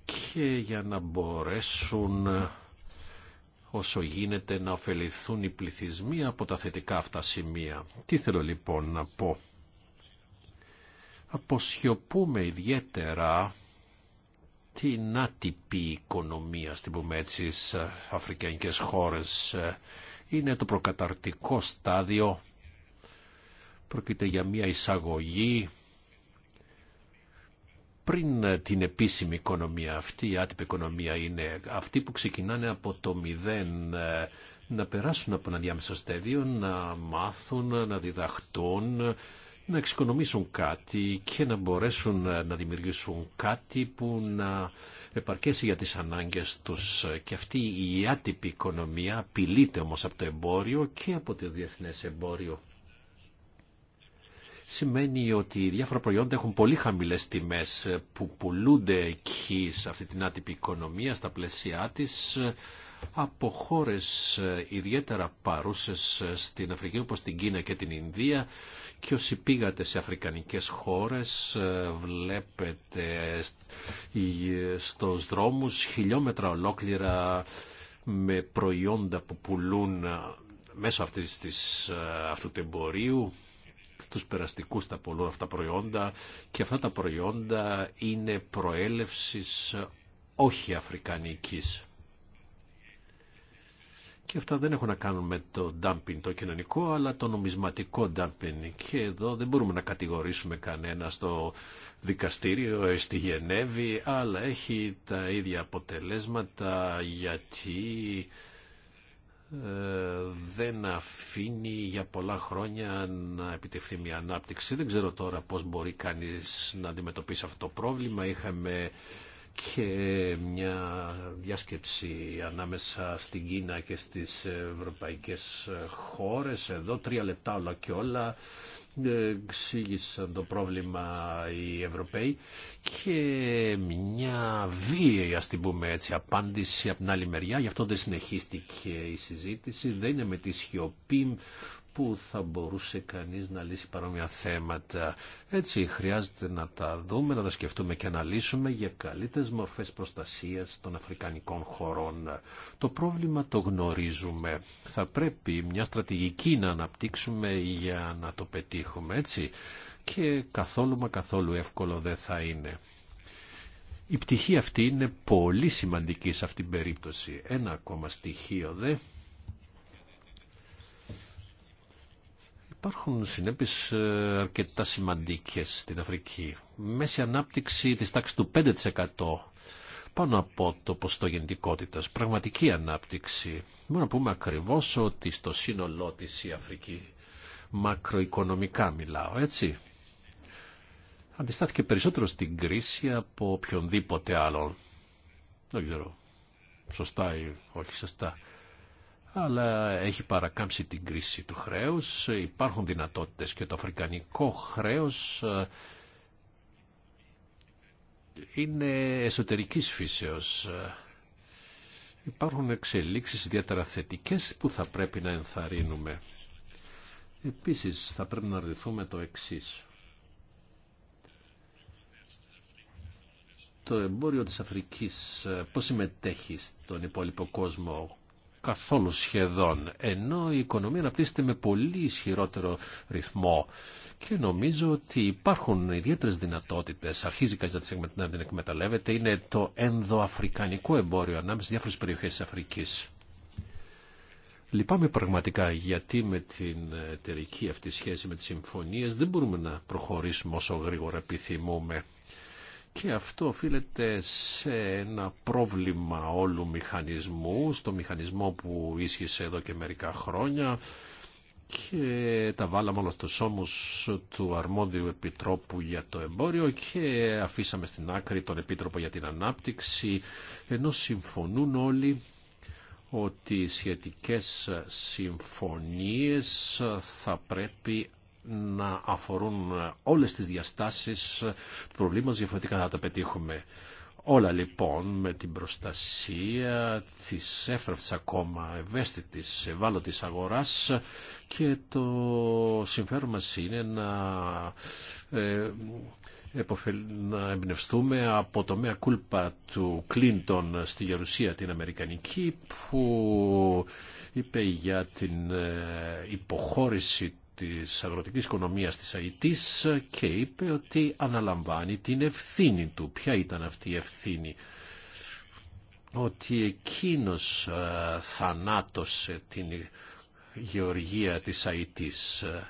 [SPEAKER 1] και για να μπορέσουν όσο γίνεται να ωφεληθούν οι πληθυσμοί από τα θετικά αυτά σημεία. Τι θέλω λοιπόν να πω αποσιωπούμε ιδιαίτερα την άτυπη οικονομία, στην πούμε έτσι, ε, αφρικανικές χώρες. Ε, είναι το προκαταρτικό στάδιο. Πρόκειται για μια εισαγωγή πριν ε, την επίσημη οικονομία αυτή, η άτυπη οικονομία είναι αυτή που ξεκινάνε από το μηδέν να περάσουν από ένα διάμεσο στέδιο, να μάθουν, να διδαχτούν, να εξοικονομήσουν κάτι και να μπορέσουν ε, να δημιουργήσουν κάτι που να επαρκέσει για τις ανάγκες τους. Και αυτή η άτυπη οικονομία απειλείται όμως από το εμπόριο και από το διεθνές εμπόριο. Σημαίνει ότι διάφορα προϊόντα έχουν πολύ χαμηλές τιμές ε, που πουλούνται εκεί σε αυτή την άτυπη οικονομία, στα πλαίσια της, ε, από χώρες ε, ιδιαίτερα παρούσες ε, στην Αφρική όπως την Κίνα και την Ινδία και όσοι πήγατε σε αφρικανικές χώρες ε, βλέπετε στους δρόμους χιλιόμετρα ολόκληρα με προϊόντα που πουλούν μέσω της, αυτού του εμπορίου τους περαστικούς τα πολλούν αυτά τα προϊόντα και αυτά τα προϊόντα είναι προέλευσης όχι αφρικανικής. Και αυτά δεν έχουν να κάνουν με το dumping το κοινωνικό, αλλά το νομισματικό dumping. Και εδώ δεν μπορούμε να κατηγορήσουμε κανένα στο δικαστήριο, ε, στη Γενέβη, αλλά έχει τα ίδια αποτελέσματα γιατί ε, δεν αφήνει για πολλά χρόνια να επιτευχθεί μια ανάπτυξη. Δεν ξέρω τώρα πώς μπορεί κανείς να αντιμετωπίσει αυτό το πρόβλημα. Είχαμε και μια διάσκεψη ανάμεσα στην Κίνα και στις ευρωπαϊκές χώρες. Εδώ τρία λεπτά όλα και όλα εξήγησαν το πρόβλημα οι Ευρωπαίοι και μια βία, ας την πούμε έτσι απάντηση από την άλλη μεριά γι' αυτό δεν συνεχίστηκε η συζήτηση δεν είναι με τη σιωπή που θα μπορούσε κανείς να λύσει παρόμοια θέματα. Έτσι χρειάζεται να τα δούμε, να τα σκεφτούμε και να λύσουμε για καλύτερες μορφές προστασίας των αφρικανικών χωρών. Το πρόβλημα το γνωρίζουμε. Θα πρέπει μια στρατηγική να αναπτύξουμε για να το πετύχουμε, έτσι. Και καθόλου μα καθόλου εύκολο δεν θα είναι. Η πτυχή αυτή είναι πολύ σημαντική σε αυτήν την περίπτωση. Ένα ακόμα στοιχείο δε Υπάρχουν συνέπειες ε, αρκετά σημαντικές στην Αφρική. Μέση ανάπτυξη της τάξης του 5% πάνω από το ποστό Πραγματική ανάπτυξη. Μπορούμε να πούμε ακριβώς ότι στο σύνολό της η Αφρική μακροοικονομικά μιλάω, έτσι. Αντιστάθηκε περισσότερο στην κρίση από οποιονδήποτε άλλον. Δεν ξέρω. Σωστά ή όχι σωστά αλλά έχει παρακάμψει την κρίση του χρέους. Υπάρχουν δυνατότητες και το αφρικανικό χρέος ε, είναι εσωτερικής φύσεως. Ε, υπάρχουν εξελίξεις ιδιαίτερα θετικές που θα πρέπει να ενθαρρύνουμε. Επίσης θα πρέπει να ρωτηθούμε το εξής. Το εμπόριο της Αφρικής ε, πώς συμμετέχει στον υπόλοιπο κόσμο καθόλου σχεδόν, ενώ η οικονομία αναπτύσσεται με πολύ ισχυρότερο ρυθμό. Και νομίζω ότι υπάρχουν ιδιαίτερε δυνατότητε. Αρχίζει κανεί να την εκμεταλλεύεται. Είναι το ενδοαφρικανικό εμπόριο ανάμεσα σε διάφορε περιοχέ τη Αφρική. Λυπάμαι πραγματικά γιατί με την εταιρική αυτή σχέση με τι συμφωνίε δεν μπορούμε να προχωρήσουμε όσο γρήγορα επιθυμούμε. Και αυτό οφείλεται σε ένα πρόβλημα όλου μηχανισμού, στο μηχανισμό που ίσχυσε εδώ και μερικά χρόνια και τα βάλαμε όλα στους ώμους του αρμόδιου επιτρόπου για το εμπόριο και αφήσαμε στην άκρη τον επίτροπο για την ανάπτυξη ενώ συμφωνούν όλοι ότι οι σχετικές συμφωνίες θα πρέπει να αφορούν όλες τις διαστάσεις του προβλήματος, διαφορετικά θα τα πετύχουμε. Όλα λοιπόν με την προστασία της εβέστη ακόμα ευαίσθητης ευάλωτης αγοράς και το συμφέρον μας είναι να, ε, να εμπνευστούμε από το μια κούλπα του Κλίντον στη Γερουσία την Αμερικανική που είπε για την ε, υποχώρηση της αγροτικής οικονομίας της ΑΕΤΙΣ και είπε ότι αναλαμβάνει την ευθύνη του. Ποια ήταν αυτή η ευθύνη ότι εκείνος ε, θανάτωσε την γεωργία της ΑΕΤΙΣ ε,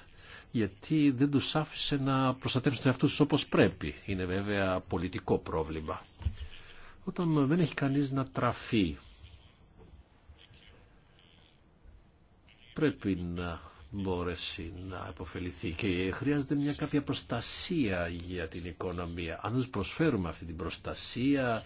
[SPEAKER 1] γιατί δεν τους άφησε να προστατεύσουν αυτούς όπως πρέπει. Είναι βέβαια πολιτικό πρόβλημα. Όταν δεν έχει κανείς να τραφεί πρέπει να μπόρεσει να επωφεληθεί και χρειάζεται μια κάποια προστασία για την οικονομία. Αν τους προσφέρουμε αυτή την προστασία,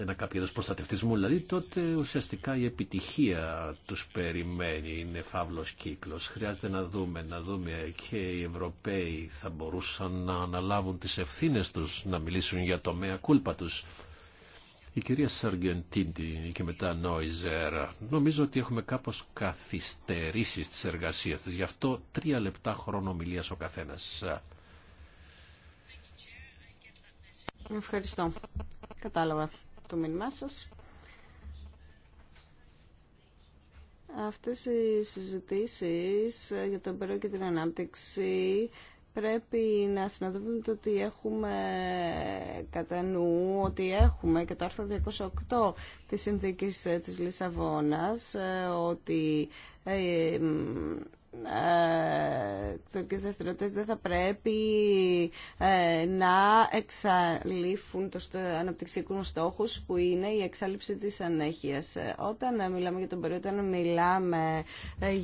[SPEAKER 1] ένα κάποιο είδος προστατευτισμού δηλαδή, τότε ουσιαστικά η επιτυχία τους περιμένει, είναι φαύλος κύκλος. Χρειάζεται να δούμε, να δούμε και οι Ευρωπαίοι θα μπορούσαν να αναλάβουν τις ευθύνες τους, να μιλήσουν για το μέα κούλπα τους. Η κυρία Σαργεντίντη και μετά Νόιζερ. Νομίζω ότι έχουμε κάπως καθυστερήσει στις εργασίες της. Γι' αυτό τρία λεπτά χρόνο μιλίας ο καθένας.
[SPEAKER 2] Ευχαριστώ. Κατάλαβα το μήνυμά σας. Αυτές οι συζητήσεις για τον εμπέρο και την ανάπτυξη πρέπει να συναντούμε το ότι έχουμε κατά νου, ότι έχουμε και το άρθρο 208 της Συνθήκης ε, της Λισαβόνας, ε, ότι ε, ε, τουρκικές δραστηριότητες δεν θα πρέπει ε, να εξαλείφουν στο αναπτυξικού στόχους που είναι η εξάλληψη της ανέχειας. Ε, όταν ε, μιλάμε για τον περίοδο, όταν μιλάμε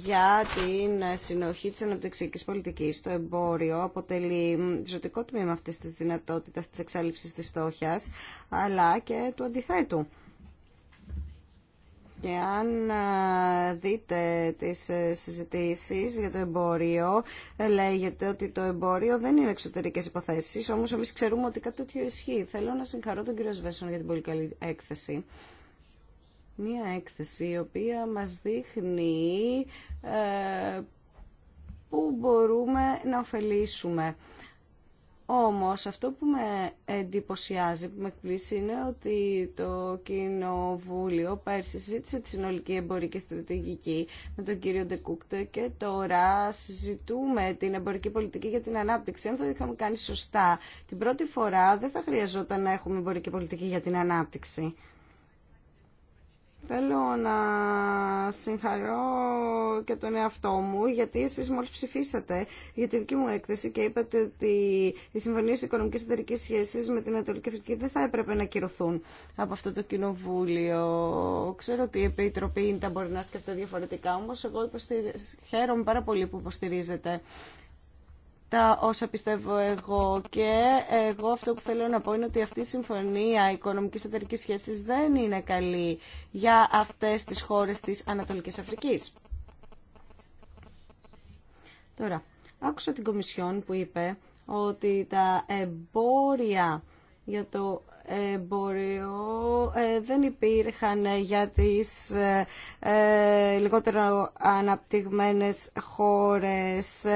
[SPEAKER 2] για την συνοχή της αναπτυξιακής πολιτικής, το εμπόριο αποτελεί ζωτικό τμήμα αυτής της δυνατότητας της εξάλληψης της στόχιας, αλλά και του αντιθέτου. Και αν δείτε τις ε, συζητήσεις για το εμπόριο, ε, λέγεται ότι το εμπόριο δεν είναι εξωτερικές υποθέσεις, όμως εμείς ξέρουμε ότι κάτι τέτοιο ισχύει. Θέλω να συγχαρώ τον κύριο Σβέσον για την πολύ καλή έκθεση. Μία έκθεση η οποία μας δείχνει ε, πού μπορούμε να ωφελήσουμε όμως αυτό που με εντυπωσιάζει, που με εκπλήσει είναι ότι το Κοινοβούλιο πέρσι συζήτησε τη συνολική εμπορική στρατηγική με τον κύριο Ντεκούκτε και τώρα συζητούμε την εμπορική πολιτική για την ανάπτυξη. Αν το είχαμε κάνει σωστά την πρώτη φορά δεν θα χρειαζόταν να έχουμε εμπορική πολιτική για την ανάπτυξη. Θέλω να συγχαρώ και τον εαυτό μου, γιατί εσείς μόλις ψηφίσατε για τη δική μου έκθεση και είπατε ότι οι συμφωνίε οικονομικής εταιρική σχέσης με την Ανατολική Αφρική δεν θα έπρεπε να κυρωθούν από αυτό το κοινοβούλιο. Ξέρω ότι η Επιτροπή τα μπορεί να σκεφτεί διαφορετικά, όμως εγώ υποστηρίζω, χαίρομαι πάρα πολύ που υποστηρίζετε τα όσα πιστεύω εγώ και εγώ αυτό που θέλω να πω είναι ότι αυτή η συμφωνία οικονομικής εταιρική σχέσης δεν είναι καλή για αυτές τις χώρες της Ανατολικής Αφρικής. Τώρα, άκουσα την Κομισιόν που είπε ότι τα εμπόρια για το εμπόριο ε, δεν υπήρχαν για τις ε, ε, λιγότερο αναπτυγμένες χώρες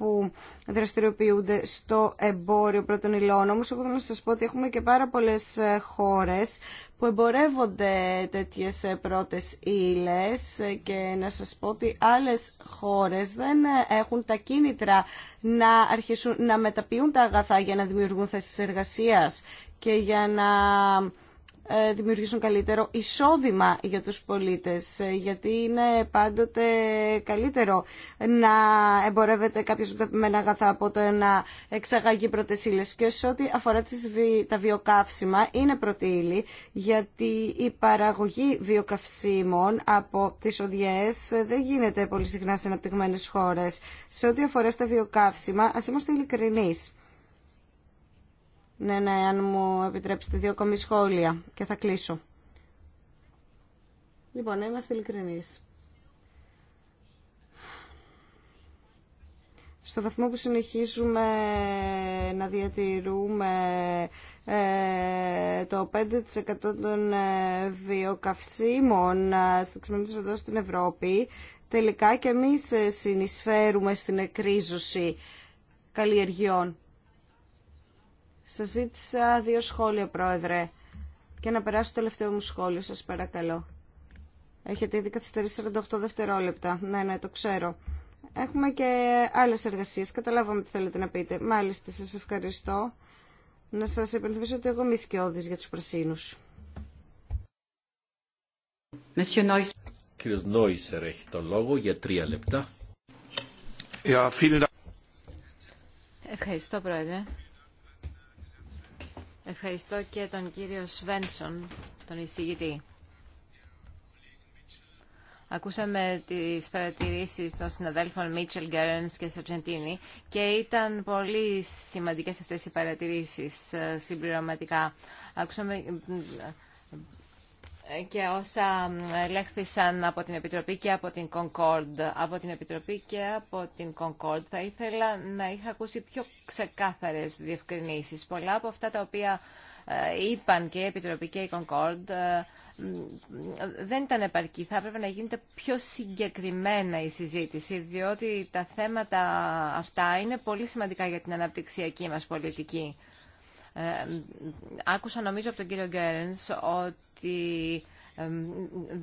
[SPEAKER 2] που δραστηριοποιούνται στο εμπόριο πρώτων υλών. Όμως εγώ θέλω να σας πω ότι έχουμε και πάρα πολλές ε, χώρες που εμπορεύονται τέτοιες ε, πρώτες ύλες ε, και να σας πω ότι άλλες χώρες δεν έχουν τα κίνητρα να αρχίσουν να μεταποιούν τα αγαθά για να δημιουργούν θέσεις εργασίας και για να ε, δημιουργήσουν καλύτερο εισόδημα για τους πολίτες, ε, γιατί είναι πάντοτε καλύτερο να εμπορεύεται κάποιος με ένα αγαθά από το να εξαγάγει πρώτες Και σε ό,τι αφορά τις, τα βιοκαύσιμα, είναι πρώτη γιατί η παραγωγή βιοκαυσίμων από τις οδιές ε, δεν γίνεται πολύ συχνά σε αναπτυγμένες χώρες. Σε ό,τι αφορά στα βιοκαύσιμα, ας είμαστε ειλικρινείς ναι, ναι, αν μου επιτρέψετε δύο ακόμη σχόλια και θα κλείσω. Λοιπόν, να είμαστε ειλικρινείς. στο βαθμό που συνεχίζουμε να διατηρούμε ε, το 5% των ε, βιοκαυσίμων ε, στην εδώ στην Ευρώπη, τελικά και εμείς συνεισφέρουμε στην εκρίζωση καλλιεργιών. Σας ζήτησα δύο σχόλια, Πρόεδρε, και να περάσω το τελευταίο μου σχόλιο, σας παρακαλώ. Έχετε ήδη καθυστερήσει 48 δευτερόλεπτα. Ναι, ναι, το ξέρω. Έχουμε και άλλες εργασίες. Καταλάβαμε τι θέλετε να πείτε. Μάλιστα, σας ευχαριστώ. Να σας υπενθυμίσω ότι εγώ μη σκιώδη για τους πράσινου.
[SPEAKER 1] Κύριος Νόισερ έχει το λόγο για τρία λεπτά.
[SPEAKER 3] Ευχαριστώ, Πρόεδρε. Ευχαριστώ και τον κύριο Σβένσον, τον εισηγητή. Ακούσαμε τις παρατηρήσεις των συναδέλφων Μίτσελ Γκέρνς και Σαρτζεντίνη και ήταν πολύ σημαντικές αυτές οι παρατηρήσεις ε, συμπληρωματικά. Ακούσαμε και όσα ελέγχθησαν από την Επιτροπή και από την Concord. Από την Επιτροπή και από την Concord θα ήθελα να είχα ακούσει πιο ξεκάθαρες διευκρινήσεις. Πολλά από αυτά τα οποία ε, είπαν και η Επιτροπή και η Concord ε, δεν ήταν επαρκή. Θα έπρεπε να γίνεται πιο συγκεκριμένα η συζήτηση, διότι τα θέματα αυτά είναι πολύ σημαντικά για την αναπτυξιακή μας πολιτική. Ε, άκουσα νομίζω από τον κύριο Γκέρενς ότι ε,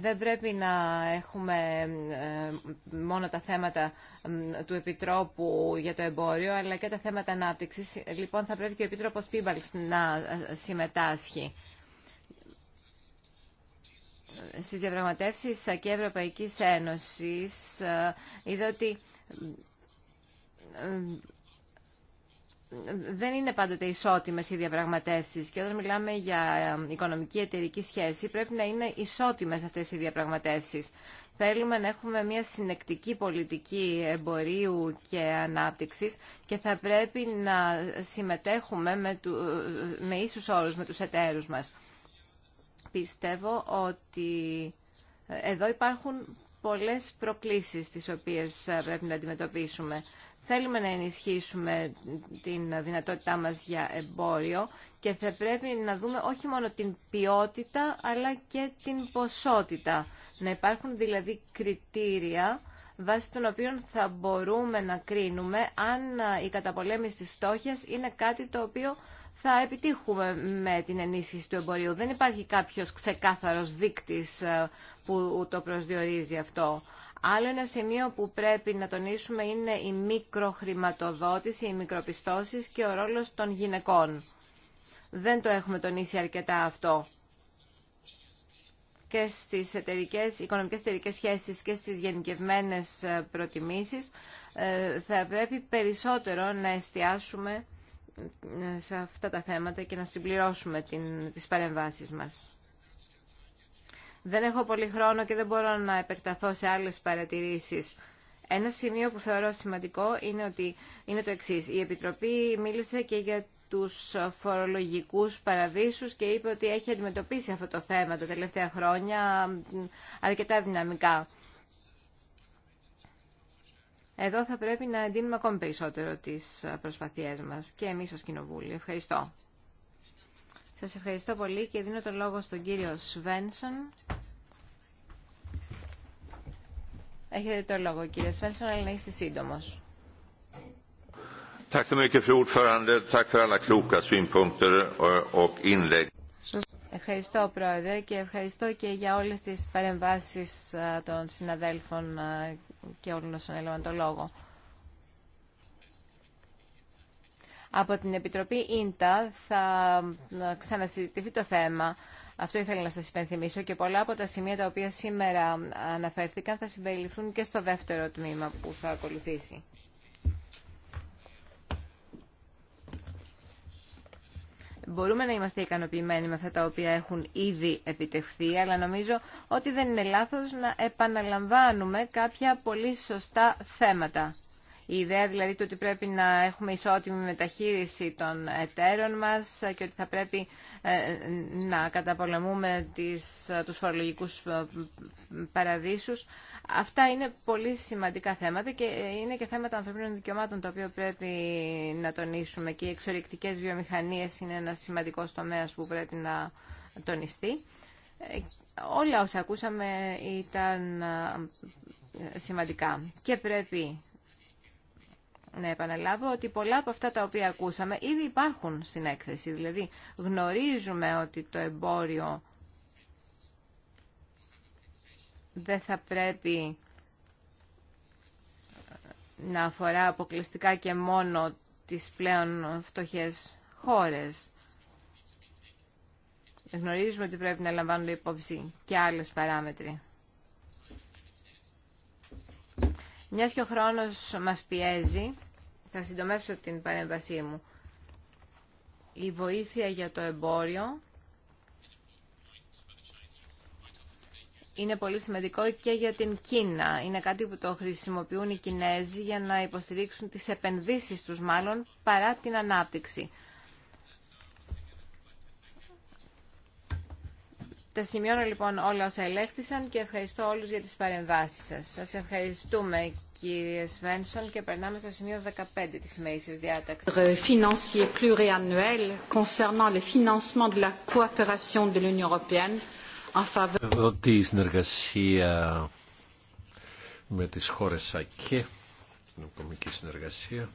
[SPEAKER 3] δεν πρέπει να έχουμε ε, μόνο τα θέματα του Επιτρόπου για το εμπόριο, αλλά και τα θέματα ανάπτυξης. Λοιπόν, θα πρέπει και ο Επίτροπος Πίμπαλς να συμμετάσχει. Στις διαπραγματεύσεις και Ευρωπαϊκής Ένωσης είδα ότι δεν είναι πάντοτε ισότιμε οι διαπραγματεύσεις και όταν μιλάμε για ε, οικονομική εταιρική σχέση πρέπει να είναι ισότιμες αυτές οι διαπραγματεύσεις. Θέλουμε να έχουμε μια συνεκτική πολιτική εμπορίου και ανάπτυξης και θα πρέπει να συμμετέχουμε με, με ίσους όρους με τους εταίρους μας. Πιστεύω ότι ε, εδώ υπάρχουν πολλές προκλήσεις τις οποίες ε, πρέπει να αντιμετωπίσουμε. Θέλουμε να ενισχύσουμε την δυνατότητά μας για εμπόριο και θα πρέπει να δούμε όχι μόνο την ποιότητα αλλά και την ποσότητα. Να υπάρχουν δηλαδή κριτήρια βάσει των οποίων θα μπορούμε να κρίνουμε αν ε, η καταπολέμηση της φτώχειας είναι κάτι το οποίο θα επιτύχουμε με την ενίσχυση του εμπορίου. Δεν υπάρχει κάποιος ξεκάθαρος δείκτης ε, που το προσδιορίζει αυτό. Άλλο ένα σημείο που πρέπει να τονίσουμε είναι η μικροχρηματοδότηση, οι μικροπιστώσεις και ο ρόλος των γυναικών. Δεν το έχουμε τονίσει αρκετά αυτό και στις εταιρικές, οικονομικές εταιρικές σχέσεις και στις γενικευμένες ε, προτιμήσεις ε, θα πρέπει περισσότερο να εστιάσουμε σε αυτά τα θέματα και να συμπληρώσουμε την, τις παρεμβάσεις μας. Δεν έχω πολύ χρόνο και δεν μπορώ να επεκταθώ σε άλλες παρατηρήσεις. Ένα σημείο που θεωρώ σημαντικό είναι, ότι, είναι το εξής. Η Επιτροπή μίλησε και για τους φορολογικούς παραδείσους και είπε ότι έχει αντιμετωπίσει αυτό το θέμα τα τελευταία χρόνια αρκετά δυναμικά. Εδώ θα πρέπει να εντείνουμε ακόμη περισσότερο τις προσπαθίες μας και εμείς ως Κοινοβούλιο. Ευχαριστώ. Σας ευχαριστώ πολύ και δίνω το λόγο στον κύριο Σβένσον. Έχετε το λόγο κύριε Σβένσον, αλλά να είστε σύντομος. Ευχαριστώ Πρόεδρε και ευχαριστώ και για όλες τις παρεμβάσεις ε, των συναδέλφων ε, και όλων όσων έλαβαν το λόγο. Από την Επιτροπή Ίντα θα ε, ξανασυζητηθεί το θέμα. Αυτό ήθελα να σας υπενθυμίσω και πολλά από τα σημεία τα οποία σήμερα αναφέρθηκαν θα συμπεριληφθούν και στο δεύτερο τμήμα που θα ακολουθήσει. Μπορούμε να είμαστε ικανοποιημένοι με αυτά τα οποία έχουν ήδη επιτευχθεί, αλλά νομίζω ότι δεν είναι λάθος να επαναλαμβάνουμε κάποια πολύ σωστά θέματα. Η ιδέα δηλαδή του ότι πρέπει να έχουμε ισότιμη μεταχείριση των εταίρων μας και ότι θα πρέπει ε, να καταπολεμούμε τις, τους φορολογικούς ε, παραδείσους. Αυτά είναι πολύ σημαντικά θέματα και είναι και θέματα ανθρωπίνων δικαιωμάτων τα οποία πρέπει να τονίσουμε και οι εξορυκτικές βιομηχανίες είναι ένα σημαντικό τομέα που πρέπει να τονιστεί. Όλα όσα ακούσαμε ήταν ε, σημαντικά και πρέπει να επαναλάβω ότι πολλά από αυτά τα οποία ακούσαμε ήδη υπάρχουν στην έκθεση. Δηλαδή γνωρίζουμε ότι το εμπόριο δεν θα πρέπει να αφορά αποκλειστικά και μόνο τις πλέον φτωχές χώρες. Γνωρίζουμε ότι πρέπει να λαμβάνονται υπόψη και άλλες παράμετροι. Μιας και ο χρόνος μας πιέζει, θα συντομεύσω την παρέμβασή μου. Η βοήθεια για το εμπόριο είναι πολύ σημαντικό και για την Κίνα. Είναι κάτι που το χρησιμοποιούν οι Κινέζοι για να υποστηρίξουν τις επενδύσεις τους μάλλον παρά την ανάπτυξη. Τα σημειώνω λοιπόν όλα όσα ελέγχθησαν και ευχαριστώ όλους για τις παρεμβάσεις σας. Σας ευχαριστούμε κύριε Σβένσον και περνάμε στο σημείο 15 της ημερήσιας διάταξης. Ε, financier pluriannuel concernant le financement de la coopération de l'Union européenne en faveur... Εδώ
[SPEAKER 1] τη συνεργασία με τις χώρες ΑΚΕ, την οικονομική συνεργασία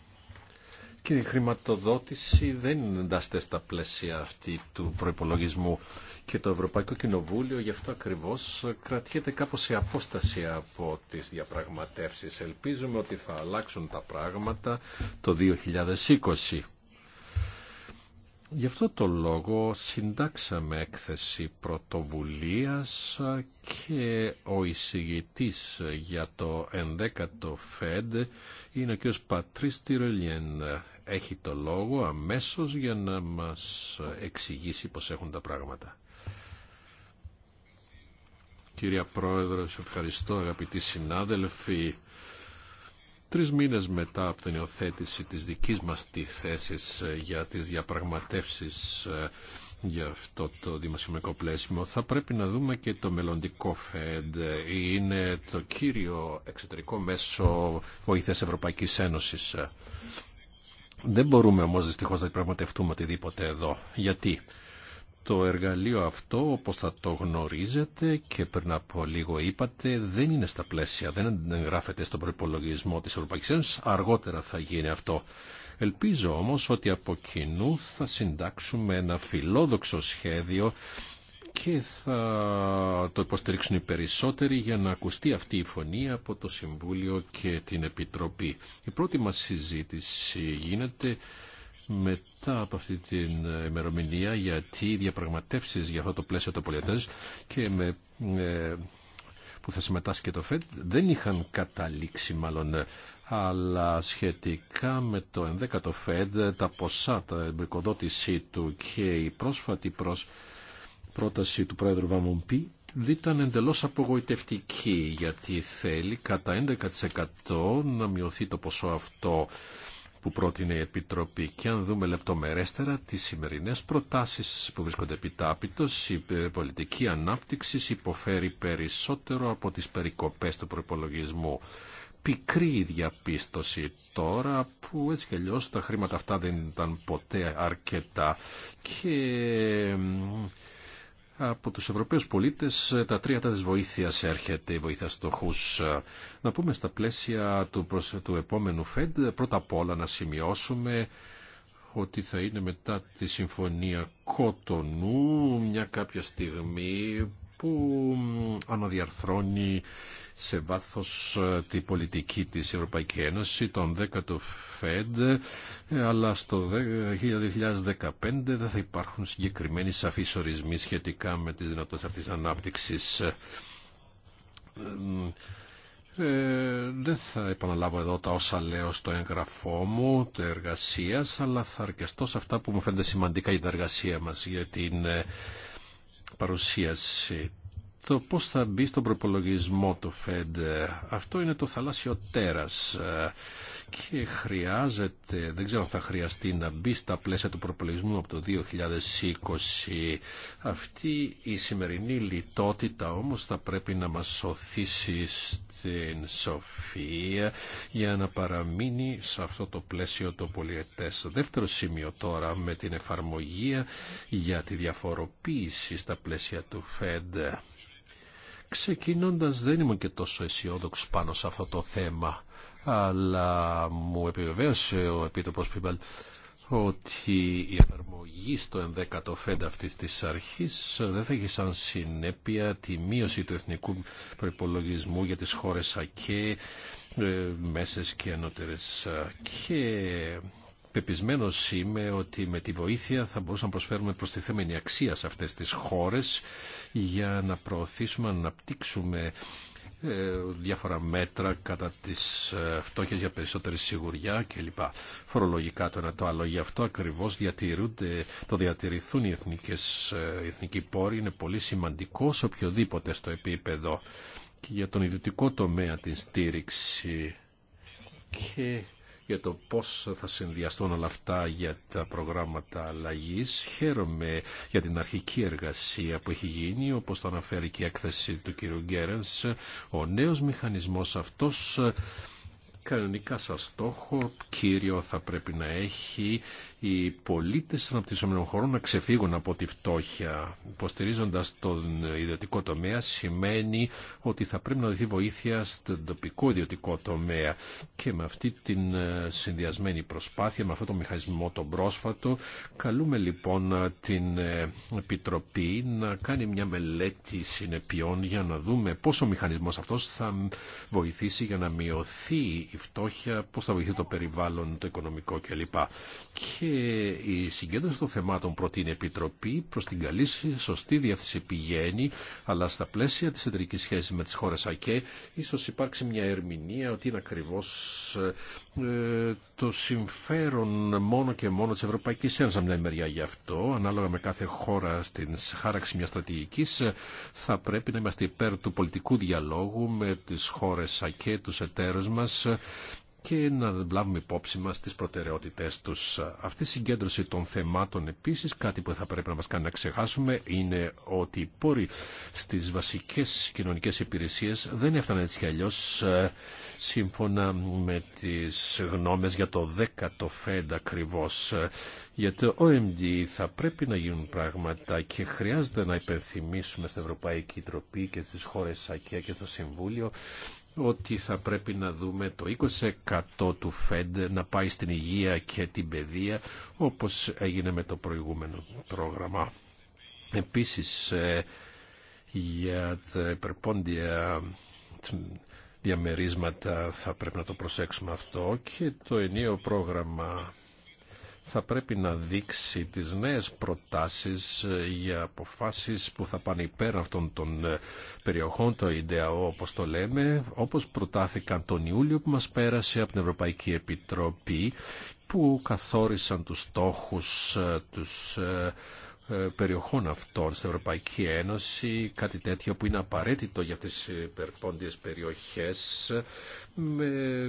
[SPEAKER 1] και η χρηματοδότηση δεν εντάσσεται στα πλαίσια αυτή του προϋπολογισμού και το Ευρωπαϊκό Κοινοβούλιο γι' αυτό ακριβώς κρατιέται κάπως σε απόσταση από τις διαπραγματεύσεις. Ελπίζουμε ότι θα αλλάξουν τα πράγματα το 2020. Γι' αυτό το λόγο συντάξαμε έκθεση πρωτοβουλίας και ο εισηγητής για το 11ο ΦΕΔ είναι ο κ. Πατρίς Τυρολιέν έχει το λόγο αμέσως για να μας εξηγήσει πώς έχουν τα πράγματα. Κυρία Πρόεδρο, σε ευχαριστώ αγαπητοί συνάδελφοι. Τρεις μήνες μετά από την υιοθέτηση της δικής μας τη θέσης ε, για τις διαπραγματεύσεις ε, για αυτό το δημοσιονομικό πλαίσιο θα πρέπει να δούμε και το μελλοντικό ΦΕΔ. Είναι το κύριο εξωτερικό μέσο βοήθειας Ευρωπαϊκής Ένωσης. Δεν μπορούμε όμως δυστυχώς να πραγματευτούμε οτιδήποτε εδώ. Γιατί το εργαλείο αυτό, όπως θα το γνωρίζετε και πριν από λίγο είπατε, δεν είναι στα πλαίσια, δεν εγγράφεται στον προπολογισμό της Ευρωπαϊκής Ένωσης. Αργότερα θα γίνει αυτό. Ελπίζω όμως ότι από κοινού θα συντάξουμε ένα φιλόδοξο σχέδιο και θα το υποστηρίξουν οι περισσότεροι για να ακουστεί αυτή η φωνή από το Συμβούλιο και την Επιτροπή. Η πρώτη μας συζήτηση γίνεται μετά από αυτή την ημερομηνία γιατί οι διαπραγματεύσεις για αυτό το πλαίσιο των πολιτές και με, ε, που θα συμμετάσχει και το ΦΕΤ δεν είχαν καταλήξει μάλλον αλλά σχετικά με το 11ο ΦΕΤ τα ποσά, τα εμπρικοδότησή του και η πρόσφατη προ πρόταση του πρόεδρου Βαμουμπή ήταν εντελώς απογοητευτική γιατί θέλει κατά 11% να μειωθεί το ποσό αυτό που πρότεινε η Επιτροπή. Και αν δούμε λεπτομερέστερα τις σημερινές προτάσεις που βρίσκονται επιτάπητος, η πολιτική ανάπτυξη υποφέρει περισσότερο από τις περικοπές του προπολογισμού. Πικρή η διαπίστωση τώρα που έτσι κι αλλιώς τα χρήματα αυτά δεν ήταν ποτέ αρκετά και από τους Ευρωπαίους πολίτες ε, τα τρία της βοήθειας έρχεται η βοήθεια στοχούς. Ε, να πούμε στα πλαίσια του, του επόμενου ΦΕΔ πρώτα απ' όλα να σημειώσουμε ότι θα είναι μετά τη συμφωνία Κότονου μια κάποια στιγμή που αναδιαρθρώνει σε βάθος ε, τη πολιτική της Ευρωπαϊκή Ένωση, τον 10ο ΦΕΔ, ε, αλλά στο 2015 δεν θα υπάρχουν συγκεκριμένοι σαφείς ορισμοί σχετικά με τις δυνατότητες αυτής της ανάπτυξης. Ε, ε δεν θα επαναλάβω εδώ τα όσα λέω στο έγγραφό μου το εργασίας, αλλά θα αρκεστώ σε αυτά που μου φαίνεται σημαντικά για την εργασία μας, για την το πώς θα μπει στον προπολογισμό του ΦΕΔ. Αυτό είναι το θαλάσσιο τέρας και χρειάζεται, δεν ξέρω αν θα χρειαστεί να μπει στα πλαίσια του προπολογισμού από το 2020. Αυτή η σημερινή λιτότητα όμως θα πρέπει να μας σωθήσει στην σοφία για να παραμείνει σε αυτό το πλαίσιο το πολιετές. Δεύτερο σημείο τώρα με την εφαρμογή για τη διαφοροποίηση στα πλαίσια του ΦΕΔ. Ξεκινώντας δεν ήμουν και τόσο αισιόδοξο πάνω σε αυτό το θέμα αλλά μου επιβεβαίωσε ο Επίτροπος Πίμπαλ ότι η εφαρμογή στο 11ο φέντα αυτή της αρχής δεν θα έχει σαν συνέπεια τη μείωση του εθνικού προπολογισμού για τι χώρες ΑΚΕ, μέσες και ενώτερε. και πεπισμένο είμαι ότι με τη βοήθεια θα μπορούσαμε να προσφέρουμε προστιθέμενη αξία σε αυτές τις χώρες για να προωθήσουμε, να αναπτύξουμε ε, διάφορα μέτρα κατά τις ε, φτώχειες για περισσότερη σιγουριά κλπ. Φορολογικά το ένα το άλλο. Γι' αυτό ακριβώς διατηρούνται, το διατηρηθούν οι εθνικές, ε, εθνικοί πόροι. Είναι πολύ σημαντικό σε οποιοδήποτε στο επίπεδο και για τον ιδιωτικό τομέα την στήριξη και για το πώς θα συνδυαστούν όλα αυτά για τα προγράμματα αλλαγή. Χαίρομαι για την αρχική εργασία που έχει γίνει, όπως το αναφέρει και η έκθεση του κ. Γκέρενς. Ο νέος μηχανισμός αυτός κανονικά σαν στόχο κύριο θα πρέπει να έχει οι πολίτες των αναπτυσσόμενων χωρών να ξεφύγουν από τη φτώχεια. Υποστηρίζοντας τον ιδιωτικό τομέα σημαίνει ότι θα πρέπει να δοθεί βοήθεια στον τοπικό ιδιωτικό τομέα και με αυτή την ε, συνδυασμένη προσπάθεια, με αυτό το μηχανισμό το πρόσφατο, καλούμε λοιπόν ε, την ε, Επιτροπή να κάνει μια μελέτη συνεπειών για να δούμε πόσο ο μηχανισμός αυτός θα βοηθήσει για να μειωθεί η φτώχεια, πώς θα βοηθεί το περιβάλλον, το οικονομικό κλπ. Και η συγκέντρωση των θεμάτων προτείνει Επιτροπή προς την καλή σωστή διάθεση πηγαίνει, αλλά στα πλαίσια της εταιρικής σχέσης με τις χώρες ΑΚΕ ίσως υπάρξει μια ερμηνεία ότι είναι ακριβώς ε, το συμφέρον μόνο και μόνο της Ευρωπαϊκής Ένωσης από μια γι' αυτό, ανάλογα με κάθε χώρα στην χάραξη μιας στρατηγικής, θα πρέπει να είμαστε υπέρ του πολιτικού διαλόγου με τις χώρες και τους εταίρους μας και να λάβουμε υπόψη μας τις προτεραιότητές τους. Αυτή η συγκέντρωση των θεμάτων επίσης, κάτι που θα πρέπει να μας κάνει να ξεχάσουμε, είναι ότι οι πόροι στις βασικές κοινωνικές υπηρεσίες δεν έφταναν έτσι κι αλλιώς ε, σύμφωνα με τις γνώμες για το 10ο ΦΕΝΤ ακριβώς. Για το OMD θα πρέπει να γίνουν πράγματα και χρειάζεται να υπενθυμίσουμε στην Ευρωπαϊκή Τροπή και στις χώρες ΣΑΚΕΑ και στο Συμβούλιο ότι θα πρέπει να δούμε το 20% του ΦΕΔ να πάει στην υγεία και την παιδεία όπως έγινε με το προηγούμενο πρόγραμμα. Επίσης ε, για τα υπερπόντια διαμερίσματα θα πρέπει να το προσέξουμε αυτό και το ενίο πρόγραμμα θα πρέπει να δείξει τις νέες προτάσεις ε, για αποφάσεις που θα πάνε υπέρ αυτών των ε, περιοχών, το ΙΝΤΕΑΟ όπως το λέμε, όπως προτάθηκαν τον Ιούλιο που μας πέρασε από την Ευρωπαϊκή Επιτροπή που καθόρισαν τους στόχους, ε, τους ε, περιοχών αυτών στην Ευρωπαϊκή Ένωση, κάτι τέτοιο που είναι απαραίτητο για τις υπερπόντιες περιοχές με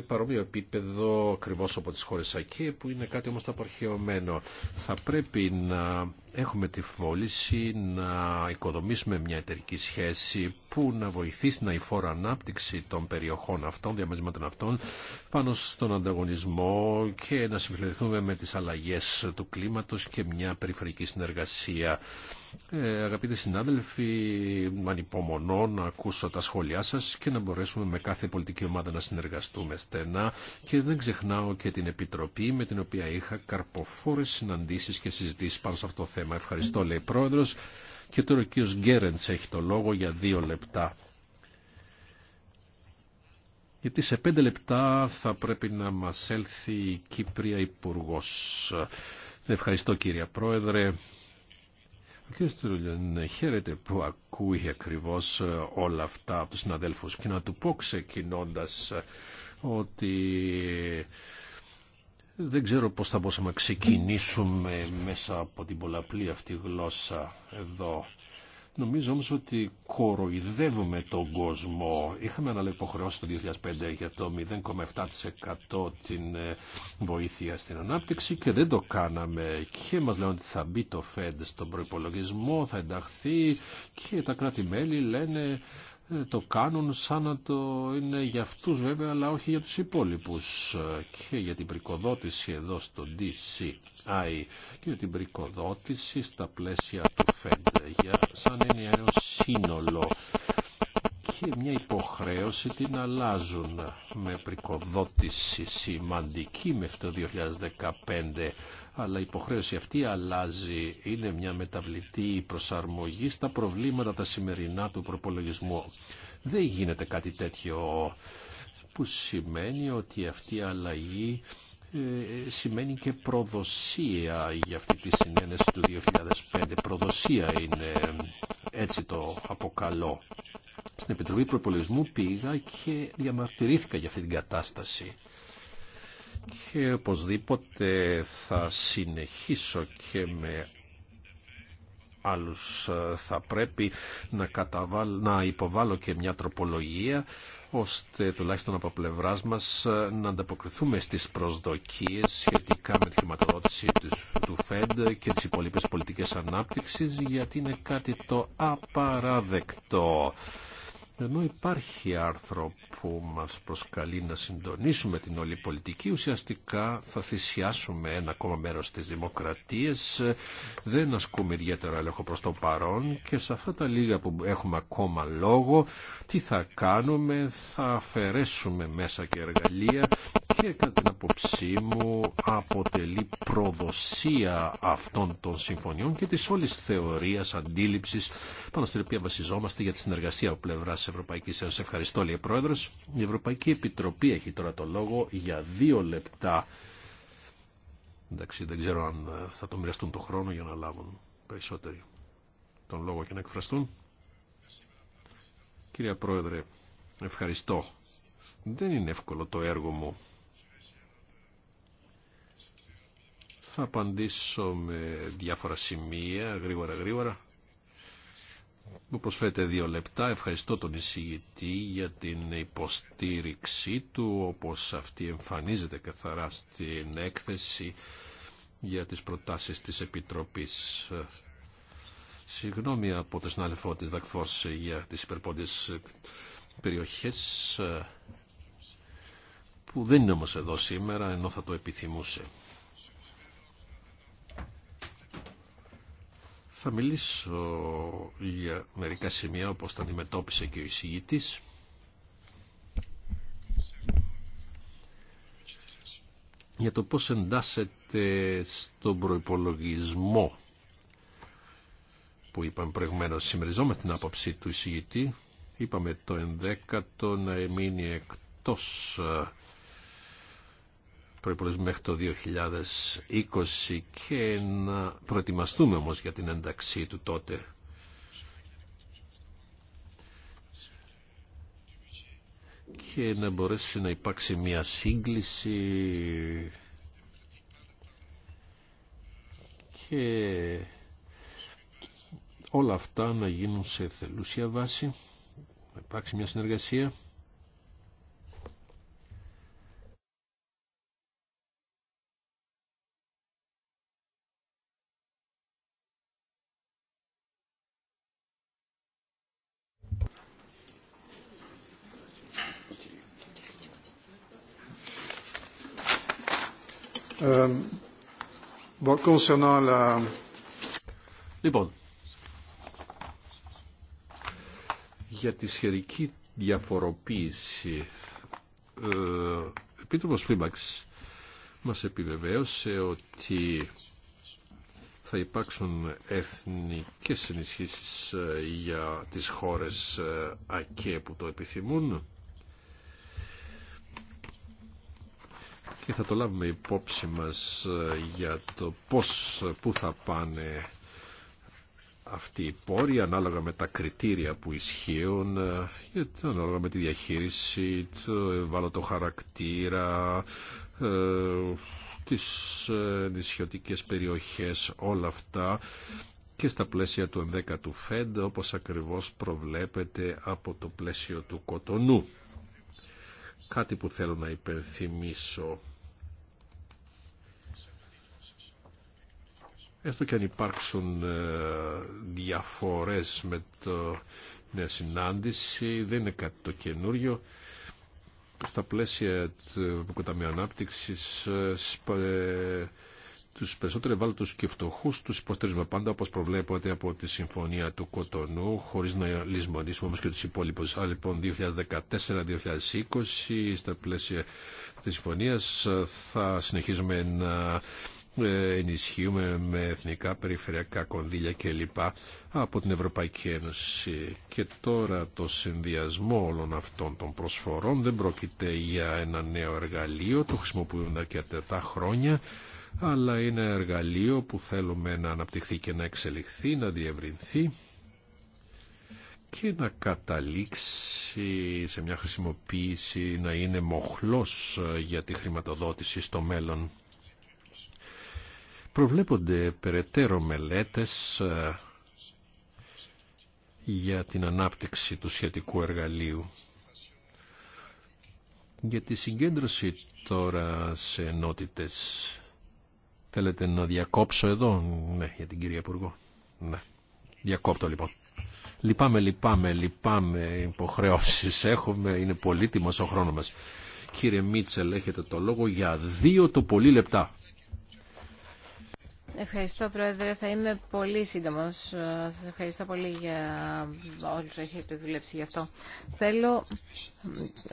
[SPEAKER 1] παρόμοιο επίπεδο ακριβώ από τις χώρες εκεί που είναι κάτι όμως απορχαιωμένο. Θα πρέπει να έχουμε τη φόληση να οικοδομήσουμε μια εταιρική σχέση που να βοηθήσει να αηφόρα ανάπτυξη των περιοχών αυτών, διαμερισμάτων αυτών, πάνω στον ανταγωνισμό και να συμφιλειωθούμε με τις αλλαγές του κλίματος και μια περιφερική συνεργασία ε, αγαπητοί συνάδελφοι, ανυπομονώ να ακούσω τα σχόλιά σας και να μπορέσουμε με κάθε πολιτική ομάδα να συνεργαστούμε στενά και δεν ξεχνάω και την Επιτροπή με την οποία είχα καρποφόρες συναντήσεις και συζητήσεις πάνω σε αυτό το θέμα. Ευχαριστώ, λέει Πρόεδρος. Και τώρα ο κ. Γκέρεντς έχει το λόγο για δύο λεπτά. Γιατί σε πέντε λεπτά θα πρέπει να μα έλθει η Κύπρια Υπουργός. Ευχαριστώ κύριε Πρόεδρε. Κύριε Στρούλιον ναι, χαίρεται που ακούει ακριβώς ε, όλα αυτά από τους συναδέλφους και να του πω ξεκινώντα ε, ότι δεν ξέρω πώς θα μπορούσαμε να ξεκινήσουμε μέσα από την πολλαπλή αυτή γλώσσα εδώ. Νομίζω όμως ότι κοροϊδεύουμε τον κόσμο. Είχαμε αναλογή το 2005 για το 0,7% την ε, βοήθεια στην ανάπτυξη και δεν το κάναμε. Και μας λένε ότι θα μπει το ΦΕΔ στον προϋπολογισμό, θα ενταχθεί και τα κράτη-μέλη λένε ε, το κάνουν σαν να το είναι για αυτούς βέβαια αλλά όχι για τους υπόλοιπους και για την πρικοδότηση εδώ στο DCI και για την πρικοδότηση στα πλαίσια του ΦΕΔ για σαν είναι ένα σύνολο και μια υποχρέωση την αλλάζουν με πρικοδότηση σημαντική με το 2015 αλλά η υποχρέωση αυτή αλλάζει. Είναι μια μεταβλητή προσαρμογή στα προβλήματα τα σημερινά του προπολογισμού. Δεν γίνεται κάτι τέτοιο που σημαίνει ότι αυτή η αλλαγή ε, σημαίνει και προδοσία για αυτή τη συνένεση του 2005. Προδοσία είναι, έτσι το αποκαλώ. Στην Επιτροπή Προπολογισμού πήγα και διαμαρτυρήθηκα για αυτή την κατάσταση και οπωσδήποτε θα συνεχίσω και με άλλους ε, θα πρέπει να, καταβάλ, να υποβάλω και μια τροπολογία ώστε τουλάχιστον από πλευρά μα ε, να ανταποκριθούμε στι προσδοκίε σχετικά με τη χρηματοδότηση του ΦΕΔ και τι υπόλοιπες πολιτικέ ανάπτυξη, γιατί είναι κάτι το απαραδεκτό. Ενώ υπάρχει άρθρο που μας προσκαλεί να συντονίσουμε την όλη πολιτική, ουσιαστικά θα θυσιάσουμε ένα ακόμα μέρος της δημοκρατίας, δεν ασκούμε ιδιαίτερο έλεγχο προς το παρόν και σε αυτά τα λίγα που έχουμε ακόμα λόγο, τι θα κάνουμε, θα αφαιρέσουμε μέσα και εργαλεία και κατά την άποψή μου αποτελεί προδοσία αυτών των συμφωνιών και της όλης θεωρίας, αντίληψης πάνω στην οποία βασιζόμαστε για τη συνεργασία ο Ευρωπαϊκή Ευρωπαϊκής Ένωσης. Ευχαριστώ, λέει Πρόεδρος. Η Ευρωπαϊκή Επιτροπή έχει τώρα το λόγο για δύο λεπτά. Εντάξει, δεν ξέρω αν ε, θα το μοιραστούν το χρόνο για να λάβουν περισσότεροι τον λόγο και να εκφραστούν. Κυρία Πρόεδρε, ευχαριστώ. Δεν είναι εύκολο το έργο μου. Θα απαντήσω με διάφορα σημεία, γρήγορα-γρήγορα. Μου προσφέρετε δύο λεπτά. Ευχαριστώ τον εισηγητή για την υποστήριξή του, όπως αυτή εμφανίζεται καθαρά στην έκθεση για τις προτάσεις της Επιτροπής. Συγγνώμη από τον συνάδελφό της Δακφός για τις υπερπόντες περιοχές που δεν είναι όμως εδώ σήμερα, ενώ θα το επιθυμούσε. Θα μιλήσω για μερικά σημεία όπως τα αντιμετώπισε και ο εισηγητής. για το πώς εντάσσεται στον προϋπολογισμό που είπαμε προηγουμένως συμμεριζόμαστε την άποψη του εισηγητή είπαμε το ενδέκατο να μείνει εκτός ε, προϋπολογισμού μέχρι το 2020 και να προετοιμαστούμε όμως για την ένταξή του τότε. και να μπορέσει να υπάρξει μια σύγκληση και όλα αυτά να γίνουν σε θελούσια βάση, να υπάρξει μια συνεργασία. Euh, λοιπόν, για τη σχετική διαφοροποίηση, ο ε, Επίτροπος Πλήμαξ μας επιβεβαίωσε ότι θα υπάρξουν εθνικές ενισχύσεις ε, για τις χώρες ε, ΑΚΕ που το επιθυμούν και θα το λάβουμε υπόψη μας ε, για το πώς, ε, πού θα πάνε αυτοί οι πόροι ανάλογα με τα κριτήρια που ισχύουν, ε, ανάλογα με τη διαχείριση, το ευάλωτο χαρακτήρα, τις νησιωτικές περιοχές, όλα αυτά και στα πλαίσια του 11 του ΦΕΝΤ, όπως ακριβώς προβλέπεται από το πλαίσιο του Κοτονού. Κάτι που θέλω να υπενθυμίσω Έστω και αν υπάρξουν ε, διαφορές με το νέα συνάντηση, δεν είναι κάτι το καινούριο. Στα πλαίσια του Ταμείου Ανάπτυξης, ε, ε, του περισσότερου ευάλωτου και φτωχού, του υποστηρίζουμε πάντα όπως προβλέπονται από τη Συμφωνία του Κοτονού χωρί να λησμονήσουμε όμω και του υπόλοιπους. Άρα λοιπόν 2014-2020 στα πλαίσια τη συμφωνία. θα συνεχίζουμε να ε, ενισχύουμε με εθνικά περιφερειακά κονδύλια κλπ. από την Ευρωπαϊκή Ένωση. Και τώρα το συνδυασμό όλων αυτών των προσφορών δεν πρόκειται για ένα νέο εργαλείο, το χρησιμοποιούμε αρκετά χρόνια, αλλά είναι εργαλείο που θέλουμε να αναπτυχθεί και να εξελιχθεί, να διευρυνθεί και να καταλήξει σε μια χρησιμοποίηση να είναι μοχλός για τη χρηματοδότηση στο μέλλον. Προβλέπονται περαιτέρω μελέτες ε, για την ανάπτυξη του σχετικού εργαλείου. Για τη συγκέντρωση τώρα σε ενότητες. Θέλετε να διακόψω εδώ, ναι, για την κυρία Υπουργό. Ναι, διακόπτω λοιπόν. Λυπάμαι, λυπάμαι, λυπάμαι, υποχρεώσεις έχουμε, είναι πολύτιμος ο χρόνο μας. Κύριε Μίτσελ, έχετε το λόγο για δύο το πολύ λεπτά.
[SPEAKER 3] Ευχαριστώ, Πρόεδρε. Θα είμαι πολύ σύντομος. Σας ευχαριστώ πολύ για όλους έχετε δουλέψει γι' αυτό. Θέλω,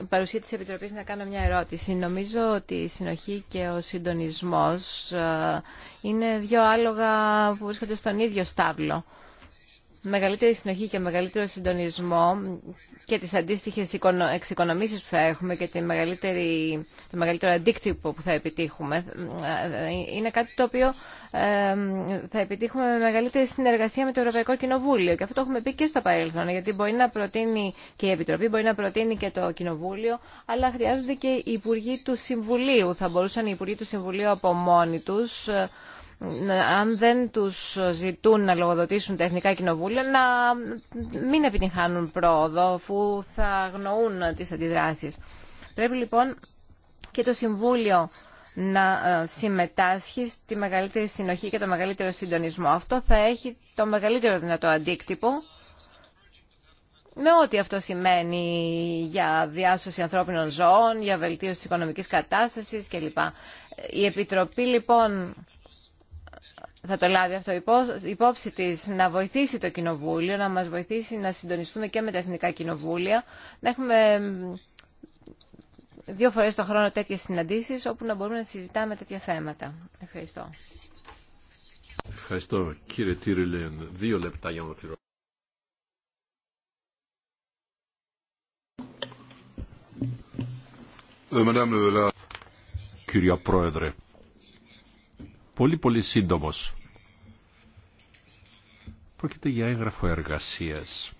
[SPEAKER 3] παρουσία της Επιτροπής, να κάνω μια ερώτηση. Νομίζω ότι η συνοχή και ο συντονισμός ε, είναι δύο άλογα που βρίσκονται στον ίδιο στάβλο μεγαλύτερη συνοχή και μεγαλύτερο συντονισμό και τις αντίστοιχες εξοικονομήσεις που θα έχουμε και τη μεγαλύτερη, το μεγαλύτερο αντίκτυπο που θα επιτύχουμε είναι κάτι το οποίο θα επιτύχουμε με μεγαλύτερη συνεργασία με το Ευρωπαϊκό Κοινοβούλιο και αυτό το έχουμε πει και στο παρελθόν γιατί μπορεί να προτείνει και η Επιτροπή, μπορεί να προτείνει και το Κοινοβούλιο αλλά χρειάζονται και οι Υπουργοί του Συμβουλίου θα μπορούσαν οι Υπουργοί του Συμβουλίου από μόνοι τους ναι, αν δεν τους ζητούν να λογοδοτήσουν τα εθνικά κοινοβούλια να μην επιτυγχάνουν πρόοδο αφού θα αγνοούν τις αντιδράσεις. Πρέπει λοιπόν και το Συμβούλιο να ε, συμμετάσχει στη μεγαλύτερη συνοχή και το μεγαλύτερο συντονισμό. Αυτό θα έχει το μεγαλύτερο δυνατό αντίκτυπο με ό,τι αυτό σημαίνει για διάσωση ανθρώπινων ζώων, για βελτίωση της οικονομικής κατάστασης κλπ. Η Επιτροπή λοιπόν θα το λάβει αυτό υπόψη τη να βοηθήσει το Κοινοβούλιο, να μας βοηθήσει να συντονιστούμε και με τα Εθνικά Κοινοβούλια, να έχουμε δύο φορές το χρόνο τέτοιες συναντήσεις όπου να μπορούμε να συζητάμε τέτοια θέματα. Ευχαριστώ.
[SPEAKER 1] Ευχαριστώ κύριε Τύριλεν. Δύο λεπτά
[SPEAKER 2] για να ε, Κυρία Πρόεδρε,
[SPEAKER 1] πολύ πολύ σύντομος. Πρόκειται για έγγραφο εργασίας.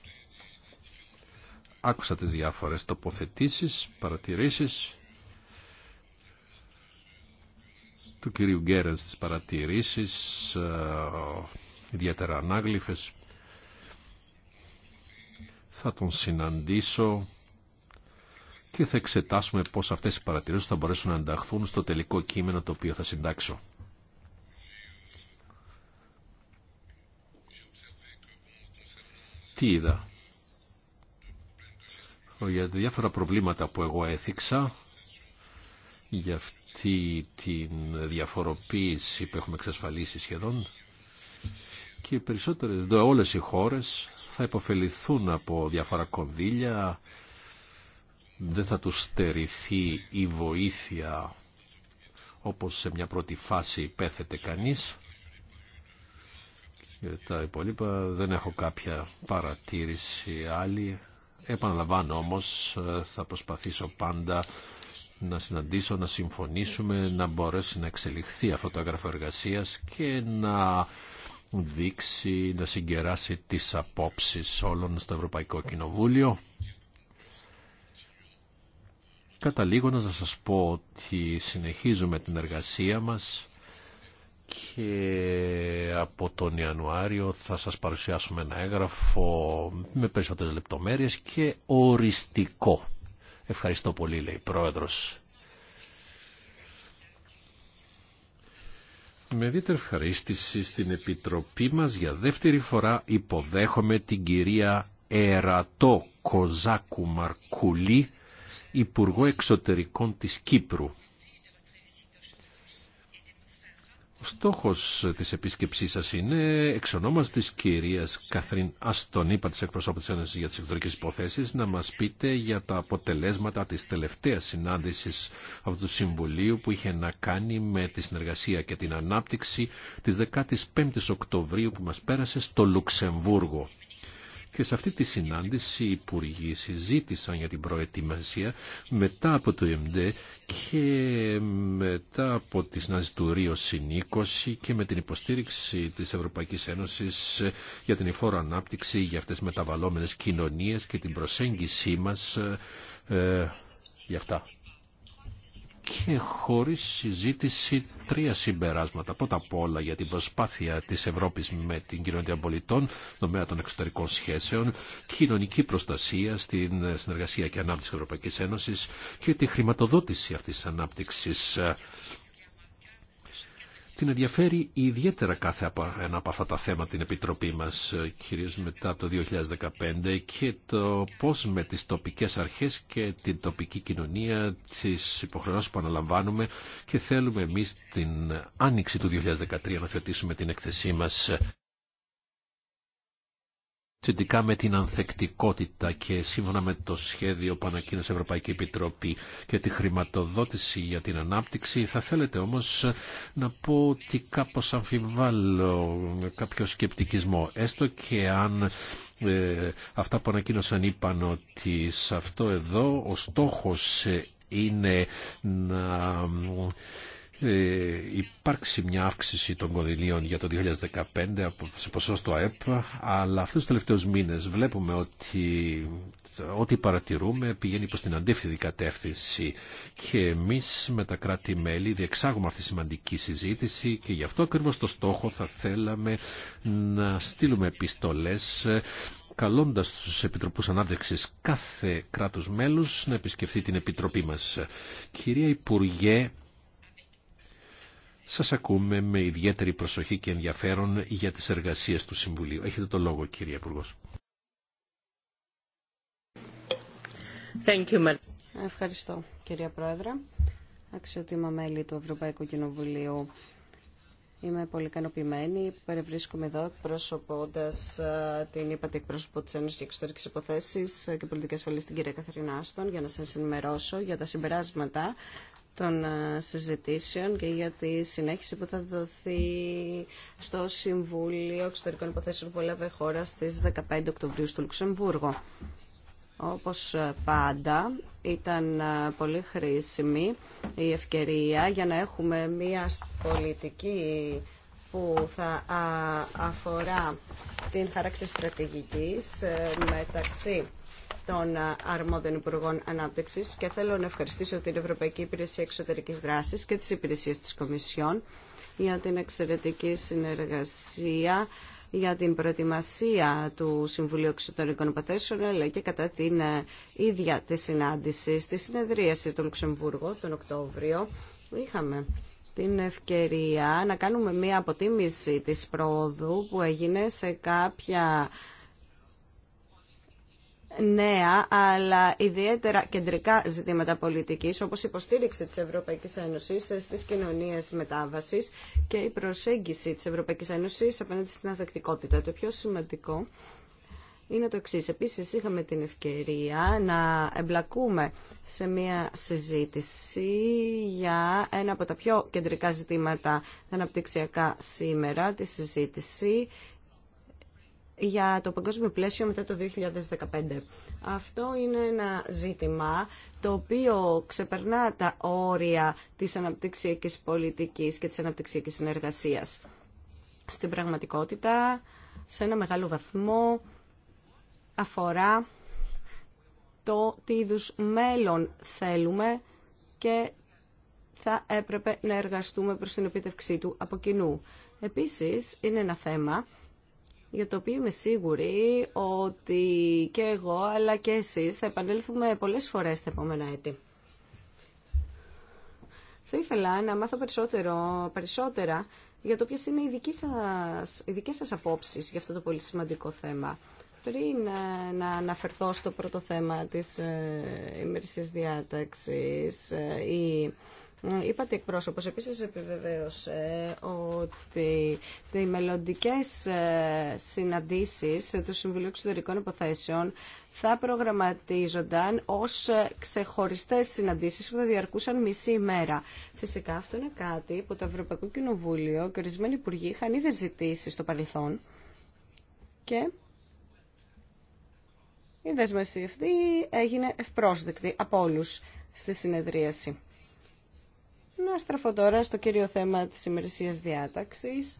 [SPEAKER 1] Άκουσα τις διάφορες τοποθετήσεις, παρατηρήσεις του κυρίου Γκέρενς τις παρατηρήσεις, ε, ιδιαίτερα ανάγλυφες. Θα τον συναντήσω και θα εξετάσουμε πώς αυτές οι παρατηρήσεις θα μπορέσουν να ενταχθούν στο τελικό κείμενο το οποίο θα συντάξω. τι είδα. Για διάφορα προβλήματα που εγώ έθιξα, για αυτή την διαφοροποίηση που έχουμε εξασφαλίσει σχεδόν, και οι περισσότερες, όλες οι χώρες θα υποφεληθούν από διάφορα κονδύλια, δεν θα τους στερηθεί η βοήθεια όπως σε μια πρώτη φάση πέθεται κανείς για τα υπόλοιπα δεν έχω κάποια παρατήρηση άλλη. Επαναλαμβάνω όμως, θα προσπαθήσω πάντα να συναντήσω, να συμφωνήσουμε, να μπορέσει να εξελιχθεί αυτό το έγγραφο εργασία και να δείξει, να συγκεράσει τις απόψεις όλων στο Ευρωπαϊκό Κοινοβούλιο. Καταλήγω να σας πω ότι συνεχίζουμε την εργασία μας και από τον Ιανουάριο θα σας παρουσιάσουμε ένα έγγραφο με περισσότερες λεπτομέρειες και οριστικό. Ευχαριστώ πολύ, λέει Πρόεδρος. Με δίτερ ευχαρίστηση στην Επιτροπή μας για δεύτερη φορά υποδέχομαι την κυρία Ερατό Κοζάκου Μαρκουλή, Υπουργό Εξωτερικών της Κύπρου. Στόχος της επίσκεψής σας είναι, εξ της κυρίας Καθρίν Αστονίπα, της εκπροσώπου Ένωσης για τις Εκδορικές Υποθέσεις, να μας πείτε για τα αποτελέσματα της τελευταίας συνάντησης αυτού του Συμβουλίου που είχε να κάνει με τη συνεργασία και την ανάπτυξη της 15ης Οκτωβρίου που μας πέρασε στο Λουξεμβούργο. Και σε αυτή τη συνάντηση οι υπουργοί συζήτησαν για την προετοιμασία μετά από το ΕΜΔ και μετά από τη συνάντηση του Συνήκωση και με την υποστήριξη της Ευρωπαϊκής Ένωσης για την εφόρο ανάπτυξη, για αυτές τις μεταβαλλόμενες κοινωνίες και την προσέγγισή μας ε, για αυτά και χωρίς συζήτηση τρία συμπεράσματα. Πρώτα απ' όλα για την προσπάθεια της Ευρώπης με την κοινωνία πολιτών, δομέα των εξωτερικών σχέσεων, κοινωνική προστασία στην συνεργασία και ανάπτυξη της Ευρωπαϊκής Ένωσης και τη χρηματοδότηση αυτής της ανάπτυξης την ενδιαφέρει ιδιαίτερα κάθε ένα από αυτά τα θέματα την Επιτροπή μας, κυρίως μετά το 2015 και το πώς με τις τοπικές αρχές και την τοπική κοινωνία τις υποχρεώσεις που αναλαμβάνουμε και θέλουμε εμείς την άνοιξη του 2013 να θεωτήσουμε την έκθεσή μας. Συντικά με την ανθεκτικότητα και σύμφωνα με το σχέδιο που ανακοίνωσε η Ευρωπαϊκή Επιτροπή και τη χρηματοδότηση για την ανάπτυξη, θα θέλετε όμως να πω ότι κάπως αμφιβάλλω κάποιο σκεπτικισμό, έστω και αν ε, αυτά που ανακοίνωσαν είπαν ότι σε αυτό εδώ ο στόχος ε, είναι να ε, υπάρξει μια αύξηση των κονδυλίων για το 2015 σε ποσό του ΑΕΠ, αλλά αυτούς τους τελευταίους μήνες βλέπουμε ότι ό,τι παρατηρούμε πηγαίνει προς την αντίθετη κατεύθυνση και εμείς με τα κράτη-μέλη διεξάγουμε αυτή τη σημαντική συζήτηση και γι' αυτό ακριβώς το στόχο θα θέλαμε να στείλουμε επιστολές ε, καλώντας τους Επιτροπούς Ανάπτυξης κάθε κράτους μέλους να επισκεφθεί την Επιτροπή μας. Κυρία Υπουργέ, σας ακούμε με ιδιαίτερη προσοχή και ενδιαφέρον για τις εργασίες του Συμβουλίου. Έχετε το λόγο κύριε Υπουργός.
[SPEAKER 2] Ευχαριστώ κυρία Πρόεδρε. Αξιότιμα μέλη του Ευρωπαϊκού Κοινοβουλίου. Είμαι πολύ ικανοποιημένη που παρευρίσκομαι εδώ εκπροσωπώντα την ύπατη εκπρόσωπο τη Ένωση για Εξωτερικέ Υποθέσει και Πολιτική Ασφαλή, την κυρία Καθαρινάστον για να σα ενημερώσω για τα συμπεράσματα των συζητήσεων και για τη συνέχιση που θα δοθεί στο Συμβούλιο Εξωτερικών Υποθέσεων που έλαβε χώρα στι 15 Οκτωβρίου στο Λουξεμβούργο. Όπως ε, πάντα ήταν ε, πολύ χρήσιμη η ευκαιρία για να έχουμε μια πολιτική που θα αφορά την χαράξη στρατηγικής ε, μεταξύ των αρμόδιων Υπουργών Ανάπτυξη και θέλω να ευχαριστήσω την Ευρωπαϊκή Υπηρεσία Εξωτερικής Δράσης και τις υπηρεσίες της Κομισιόν για την εξαιρετική συνεργασία για την προετοιμασία του Συμβουλίου Εξωτερικών Υποθέσεων, αλλά και κατά την ε, ίδια τη συνάντηση. Στη συνεδρίαση του Λουξεμβούργου τον Οκτώβριο είχαμε την ευκαιρία να κάνουμε μία αποτίμηση της πρόοδου που έγινε σε κάποια νέα αλλά ιδιαίτερα κεντρικά ζητήματα πολιτικής όπως η υποστήριξη της Ευρωπαϊκής Ένωσης στις κοινωνίες μετάβασης και η προσέγγιση της Ευρωπαϊκής Ένωσης απέναντι στην αδεκτικότητα. Το πιο σημαντικό είναι το εξής. Επίσης είχαμε την ευκαιρία να εμπλακούμε σε μια συζήτηση για ένα από τα πιο κεντρικά ζητήματα αναπτυξιακά σήμερα, τη συζήτηση για το παγκόσμιο πλαίσιο μετά το 2015. Αυτό είναι ένα ζήτημα το οποίο ξεπερνά τα όρια της αναπτυξιακής πολιτικής και της αναπτυξιακής συνεργασίας. Στην πραγματικότητα, σε ένα μεγάλο βαθμό, αφορά το τι είδους μέλλον θέλουμε και θα έπρεπε να εργαστούμε προς την επίτευξή του από κοινού. Επίσης, είναι ένα θέμα για το οποίο είμαι σίγουρη ότι και εγώ αλλά και εσείς θα επανέλθουμε πολλές φορές τα επόμενα έτη. Θα ήθελα να μάθω περισσότερο, περισσότερα για το ποιες είναι οι δικές σας, οι δικές σας απόψεις για αυτό το πολύ σημαντικό θέμα. Πριν ε, να αναφερθώ στο πρώτο θέμα της ε, ημερησίας διάταξης, ε, η ε, είπατε εκπρόσωπος, επίσης επιβεβαίωσε ότι οι μελλοντικέ ε, συναντήσεις του Συμβουλίου Εξωτερικών Υποθέσεων θα προγραμματίζονταν ως ε, ξεχωριστές συναντήσεις που θα διαρκούσαν μισή ημέρα. Φυσικά αυτό είναι κάτι που το Ευρωπαϊκό Κοινοβούλιο και ορισμένοι υπουργοί είχαν ήδη ζητήσει στο παρελθόν και η δέσμευση αυτή έγινε ευπρόσδεκτη από όλου στη συνεδρίαση. Να στραφώ τώρα στο κύριο θέμα της ημερησίας διάταξης,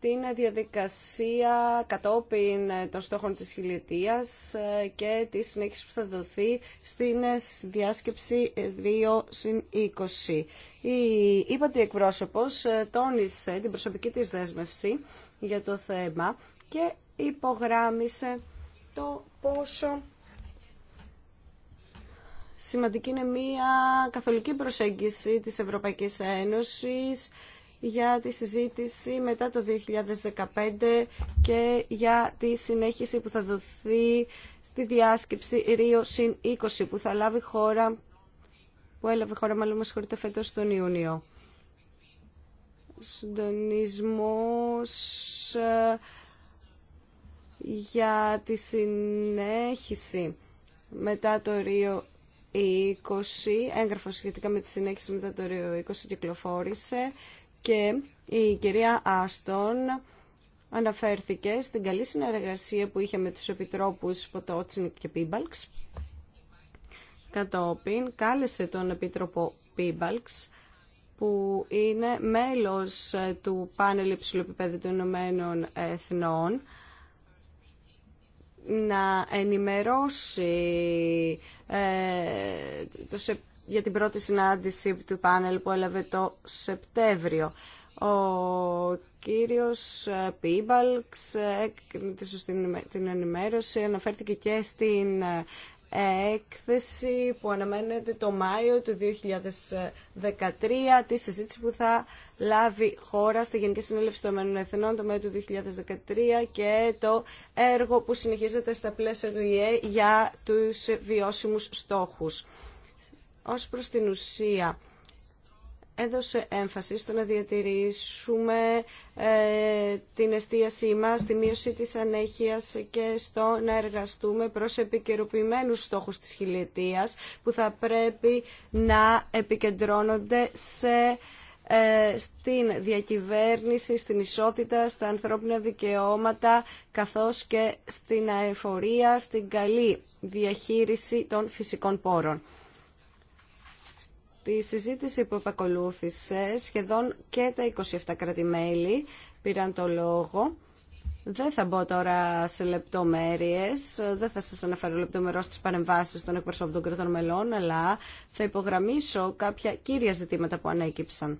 [SPEAKER 2] την διαδικασία κατόπιν των στόχων της χιλιετίας ε, και τη συνέχιση που θα δοθεί στην ε, διάσκεψη 2 συν 20. Η ύπατη εκπρόσωπος ε, τόνισε την προσωπική της δέσμευση για το θέμα και υπογράμμισε το πόσο Σημαντική είναι μία καθολική προσέγγιση της Ευρωπαϊκής Ένωσης για τη συζήτηση μετά το 2015 και για τη συνέχιση που θα δοθεί στη διάσκεψη Ρίο συν 20 που θα λάβει χώρα, που έλαβε χώρα μάλλον μας χωρίτε φέτος τον Ιούνιο. Συντονισμός ε, για τη συνέχιση μετά το Ρίο έγγραφο σχετικά με τη συνέχιση μετά το 20 κυκλοφόρησε και η κυρία Άστον αναφέρθηκε στην καλή συνεργασία που είχε με τους επιτρόπους Ποτότσινικ και Πίμπαλξ. Κατόπιν κάλεσε τον Επίτροπο Πίμπαλξ που είναι μέλος του πάνελ υψηλού επίπεδου των Ηνωμένων Εθνών να ενημερώσει ε, το σε, για την πρώτη συνάντηση του πάνελ που έλαβε το Σεπτέμβριο. Ο κύριος ε, Πίμπαλξ έκανε την ενημέρωση, αναφέρθηκε και στην ε, έκθεση που αναμένεται το Μάιο του 2013, τη συζήτηση που θα λάβει χώρα στη Γενική Συνέλευση των Εθνών το Μέο του 2013 και το έργο που συνεχίζεται στα πλαίσια του ΙΕ για τους βιώσιμους στόχους. Ως προς την ουσία, έδωσε έμφαση στο να διατηρήσουμε ε, την εστίασή μας στη μείωση της ανέχειας και στο να εργαστούμε προς επικαιροποιημένους στόχους της χιλιετίας που θα πρέπει να επικεντρώνονται σε ε, στην διακυβέρνηση, στην ισότητα, στα ανθρώπινα δικαιώματα, καθώς και στην αεφορία, στην καλή διαχείριση των φυσικών πόρων. Στη συζήτηση που επακολούθησε, σχεδόν και τα 27 κρατημέλη πήραν το λόγο δεν θα μπω τώρα σε λεπτομέρειες, δεν θα σα αναφέρω λεπτομερώς τις παρεμβάσεις των εκπροσώπων των κρατών μελών, αλλά θα υπογραμμίσω κάποια κύρια ζητήματα που ανέκυψαν.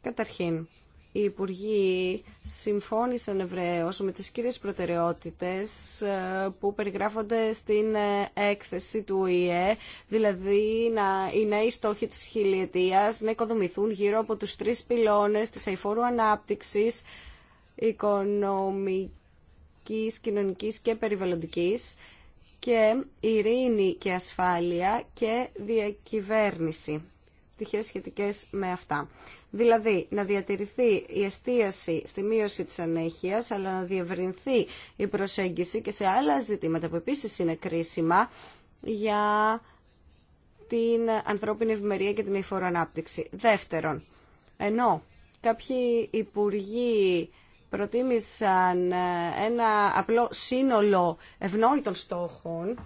[SPEAKER 2] Καταρχήν, οι Υπουργοί συμφώνησαν ευρέω με τις κύριε προτεραιότητες ε, που περιγράφονται στην ε, έκθεση του ΙΕ, δηλαδή να, οι νέοι στόχοι τη χιλιετία, να οικοδομηθούν γύρω από του τρει πυλώνε τη αηφόρου ανάπτυξη οικονομικής, κοινωνικής και περιβαλλοντικής και ειρήνη και ασφάλεια και διακυβέρνηση. Τυχές σχετικές με αυτά. Δηλαδή, να διατηρηθεί η εστίαση στη μείωση της ανέχειας, αλλά να διευρυνθεί η προσέγγιση και σε άλλα ζητήματα που επίσης είναι κρίσιμα για την ανθρώπινη ευημερία και την εφοροανάπτυξη. Δεύτερον, ενώ κάποιοι υπουργοί προτίμησαν ε, ένα απλό σύνολο ευνόητων στόχων.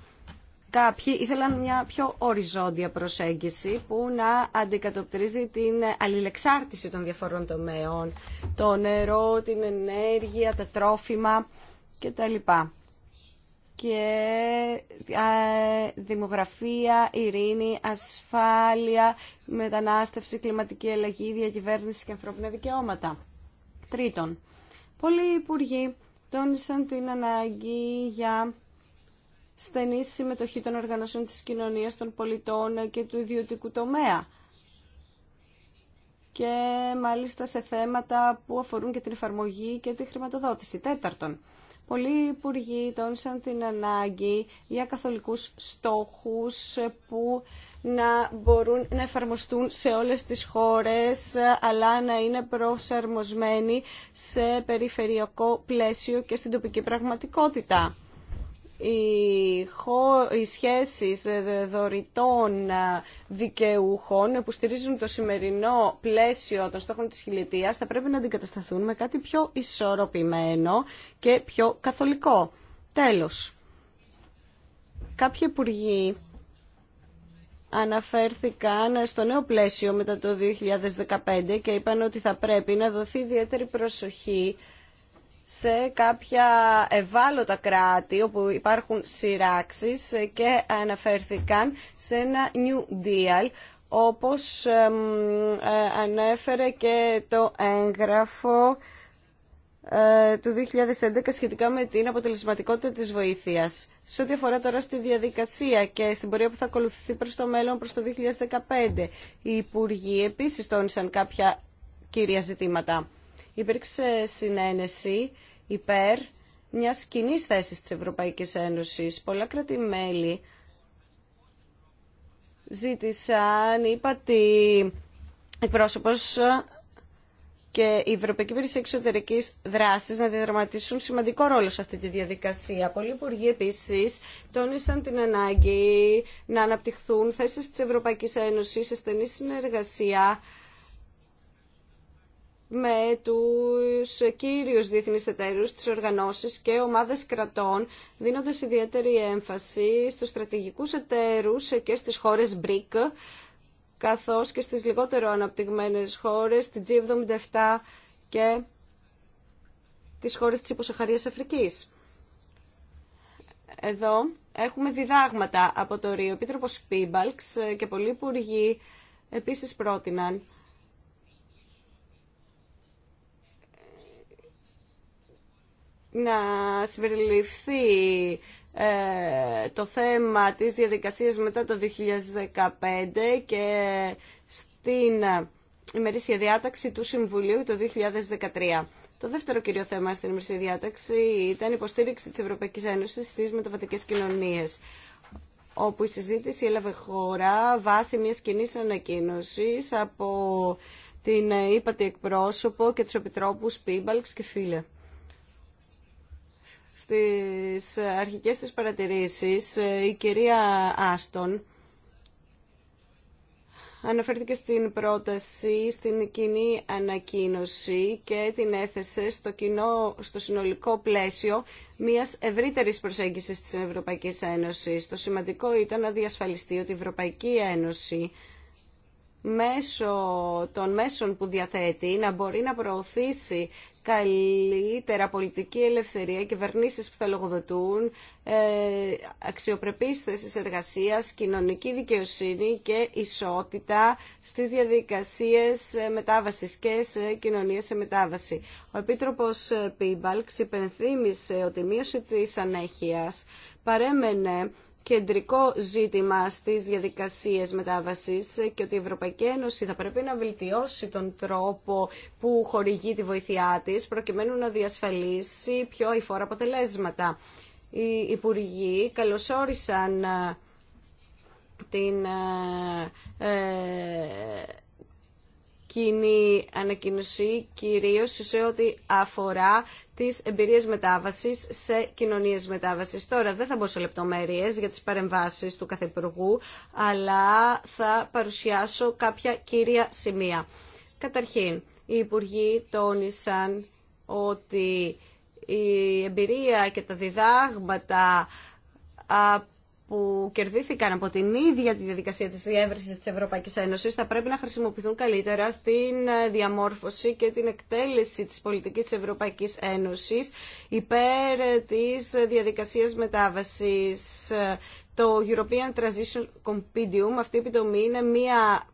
[SPEAKER 2] Κάποιοι ήθελαν μια πιο οριζόντια προσέγγιση που να αντικατοπτρίζει την αλληλεξάρτηση των διαφορών τομέων, το νερό, την ενέργεια, τα τρόφιμα κτλ. Και δημογραφία, ειρήνη, ασφάλεια, μετανάστευση, κλιματική αλλαγή, διακυβέρνηση και ανθρώπινα δικαιώματα. Τρίτον, Πολλοί υπουργοί τόνισαν την ανάγκη για στενή συμμετοχή των οργανώσεων της κοινωνίας, των πολιτών και του ιδιωτικού τομέα και μάλιστα σε θέματα που αφορούν και την εφαρμογή και τη χρηματοδότηση. Τέταρτον, πολλοί υπουργοί τόνισαν την ανάγκη για καθολικούς στόχους που να μπορούν να εφαρμοστούν σε όλες τις χώρες αλλά να είναι προσαρμοσμένοι σε περιφερειακό πλαίσιο και στην τοπική πραγματικότητα. Οι σχέσεις ε, δωρητών ε, δικαιούχων που στηρίζουν το σημερινό πλαίσιο των στόχων της χιλιετίας θα πρέπει να αντικατασταθούν με κάτι πιο ισορροπημένο και πιο καθολικό. Τέλος, κάποιοι υπουργοί αναφέρθηκαν στο νέο πλαίσιο μετά το 2015 και είπαν ότι θα πρέπει να δοθεί ιδιαίτερη προσοχή σε κάποια ευάλωτα κράτη όπου υπάρχουν σειράξεις και αναφέρθηκαν σε ένα New Deal όπως ε, ανέφερε και το έγγραφο ε, του 2011 σχετικά με την αποτελεσματικότητα της βοήθειας. Σε ό,τι αφορά τώρα στη διαδικασία και στην πορεία που θα ακολουθηθεί προς το μέλλον προς το 2015, οι Υπουργοί επίσης τόνισαν κάποια κύρια ζητήματα. Υπήρξε συνένεση υπέρ μια κοινή θέση της Ευρωπαϊκής Ένωσης. κρατημέλη κράτη-μέλη ζήτησαν, είπα, ότι η και η Ευρωπαϊκή Υπηρεσία Εξωτερική Δράση να διαδραματίσουν σημαντικό ρόλο σε αυτή τη διαδικασία. Πολλοί υπουργοί επίση τόνισαν την ανάγκη να αναπτυχθούν θέσει τη Ευρωπαϊκή Ένωση σε στενή συνεργασία με τους κύριους διεθνείς εταίρους, τις οργανώσεις και ομάδες κρατών, δίνοντας ιδιαίτερη έμφαση στους στρατηγικούς εταίρους και στις χώρες BRIC, καθώς και στις λιγότερο αναπτυγμένες χώρες, τη G77 και τις χώρες της υποσαχαρίας Αφρικής. Εδώ έχουμε διδάγματα από το Ρίο. Επίτροπος Πίμπαλξ και πολλοί υπουργοί επίσης πρότειναν να συμπεριληφθεί ε, το θέμα της διαδικασίας μετά το 2015 και στην ημερήσια διάταξη του Συμβουλίου το 2013. Το δεύτερο κύριο θέμα στην ημερήσια διάταξη ήταν η υποστήριξη της Ευρωπαϊκής Ένωσης στις μεταβατικές κοινωνίες όπου η συζήτηση έλαβε χώρα βάσει μιας κοινή ανακοίνωση από την ύπατη εκπρόσωπο και τους επιτρόπους Πίμπαλξ και Φίλε. Στις αρχικές της παρατηρήσεις ε, η κυρία Άστον αναφέρθηκε στην πρόταση, στην κοινή ανακοίνωση και την έθεσε στο, κοινό, στο συνολικό πλαίσιο μιας ευρύτερης προσέγγισης της Ευρωπαϊκής Ένωσης. Το σημαντικό ήταν να διασφαλιστεί ότι η Ευρωπαϊκή Ένωση μέσω των μέσων που διαθέτει να μπορεί να προωθήσει καλύτερα πολιτική ελευθερία, κυβερνήσει που θα λογοδοτούν, ε, αξιοπρεπής θέσης εργασία, κοινωνική δικαιοσύνη και ισότητα στις διαδικασίες ε, μετάβασης και σε κοινωνία σε μετάβαση. Ο Επίτροπος ε, Πίμπαλξ υπενθύμησε ότι η μείωση της ανέχεια παρέμενε κεντρικό ζήτημα στις διαδικασίες μετάβασης και ότι η Ευρωπαϊκή Ένωση θα πρέπει να βελτιώσει τον τρόπο που χορηγεί τη βοήθειά της προκειμένου να διασφαλίσει πιο υφόρα αποτελέσματα. Οι Υπουργοί καλωσόρισαν ε, την ε, ε, κοινή ανακοίνωση κυρίως σε ό,τι αφορά τις εμπειρίες μετάβασης σε κοινωνίες μετάβασης. Τώρα δεν θα μπω σε λεπτομέρειες για τις παρεμβάσεις του κάθε υπουργού, αλλά θα παρουσιάσω κάποια κύρια σημεία. Καταρχήν, οι υπουργοί τόνισαν ότι η εμπειρία και τα διδάγματα που κερδίθηκαν από την ίδια τη διαδικασία της διεύρυνσης της Ευρωπαϊκής Ένωσης θα πρέπει να χρησιμοποιηθούν καλύτερα στην ε, διαμόρφωση και την εκτέλεση της πολιτικής της Ευρωπαϊκής Ένωσης υπέρ ε, της διαδικασίας μετάβασης. Ε, το European Transition Compendium, αυτή η επιτομή είναι μία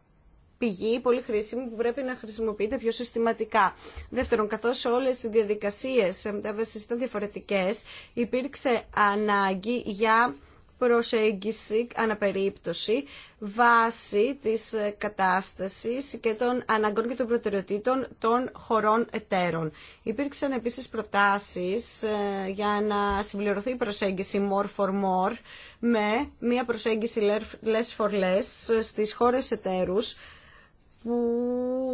[SPEAKER 2] πηγή πολύ χρήσιμη που πρέπει να χρησιμοποιείται πιο συστηματικά. Δεύτερον, καθώ όλε οι διαδικασίε μετάβαση ήταν διαφορετικέ, υπήρξε ανάγκη για προσέγγιση αναπερίπτωση βάση της κατάστασης και των αναγκών και των προτεραιοτήτων των χωρών εταίρων. Υπήρξαν επίσης προτάσεις ε, για να συμπληρωθεί η προσέγγιση more for more με μια προσέγγιση less for less στις χώρες εταίρους που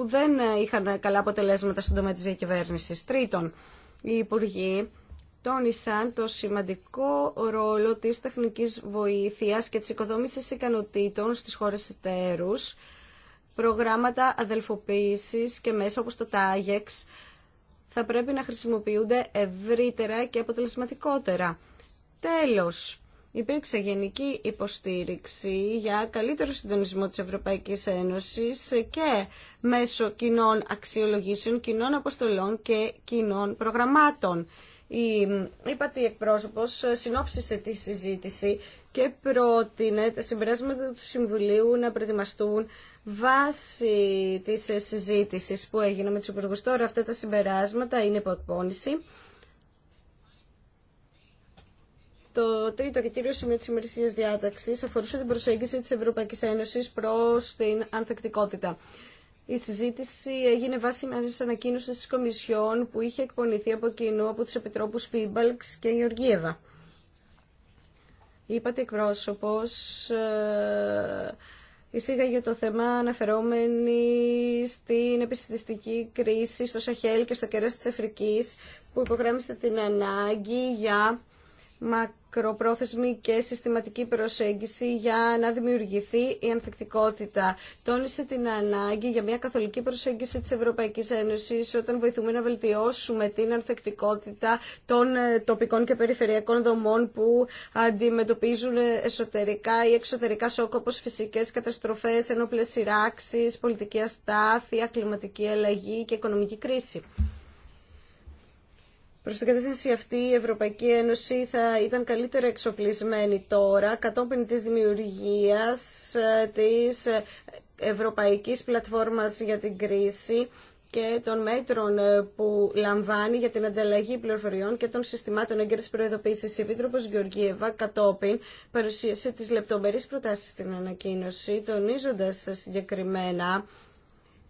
[SPEAKER 2] δεν είχαν καλά αποτελέσματα στον τομέα της διακυβέρνησης. Τρίτον, οι υπουργοί τόνισαν το σημαντικό ρόλο της τεχνικής βοήθειας και της οικοδόμησης ικανοτήτων στις χώρες εταίρους, προγράμματα αδελφοποίησης και μέσα όπως το ΤΑΓΕΞ θα πρέπει να χρησιμοποιούνται ευρύτερα και αποτελεσματικότερα. Τέλος, υπήρξε γενική υποστήριξη για καλύτερο συντονισμό της Ευρωπαϊκής Ένωσης και μέσω κοινών αξιολογήσεων, κοινών αποστολών και κοινών προγραμμάτων. Η ύπατη εκπρόσωπος συνόψισε τη συζήτηση και πρότεινε τα συμπεράσματα του Συμβουλίου να προετοιμαστούν βάσει τη συζήτηση που έγινε με του υπουργού. Τώρα αυτά τα συμπεράσματα είναι υπό Το τρίτο και κύριο σημείο τη ημερησία διάταξη αφορούσε την προσέγγιση της Ευρωπαϊκής Ένωσης προς την ανθεκτικότητα η συζήτηση έγινε βάσει μια ανακοίνωση τη Κομισιόν που είχε εκπονηθεί από κοινού από τους Επιτρόπου Πίμπαλξ και Γεωργίευα. Είπατε εκπρόσωπο Εισήγα εισήγαγε το θέμα αναφερόμενη στην επιστημιστική κρίση στο Σαχέλ και στο κέρας της Αφρικής που υπογράμμισε την ανάγκη για μακρινή μακροπρόθεσμη και συστηματική προσέγγιση για να δημιουργηθεί η ανθεκτικότητα. Τόνισε την ανάγκη για μια καθολική προσέγγιση της Ευρωπαϊκής Ένωσης όταν βοηθούμε να βελτιώσουμε την ανθεκτικότητα των ε, τοπικών και περιφερειακών δομών που αντιμετωπίζουν εσωτερικά ή εξωτερικά σοκ όπως φυσικές καταστροφές, ενόπλες σειράξεις, πολιτική αστάθεια, κλιματική αλλαγή και οικονομική κρίση. Προς την κατεύθυνση αυτή η Ευρωπαϊκή Ένωση θα ήταν καλύτερα εξοπλισμένη τώρα κατόπιν της δημιουργίας ε, της ε, Ευρωπαϊκής Πλατφόρμας για την Κρίση και των μέτρων ε, που λαμβάνει για την ανταλλαγή πληροφοριών και των συστημάτων έγκαιρης προειδοποίησης. Η Επίτροπος Γεωργίευα κατόπιν παρουσίασε τις λεπτομερείς προτάσεις στην ανακοίνωση, τονίζοντας συγκεκριμένα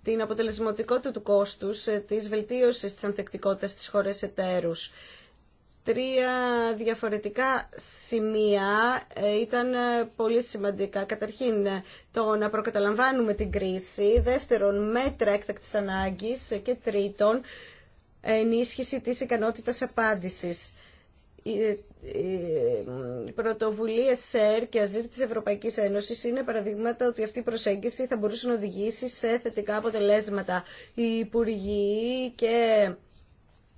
[SPEAKER 2] την αποτελεσματικότητα του κόστους ε, της βελτίωσης της ανθεκτικότητας στις χώρες εταίρους. Τρία διαφορετικά σημεία ε, ήταν ε, πολύ σημαντικά. Καταρχήν, το να προκαταλαμβάνουμε την κρίση. Δεύτερον, μέτρα έκτακτης ανάγκης. Και τρίτον, ενίσχυση της ικανότητας απάντησης οι πρωτοβουλίε ΣΕΡ και ΑΖΙΡ τη Ευρωπαϊκή Ένωση είναι παραδείγματα ότι αυτή η προσέγγιση θα μπορούσε να οδηγήσει σε θετικά αποτελέσματα. Οι υπουργοί και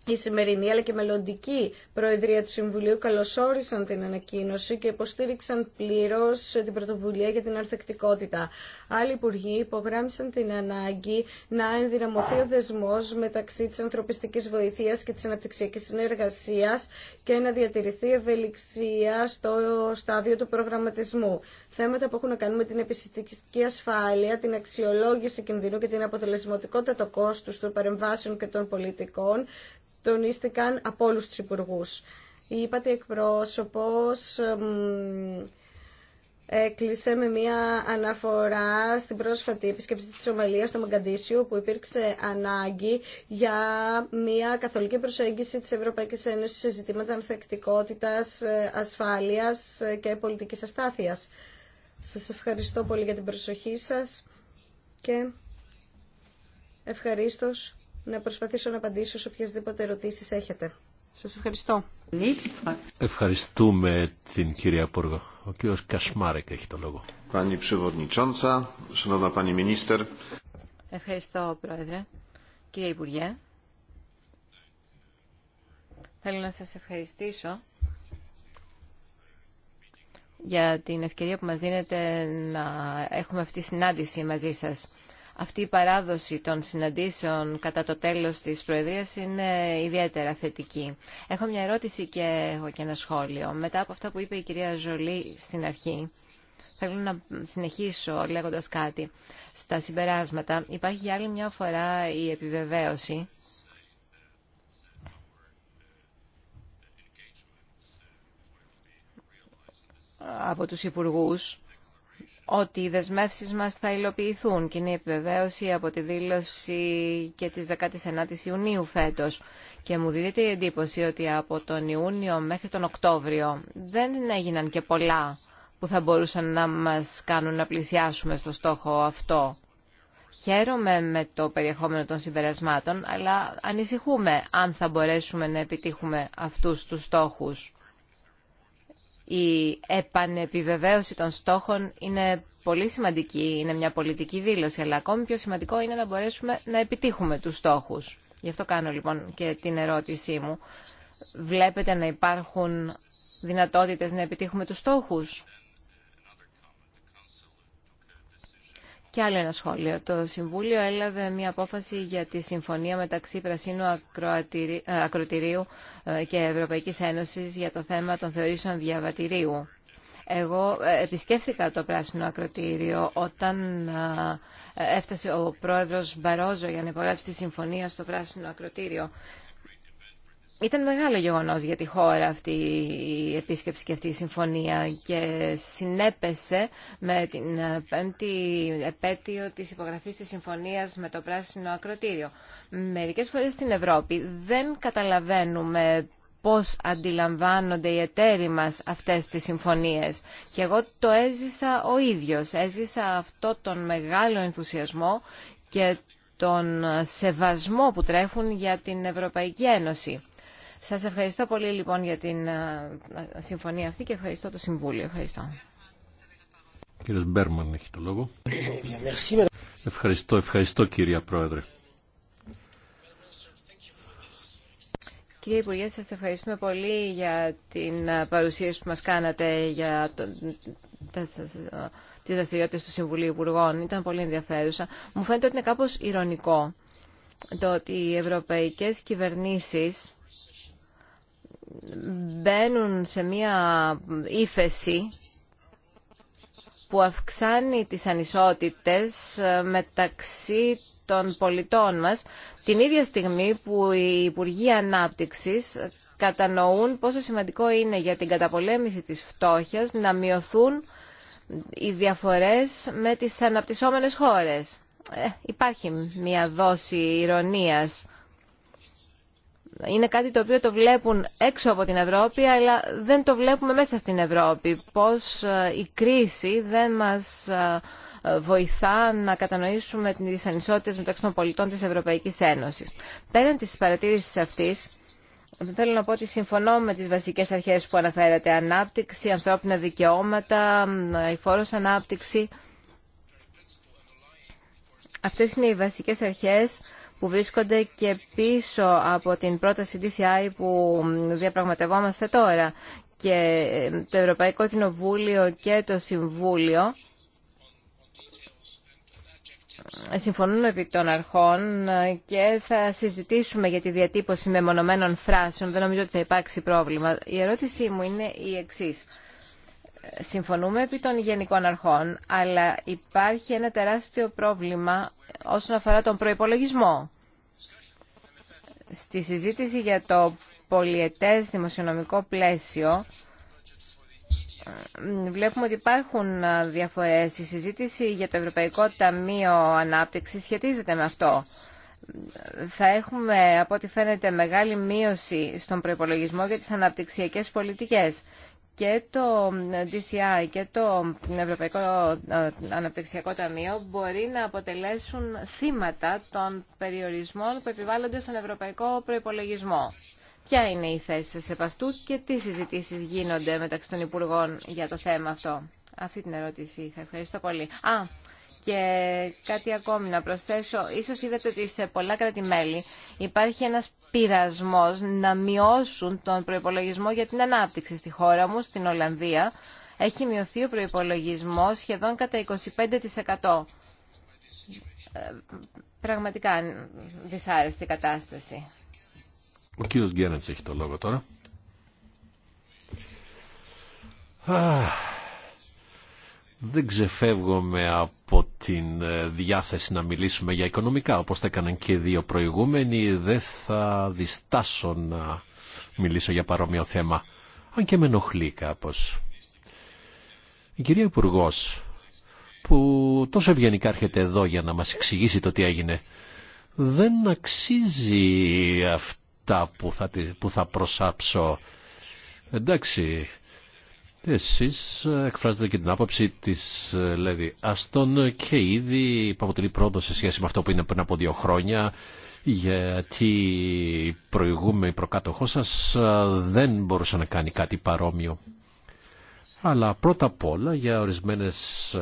[SPEAKER 2] η σημερινή αλλά και η μελλοντική Προεδρία του Συμβουλίου καλωσόρισαν την ανακοίνωση και υποστήριξαν πλήρω την πρωτοβουλία για την αρθεκτικότητα. Άλλοι υπουργοί υπογράμμισαν την ανάγκη να ενδυναμωθεί ο δεσμό μεταξύ τη ανθρωπιστική βοηθεία και τη αναπτυξιακή συνεργασία και να διατηρηθεί ευελιξία στο στάδιο του προγραμματισμού. Θέματα που έχουν να κάνουν με την επιστημιστική ασφάλεια, την αξιολόγηση κινδύνου και την αποτελεσματικότητα του κόστου των παρεμβάσεων και των πολιτικών τονίστηκαν από όλους τους υπουργούς. Είπατε εκπρόσωπος έκλεισε με μία αναφορά στην πρόσφατη επίσκεψη της Ομαλίας στο Μαγκαντήσιο που υπήρξε ανάγκη για μία καθολική προσέγγιση της Ευρωπαϊκής Ένωσης σε ζητήματα ανθεκτικότητας, ασφάλειας και πολιτικής αστάθειας. Σας ευχαριστώ πολύ για την προσοχή σας και ευχαριστώ να προσπαθήσω να απαντήσω σε οποιασδήποτε ερωτήσεις έχετε. Σας ευχαριστώ.
[SPEAKER 1] Ευχαριστούμε την κυρία Πούργο. Ο κύριος Κασμάρεκ έχει το λόγο. Πάνη Przewodnicząca, Szanowna Pani Minister.
[SPEAKER 3] Ευχαριστώ, Πρόεδρε. Κύριε Υπουργέ, θέλω να σας ευχαριστήσω για την ευκαιρία που μας δίνετε να έχουμε αυτή τη συνάντηση μαζί σας. Αυτή η παράδοση των συναντήσεων κατά το τέλος της Προεδρίας είναι ιδιαίτερα θετική. Έχω μια ερώτηση και και ένα σχόλιο. Μετά από αυτά που είπε η κυρία Ζολή στην αρχή, θέλω να συνεχίσω λέγοντας κάτι. Στα συμπεράσματα υπάρχει για άλλη μια φορά η επιβεβαίωση από τους υπουργούς ότι οι δεσμεύσει μα θα υλοποιηθούν και είναι η επιβεβαίωση από τη δήλωση και τη 19 η Ιουνίου φέτος. Και μου δίδεται η εντύπωση ότι από τον Ιούνιο μέχρι τον Οκτώβριο δεν έγιναν και πολλά που θα μπορούσαν να μας κάνουν να πλησιάσουμε στο στόχο αυτό. Χαίρομαι με το περιεχόμενο των συμπερασμάτων, αλλά ανησυχούμε αν θα μπορέσουμε να επιτύχουμε αυτούς τους στόχους. Η επανεπιβεβαίωση των στόχων είναι πολύ σημαντική, είναι μια πολιτική δήλωση, αλλά ακόμη πιο σημαντικό είναι να μπορέσουμε να επιτύχουμε τους στόχους. Γι' αυτό κάνω λοιπόν και την ερώτησή μου. Βλέπετε να υπάρχουν δυνατότητες να επιτύχουμε τους στόχους. Και άλλο ένα σχόλιο. Το Συμβούλιο έλαβε μια απόφαση για τη συμφωνία μεταξύ Πρασίνου ε, Ακροτηρίου ε, και Ευρωπαϊκής Ένωσης για το θέμα των θεωρήσεων διαβατηρίου. Εγώ ε, επισκέφθηκα το Πράσινο Ακροτήριο όταν έφτασε ο πρόεδρος Μπαρόζο για να υπογράψει τη συμφωνία στο Πράσινο Ακροτήριο. Ήταν μεγάλο γεγονός για τη χώρα αυτή η επίσκεψη και αυτή η συμφωνία και συνέπεσε με την ε, πέμπτη επέτειο της υπογραφής της συμφωνίας με το Πράσινο Ακροτήριο. Μερικές φορές στην Ευρώπη δεν καταλαβαίνουμε πώς αντιλαμβάνονται οι εταίροι μας αυτές τις συμφωνίες. Και εγώ το έζησα ο ίδιος. Έζησα αυτό τον μεγάλο ενθουσιασμό και τον σεβασμό που τρέχουν για την Ευρωπαϊκή Ένωση. Σας ευχαριστώ πολύ λοιπόν για την ε, συμφωνία αυτή και ευχαριστώ το Συμβούλιο. Ευχαριστώ.
[SPEAKER 1] Κύριος Μπέρμαν έχει το λόγο. Ευχαριστώ, ευχαριστώ κύριε Πρόεδρε.
[SPEAKER 3] Κύριε Υπουργέ, σας ευχαριστούμε πολύ για την ε, παρουσίαση που μας κάνατε για το, τις δραστηριότητες του Συμβουλίου Υπουργών. Ήταν πολύ ενδιαφέρουσα. Μου φαίνεται ότι είναι κάπως ηρωνικό το ότι οι ευρωπαϊκές κυβερνήσεις μπαίνουν σε μία ύφεση που αυξάνει τις ανισότητες ε, μεταξύ των πολιτών μας την ίδια στιγμή που οι Υπουργοί Ανάπτυξης κατανοούν πόσο σημαντικό είναι για την καταπολέμηση της φτώχειας να μειωθούν οι διαφορές με τις αναπτυσσόμενες χώρες. Ε, υπάρχει μια δόση ηρωνίας είναι κάτι το οποίο το βλέπουν έξω από την Ευρώπη, αλλά δεν το βλέπουμε μέσα στην Ευρώπη. Πώς ε, η κρίση δεν μας ε, βοηθά να κατανοήσουμε τις ανισότητες μεταξύ των πολιτών της Ευρωπαϊκής Ένωσης. Πέραν της παρατήρησης αυτής, Θέλω να πω ότι συμφωνώ με τις βασικές αρχές που αναφέρατε. Ανάπτυξη, ανθρώπινα δικαιώματα, ε, η φόρος ανάπτυξη. Αυτές είναι οι βασικές αρχές που βρίσκονται και πίσω από την πρόταση DCI που διαπραγματευόμαστε τώρα και ε, το Ευρωπαϊκό Κοινοβούλιο και το Συμβούλιο ε, συμφωνούν επί των αρχών ε, και θα συζητήσουμε για τη διατύπωση μεμονωμένων φράσεων. Δεν νομίζω ότι θα υπάρξει πρόβλημα. Η ερώτησή μου είναι η εξής συμφωνούμε επί των γενικών αρχών, αλλά υπάρχει ένα τεράστιο πρόβλημα όσον αφορά τον προϋπολογισμό. Στη συζήτηση για το πολιετές δημοσιονομικό πλαίσιο, Βλέπουμε ότι υπάρχουν διαφορές. Η συζήτηση για το Ευρωπαϊκό Ταμείο Ανάπτυξης σχετίζεται με αυτό. Θα έχουμε, από ό,τι φαίνεται, μεγάλη μείωση στον προϋπολογισμό για τις αναπτυξιακές πολιτικές και το DCI και το Ευρωπαϊκό ε, Αναπτυξιακό Ταμείο μπορεί να αποτελέσουν θύματα των περιορισμών που επιβάλλονται στον Ευρωπαϊκό Προϋπολογισμό. Ποια είναι η θέση σας επ' αυτού και τι συζητήσεις γίνονται μεταξύ των Υπουργών για το θέμα αυτό. Αυτή την ερώτηση είχα. Ευχαριστώ πολύ. Α, και κάτι ακόμη να προσθέσω, ίσως είδατε ότι σε πολλά κράτη-μέλη υπάρχει ένας πειρασμός να μειώσουν τον προϋπολογισμό για την ανάπτυξη στη χώρα μου, στην Ολλανδία. Έχει μειωθεί ο προϋπολογισμός σχεδόν κατά 25%. Ε, πραγματικά δυσάρεστη κατάσταση.
[SPEAKER 1] Ο κύριος Γκένετς έχει το λόγο τώρα δεν ξεφεύγουμε από την ε, διάθεση να μιλήσουμε για οικονομικά, όπως τα έκαναν και οι δύο προηγούμενοι, δεν θα διστάσω να μιλήσω για παρόμοιο θέμα, αν και με ενοχλεί κάπως. Η κυρία Υπουργό, που τόσο ευγενικά έρχεται εδώ για να μας εξηγήσει το τι έγινε, δεν αξίζει αυτά που θα, που θα προσάψω. Εντάξει, εσείς ε, εκφράζετε και την άποψη της ε, Λέδη Αστον και ήδη που αποτελεί πρώτο σε σχέση με αυτό που είναι πριν από δύο χρόνια γιατί η προηγούμενη προκάτοχό σας ε, δεν μπορούσε να κάνει κάτι παρόμοιο. Αλλά πρώτα απ' όλα για ορισμένες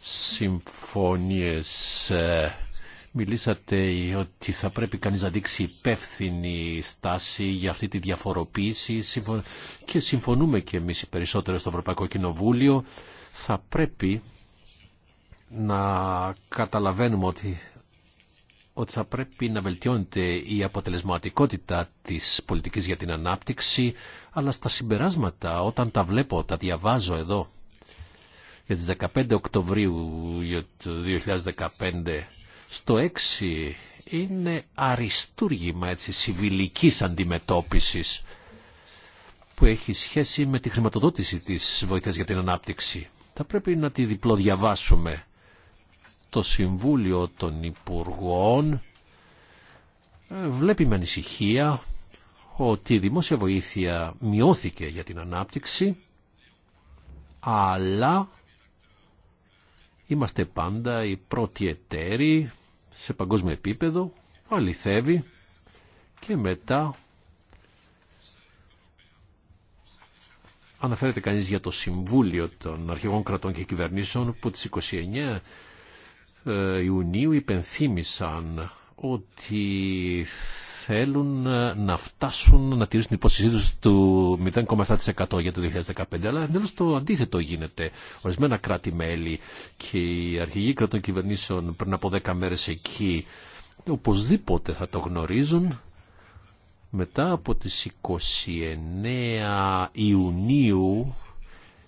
[SPEAKER 1] συμφωνίες Μιλήσατε ότι θα πρέπει κανείς να δείξει υπεύθυνη στάση για αυτή τη διαφοροποίηση και συμφωνούμε και εμείς οι περισσότεροι στο Ευρωπαϊκό Κοινοβούλιο. Θα πρέπει να καταλαβαίνουμε ότι, ότι θα πρέπει να βελτιώνεται η αποτελεσματικότητα της πολιτικής για την ανάπτυξη, αλλά στα συμπεράσματα όταν τα βλέπω, τα διαβάζω εδώ για τις 15 Οκτωβρίου του 2015 στο 6 είναι αριστούργημα έτσι, συμβιλικής αντιμετώπισης που έχει σχέση με τη χρηματοδότηση της βοήθειας για την ανάπτυξη. Θα πρέπει να τη διπλοδιαβάσουμε. Το Συμβούλιο των Υπουργών ε, βλέπει με ανησυχία ότι η δημόσια βοήθεια μειώθηκε για την ανάπτυξη αλλά Είμαστε πάντα οι πρώτοι εταίροι σε παγκόσμιο επίπεδο, αληθεύει και μετά αναφέρεται κανείς για το Συμβούλιο των Αρχηγών Κρατών και Κυβερνήσεων που τις 29 ε, Ιουνίου υπενθύμησαν ότι θέλουν ε, να φτάσουν να τηρήσουν την υπόσχεσή του 0,7% για το 2015. Αλλά εντελώς το αντίθετο γίνεται. Ορισμένα κράτη-μέλη και οι αρχηγοί κρατών κυβερνήσεων πριν από 10 μέρε εκεί οπωσδήποτε θα το γνωρίζουν μετά από τις 29 Ιουνίου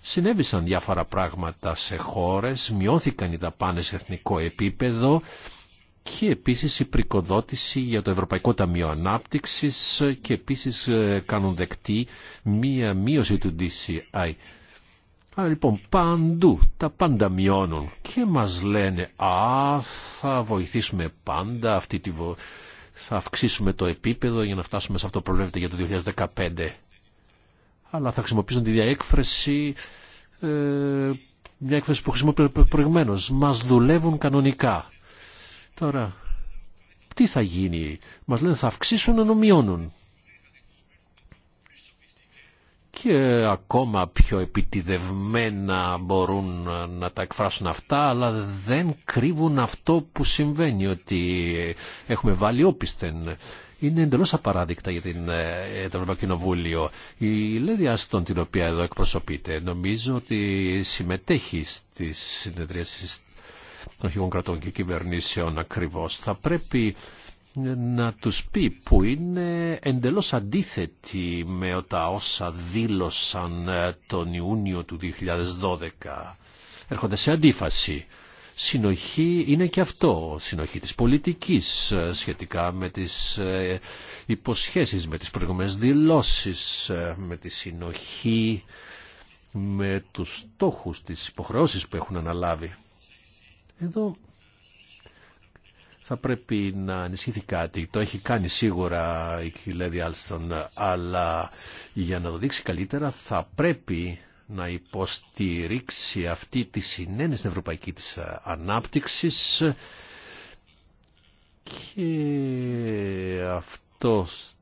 [SPEAKER 1] συνέβησαν διάφορα πράγματα σε χώρες, μειώθηκαν οι δαπάνες σε εθνικό επίπεδο και επίσης η πρικοδότηση για το Ευρωπαϊκό Ταμείο Ανάπτυξης και επίσης ε, κάνουν δεκτή μία μείωση του DCI. Άρα λοιπόν παντού τα πάντα μειώνουν και μας λένε «Α, θα βοηθήσουμε πάντα αυτή τη βο... θα αυξήσουμε το επίπεδο για να φτάσουμε σε αυτό που προβλέπετε για το 2015». Αλλά θα χρησιμοποιήσουν τη διαέκφραση ε, μια έκφραση που χρησιμοποιούμε προηγουμένω. Μα δουλεύουν κανονικά. Τώρα, τι θα γίνει, μας λένε θα αυξήσουν ενώ μειώνουν. Και ακόμα πιο επιτιδευμένα μπορούν να τα εκφράσουν αυτά, αλλά δεν κρύβουν αυτό που συμβαίνει, ότι έχουμε βάλει όπισθεν. Είναι εντελώ απαράδεικτα για την, ε, το Ευρωπαϊκό Κοινοβούλιο. Η Λέδη Άστον, την οποία εδώ εκπροσωπείτε νομίζω ότι συμμετέχει στις συνεδρίες των αρχηγών κρατών και κυβερνήσεων ακριβώς. Θα πρέπει να τους πει που είναι εντελώς αντίθετη με τα όσα δήλωσαν ε, τον Ιούνιο του 2012. Έρχονται σε αντίφαση. Συνοχή είναι και αυτό, συνοχή της πολιτικής ε, σχετικά με τις ε, υποσχέσεις, με τις προηγούμενες δηλώσεις, με τη συνοχή, με τους στόχους, τις υποχρεώσεις που έχουν αναλάβει. Εδώ θα πρέπει να ενισχύθει κάτι. Το έχει κάνει σίγουρα η Κιλέδη Άλστον, αλλά για να το δείξει καλύτερα θα πρέπει να υποστηρίξει αυτή τη συνένεση στην ευρωπαϊκή της ανάπτυξης και αυτός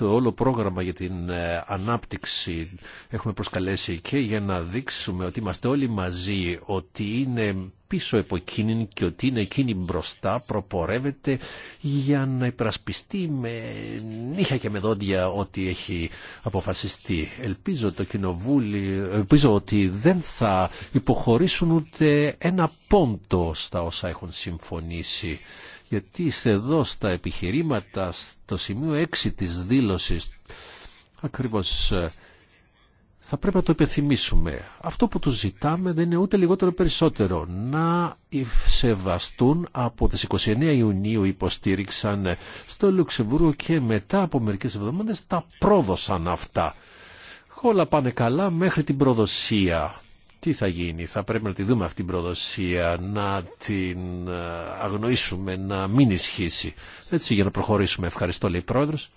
[SPEAKER 1] το όλο πρόγραμμα για την ε, ανάπτυξη έχουμε προσκαλέσει και για να δείξουμε ότι είμαστε όλοι μαζί, ότι είναι πίσω από εκείνη και ότι είναι εκείνη μπροστά, προπορεύεται για να υπερασπιστεί με νύχια και με δόντια ό,τι έχει αποφασιστεί. Ελπίζω το Κοινοβούλιο, ελπίζω ότι δεν θα υποχωρήσουν ούτε ένα πόντο στα όσα έχουν συμφωνήσει γιατί εδώ στα επιχειρήματα, στο σημείο 6 της δήλωσης, ακριβώς ε, θα πρέπει να το επιθυμίσουμε. Αυτό που τους ζητάμε δεν είναι ούτε λιγότερο περισσότερο. Να σεβαστούν από τις 29 Ιουνίου υποστήριξαν στο Λουξεμβούργο και μετά από μερικές εβδομάδες τα πρόδωσαν αυτά. Όλα πάνε καλά μέχρι την προδοσία τι θα γίνει. Θα πρέπει να τη δούμε αυτή την προδοσία, να την ε, αγνοήσουμε, να μην ισχύσει. Έτσι για να προχωρήσουμε. Ευχαριστώ λέει πρόεδρος.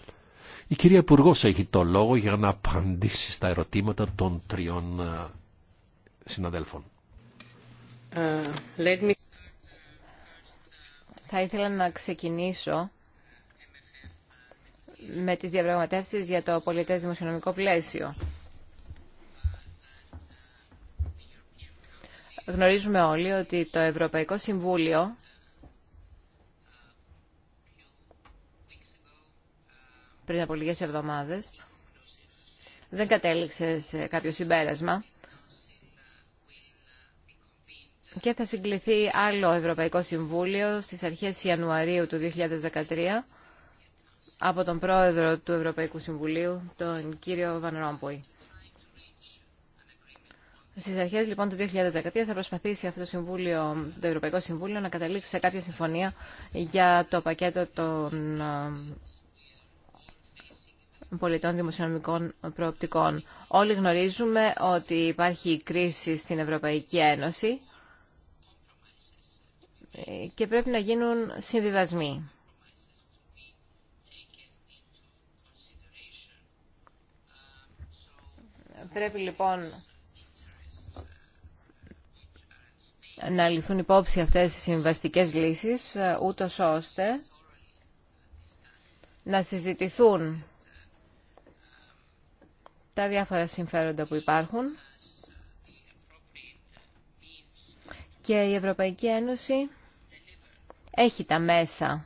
[SPEAKER 1] Η κυρία Υπουργό έχει το λόγο για να απαντήσει στα ερωτήματα των τριών ε, συναδέλφων.
[SPEAKER 3] Ε, me... Θα ήθελα να ξεκινήσω με τις διαπραγματεύσεις για το πολιτές δημοσιονομικό πλαίσιο. Γνωρίζουμε όλοι ότι το Ευρωπαϊκό Συμβούλιο πριν από λίγες εβδομάδες δεν κατέληξε σε κάποιο συμπέρασμα και θα συγκληθεί άλλο Ευρωπαϊκό Συμβούλιο στις αρχές Ιανουαρίου του 2013 από τον πρόεδρο του Ευρωπαϊκού Συμβουλίου, τον κύριο Βαν Rompuy. Στι αρχέ λοιπόν του 2013 θα προσπαθήσει αυτό το, συμβούλιο, το Ευρωπαϊκό Συμβούλιο να καταλήξει σε κάποια συμφωνία για το πακέτο των ε, πολιτών δημοσιονομικών προοπτικών. Όλοι γνωρίζουμε ότι υπάρχει κρίση στην Ευρωπαϊκή Ένωση και πρέπει να γίνουν συμβιβασμοί. Πρέπει λοιπόν να ληφθούν υπόψη αυτές τις συμβαστικές λύσεις, ε, ούτως ώστε να συζητηθούν τα διάφορα συμφέροντα που υπάρχουν και η Ευρωπαϊκή Ένωση έχει τα μέσα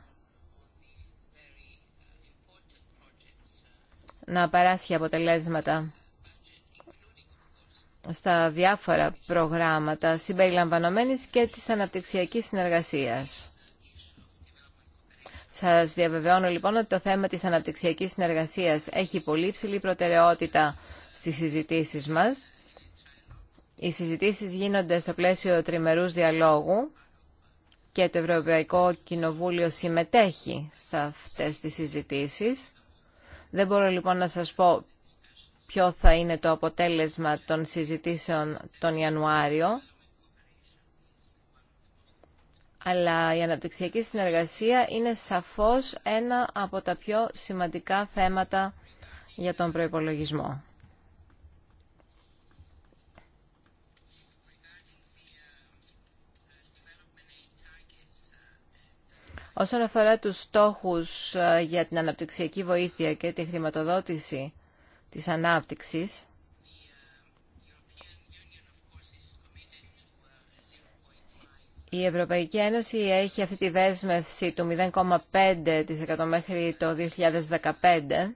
[SPEAKER 3] να παράσχει αποτελέσματα στα διάφορα προγράμματα συμπεριλαμβανομένης και της αναπτυξιακής συνεργασίας. Σας διαβεβαιώνω λοιπόν ότι το θέμα της αναπτυξιακής συνεργασίας έχει πολύ ψηλή προτεραιότητα στις συζητήσεις μας. Οι συζητήσεις γίνονται στο πλαίσιο τριμερούς διαλόγου και το Ευρωπαϊκό Κοινοβούλιο συμμετέχει σε αυτές τις συζητήσεις. Δεν μπορώ λοιπόν να σας πω ποιο θα είναι το αποτέλεσμα των συζητήσεων τον Ιανουάριο. Αλλά η αναπτυξιακή συνεργασία είναι σαφώς ένα από τα πιο σημαντικά θέματα για τον προϋπολογισμό. Όσον αφορά τους στόχους ε, για την αναπτυξιακή βοήθεια και τη χρηματοδότηση της ανάπτυξης Η Ευρωπαϊκή Ένωση έχει αυτή τη δέσμευση του 0,5% μέχρι το 2015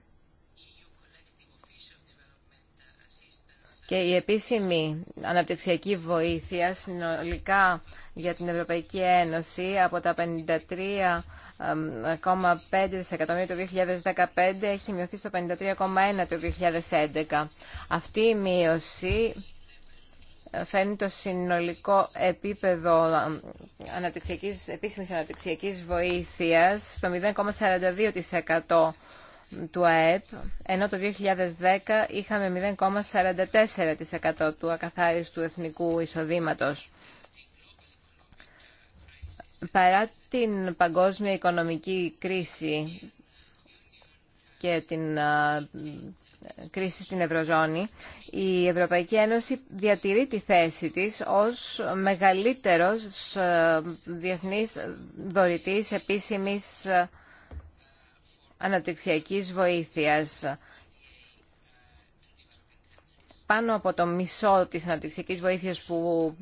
[SPEAKER 3] και η επίσημη αναπτυξιακή βοήθεια συνολικά για την Ευρωπαϊκή Ένωση από τα 53,5 το 2015 έχει μειωθεί στο 53,1 το 2011. Αυτή η μείωση ε, φέρνει το συνολικό επίπεδο ε, αναπτυξιακής, επίσημης αναπτυξιακής βοήθειας στο 0,42% του ΑΕΠ, ενώ το 2010 είχαμε 0,44% του ακαθάριστου εθνικού εισοδήματος. Παρά την παγκόσμια οικονομική κρίση και την κρίση στην Ευρωζώνη, η Ευρωπαϊκή Ένωση διατηρεί τη θέση της ως μεγαλύτερος διεθνής δωρητής επίσημης αναπτυξιακής βοήθειας πάνω από το μισό της αναπτυξιακής βοήθειας που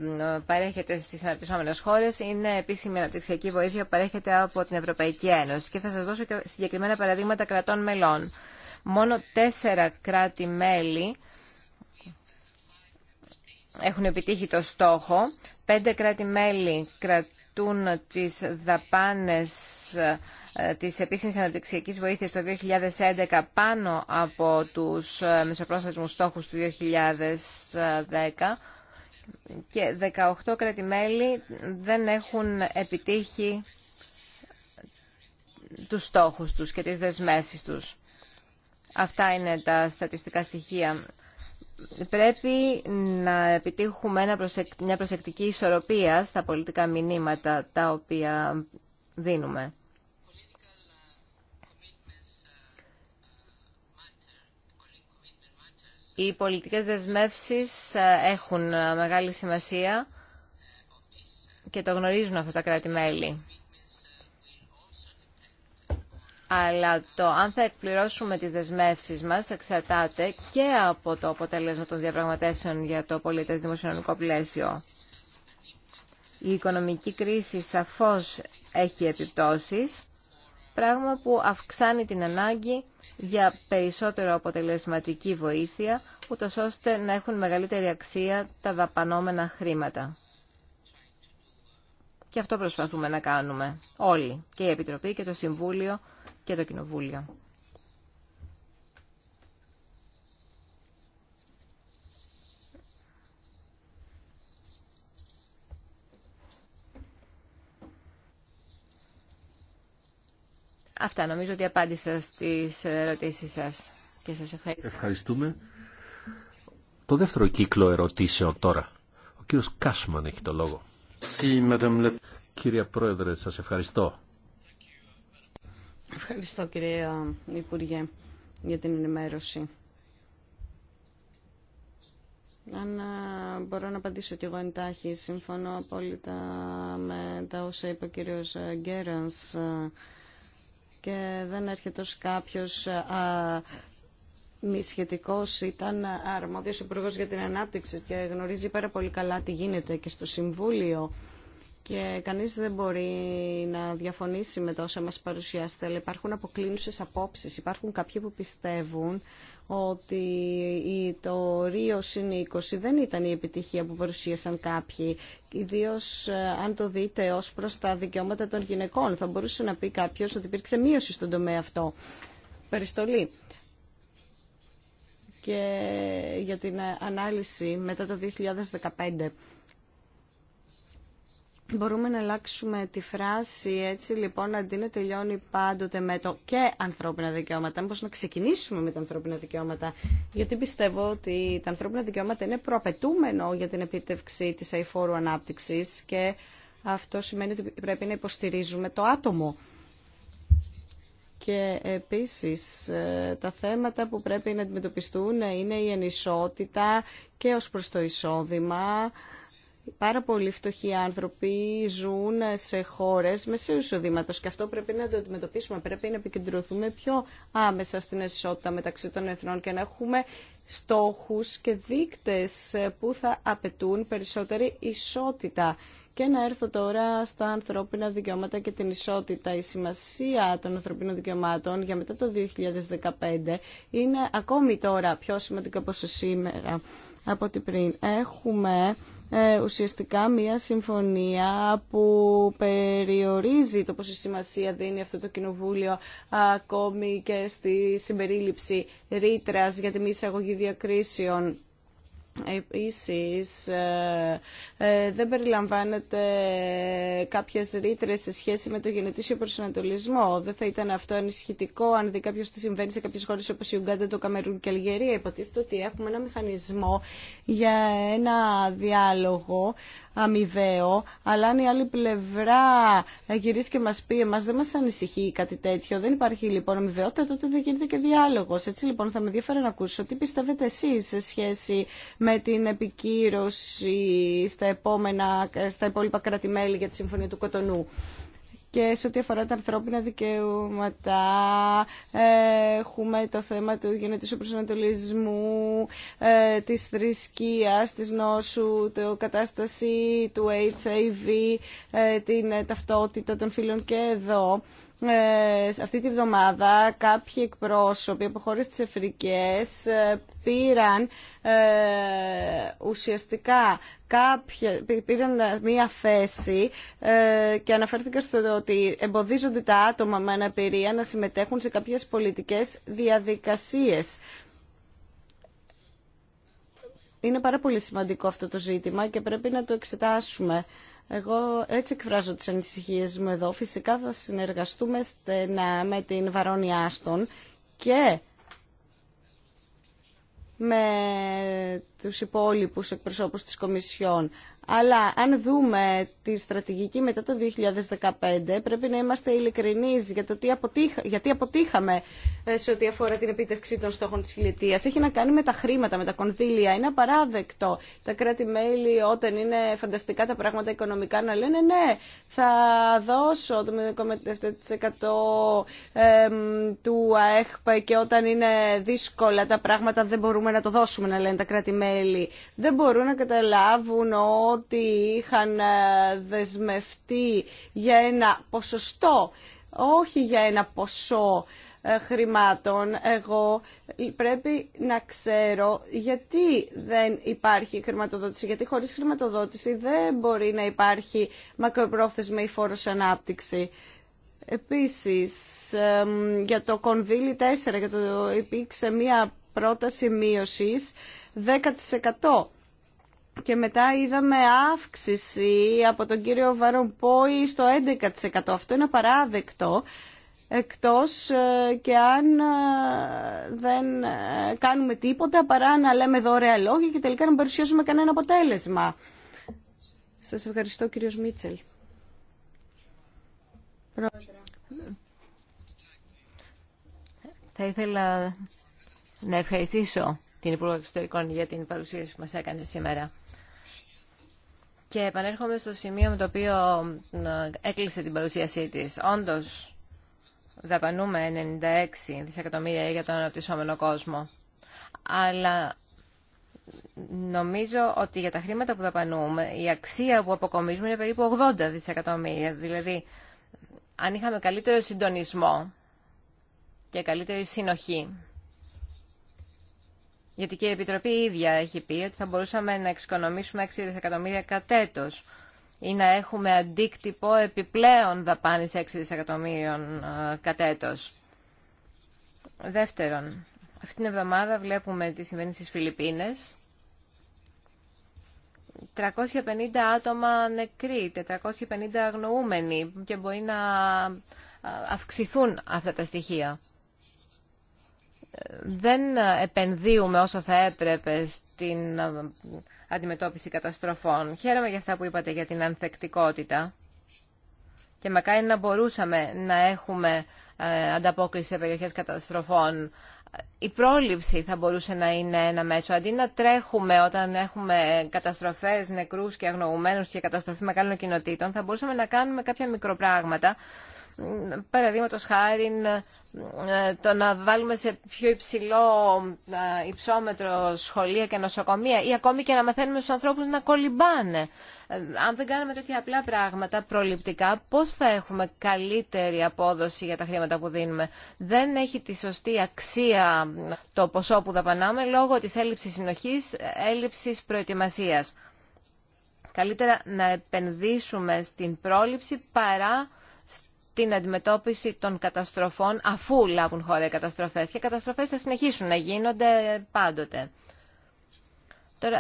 [SPEAKER 3] παρέχεται στις αναπτυσσόμενες χώρες είναι επίσημη αναπτυξιακή βοήθεια που παρέχεται από την Ευρωπαϊκή Ένωση. Και θα σας δώσω και συγκεκριμένα παραδείγματα κρατών μελών. Μόνο τέσσερα κράτη-μέλη έχουν επιτύχει το στόχο. Πέντε κράτη-μέλη κρατούν τις δαπάνες ε, της επίσημης αναπτυξιακής βοήθειας το 2011 πάνω από τους ε, μεσοπρόθεσμους στόχους του 2010 και 18 κράτη-μέλη δεν έχουν επιτύχει τους στόχους τους και τις δεσμεύσεις τους. Αυτά είναι τα στατιστικά στοιχεία. Πρέπει να επιτύχουμε μια προσεκτική ισορροπία στα πολιτικά μηνύματα τα οποία δίνουμε. Οι πολιτικές δεσμεύσεις ε, έχουν ε, μεγάλη σημασία και το γνωρίζουν αυτά τα κράτη-μέλη. Αλλά το αν θα εκπληρώσουμε τις δεσμεύσεις μας εξαρτάται και από το αποτέλεσμα των διαπραγματεύσεων για το πολίτες δημοσιονομικό πλαίσιο. Η οικονομική κρίση σαφώς έχει επιπτώσεις πράγμα που αυξάνει την ανάγκη για περισσότερο αποτελεσματική βοήθεια, ούτω ώστε να έχουν μεγαλύτερη αξία τα δαπανόμενα χρήματα. Και αυτό προσπαθούμε να κάνουμε όλοι, και η Επιτροπή και το Συμβούλιο και το Κοινοβούλιο. Αυτά νομίζω ότι απάντησα στις ερωτήσεις σας και σας ευχαριστώ.
[SPEAKER 1] Ευχαριστούμε. Το δεύτερο κύκλο ερωτήσεων τώρα. Ο κύριος Κάσμαν έχει το λόγο. Κύριε Πρόεδρε, σας ευχαριστώ.
[SPEAKER 2] Ευχαριστώ κύριε Υπουργέ για την ενημέρωση. Αν μπορώ να απαντήσω κι εγώ εντάχει, συμφωνώ απόλυτα με τα όσα είπε ο κύριος Γκέρανς και δεν έρχεται ως κάποιος α, μη σχετικός, ήταν αρμόδιος υπουργό για την ανάπτυξη και γνωρίζει πάρα πολύ καλά τι γίνεται και στο Συμβούλιο και κανείς δεν μπορεί να διαφωνήσει με τόσα μας παρουσιάσετε, υπάρχουν αποκλίνουσες απόψεις. Υπάρχουν κάποιοι που πιστεύουν ότι το Ρίο συν 20 δεν ήταν η επιτυχία που παρουσίασαν κάποιοι, ιδίω ε, αν το δείτε ως προς τα δικαιώματα των γυναικών. Θα μπορούσε να πει κάποιος ότι υπήρξε μείωση στον τομέα αυτό. Περιστολή και για την ανάλυση μετά το 2015. Μπορούμε να αλλάξουμε τη φράση έτσι λοιπόν αντί να τελειώνει πάντοτε με το και ανθρώπινα δικαιώματα. Μήπως να ξεκινήσουμε με τα ανθρώπινα δικαιώματα. Γιατί πιστεύω ότι τα ανθρώπινα δικαιώματα είναι προαπαιτούμενο για την επίτευξη της αηφόρου ανάπτυξης και αυτό σημαίνει ότι πρέπει να υποστηρίζουμε το άτομο. Και επίσης ε, τα θέματα που πρέπει να αντιμετωπιστούν είναι η ενισότητα και ως προς το εισόδημα Πάρα πολλοί φτωχοί άνθρωποι ζουν σε χώρες μεσαίου εισοδήματος και αυτό πρέπει να το αντιμετωπίσουμε. Πρέπει να επικεντρωθούμε πιο άμεσα στην ισότητα μεταξύ των εθνών και να έχουμε στόχους και δείκτες που θα απαιτούν περισσότερη ισότητα. Και να έρθω τώρα στα ανθρώπινα δικαιώματα και την ισότητα. Η σημασία των ανθρωπίνων δικαιωμάτων για μετά το 2015 είναι ακόμη τώρα πιο σημαντικό από σήμερα από ό,τι πριν. Έχουμε ε, ουσιαστικά μια συμφωνία που περιορίζει το πόση σημασία δίνει αυτό το κοινοβούλιο ακόμη και στη συμπερίληψη ρήτρα για τη μη εισαγωγή διακρίσεων Επίσης, ε, ε, δεν περιλαμβάνεται κάποιες ρήτρε σε σχέση με το γενετήσιο προσανατολισμό. Δεν θα ήταν αυτό ανησυχητικό αν δει κάποιος τι συμβαίνει σε κάποιες χώρες όπως η Ουγγάντα, το Καμερούν και η Αλγερία. Υποτίθεται ότι έχουμε ένα μηχανισμό για ένα διάλογο αμοιβαίο, αλλά αν η άλλη πλευρά γυρίσει και μα πει εμά δεν μα ανησυχεί κάτι τέτοιο, δεν υπάρχει λοιπόν αμοιβαιότητα, τότε δεν γίνεται και διάλογο, Έτσι λοιπόν θα με ενδιαφέρει να ακούσω τι πιστεύετε εσεί σε σχέση με την επικύρωση στα, επόμενα, στα υπόλοιπα κράτη-μέλη για τη Συμφωνία του Κοτονού και σε ό,τι αφορά τα ανθρώπινα δικαιώματα, έχουμε το θέμα του γενετήσου προσανατολισμού, ε, της θρησκείας, της νόσου, το κατάσταση του HIV, ε, την ε, ταυτότητα των φίλων και εδώ ε, αυτή τη βδομάδα κάποιοι εκπρόσωποι από χώρες της Αφρικής ε, πήραν ε, ουσιαστικά κάποια, πήραν μία θέση ε, και αναφέρθηκαν στο ότι εμποδίζονται τα άτομα με αναπηρία να συμμετέχουν σε κάποιες πολιτικές διαδικασίες. Είναι πάρα πολύ σημαντικό αυτό το ζήτημα και πρέπει να το εξετάσουμε. Εγώ έτσι εκφράζω τις ανησυχίες μου εδώ. Φυσικά θα συνεργαστούμε στενά με την Βαρόνια Άστον και με τους υπόλοιπους εκπροσώπους της Κομισιόν. Αλλά αν δούμε τη στρατηγική μετά το 2015, πρέπει να είμαστε ειλικρινεί γιατί αποτύχαμε ε, σε ό,τι αφορά την επίτευξη των στόχων τη χιλιετία. Έχει να κάνει με τα χρήματα, με τα κονδύλια. Είναι απαράδεκτο τα κράτη-μέλη όταν είναι φανταστικά τα πράγματα οικονομικά να λένε ναι, θα δώσω το 0,7% του ΑΕΧΠ και όταν είναι δύσκολα τα πράγματα δεν μπορούμε να το δώσουμε, να λένε τα κράτη-μέλη. Δεν μπορούν να καταλάβουν ότι είχαν ε, δεσμευτεί για ένα ποσοστό, όχι για ένα ποσό ε, χρημάτων. Εγώ πρέπει να ξέρω γιατί δεν υπάρχει χρηματοδότηση, γιατί χωρίς χρηματοδότηση δεν μπορεί να υπάρχει μακροπρόθεσμη ή φόρος ανάπτυξη. Επίσης, για το κονβίλι 4, για το υπήρξε μία πρόταση μείωσης 10% και μετά είδαμε αύξηση από τον κύριο Βαρομπόη στο 11%. Αυτό είναι παράδεκτο εκτός ε, και αν ε, δεν ε, κάνουμε τίποτα παρά να λέμε δωρεά λόγια και τελικά να παρουσιάζουμε κανένα αποτέλεσμα. Σας
[SPEAKER 3] ευχαριστώ κύριος Μίτσελ. Θα ήθελα να ευχαριστήσω την Υπουργό Εξωτερικών για την παρουσίαση που μας έκανε σήμερα. Και επανέρχομαι στο σημείο με το οποίο έκλεισε την παρουσίασή της. Όντως, δαπανούμε 96 δισεκατομμύρια για τον αναπτυσσόμενο κόσμο. Αλλά νομίζω ότι για τα χρήματα που δαπανούμε, η αξία που αποκομίζουμε είναι περίπου 80 δισεκατομμύρια. Δηλαδή, αν είχαμε καλύτερο συντονισμό και καλύτερη συνοχή γιατί και η Επιτροπή ίδια έχει πει ότι θα μπορούσαμε να εξοικονομήσουμε 6 δισεκατομμύρια κατέτος ή να έχουμε αντίκτυπο επιπλέον δαπάνης 6 δισεκατομμύριων ε, κατέτος. Δεύτερον, αυτήν την εβδομάδα βλέπουμε τι συμβαίνει στι Φιλιππίνες. 350 άτομα νεκροί, 450 αγνοούμενοι και μπορεί να αυξηθούν αυτά τα στοιχεία δεν επενδύουμε όσο θα έπρεπε στην ε, αντιμετώπιση καταστροφών. Χαίρομαι για αυτά που είπατε για την ανθεκτικότητα και μακάρι να μπορούσαμε να έχουμε ε, ανταπόκριση σε περιοχές καταστροφών. Η πρόληψη θα μπορούσε να είναι ένα μέσο. Αντί να τρέχουμε όταν έχουμε καταστροφές νεκρούς και αγνοωμένους και καταστροφή μεγάλων κοινοτήτων, θα μπορούσαμε να κάνουμε κάποια μικροπράγματα παραδείγματο χάρη το να βάλουμε σε πιο υψηλό ε, υψόμετρο σχολεία και νοσοκομεία ή ακόμη και να μαθαίνουμε στους ανθρώπους να κολυμπάνε. Ε, αν δεν κάνουμε τέτοια απλά πράγματα προληπτικά, πώς θα έχουμε καλύτερη απόδοση για τα χρήματα που δίνουμε. Δεν έχει τη σωστή αξία το ποσό που δαπανάμε λόγω της έλλειψης συνοχής, έλλειψης προετοιμασίας. Καλύτερα να επενδύσουμε στην πρόληψη παρά την αντιμετώπιση των καταστροφών αφού λάβουν χώρα οι καταστροφές και οι καταστροφές θα συνεχίσουν να γίνονται πάντοτε. Τώρα,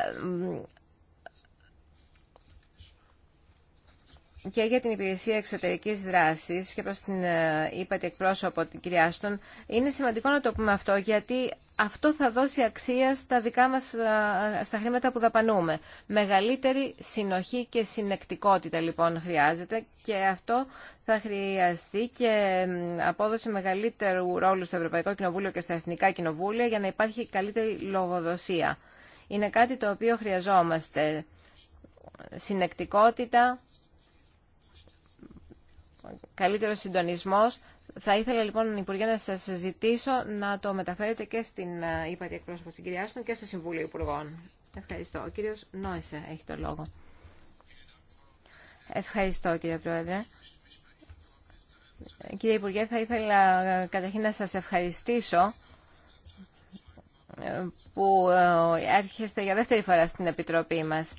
[SPEAKER 3] και για την υπηρεσία εξωτερικής δράσης και προς την ε, είπατε εκπρόσωπο την κυρία Άστον είναι σημαντικό να το πούμε αυτό γιατί αυτό θα δώσει αξία στα δικά μας ε, στα χρήματα που δαπανούμε. Μεγαλύτερη συνοχή και συνεκτικότητα λοιπόν χρειάζεται και αυτό θα χρειαστεί και απόδοση μεγαλύτερου ρόλου στο Ευρωπαϊκό Κοινοβούλιο και στα Εθνικά Κοινοβούλια για να υπάρχει καλύτερη λογοδοσία. Είναι κάτι το οποίο χρειαζόμαστε. Συνεκτικότητα, Καλύτερο συντονισμό, Θα ήθελα λοιπόν, Υπουργέ, να σα ζητήσω να το μεταφέρετε και στην ΥΠΑΤΗ ε, εκπρόσωπο στην κυρία και στο Συμβούλιο Υπουργών. Ευχαριστώ. Ο κύριο Νόησε έχει το λόγο. Ευχαριστώ, κύριε Πρόεδρε. Κύριε Υπουργέ, θα ήθελα ε, καταρχήν να σας ευχαριστήσω ε, που έρχεστε για δεύτερη φορά στην Επιτροπή μας.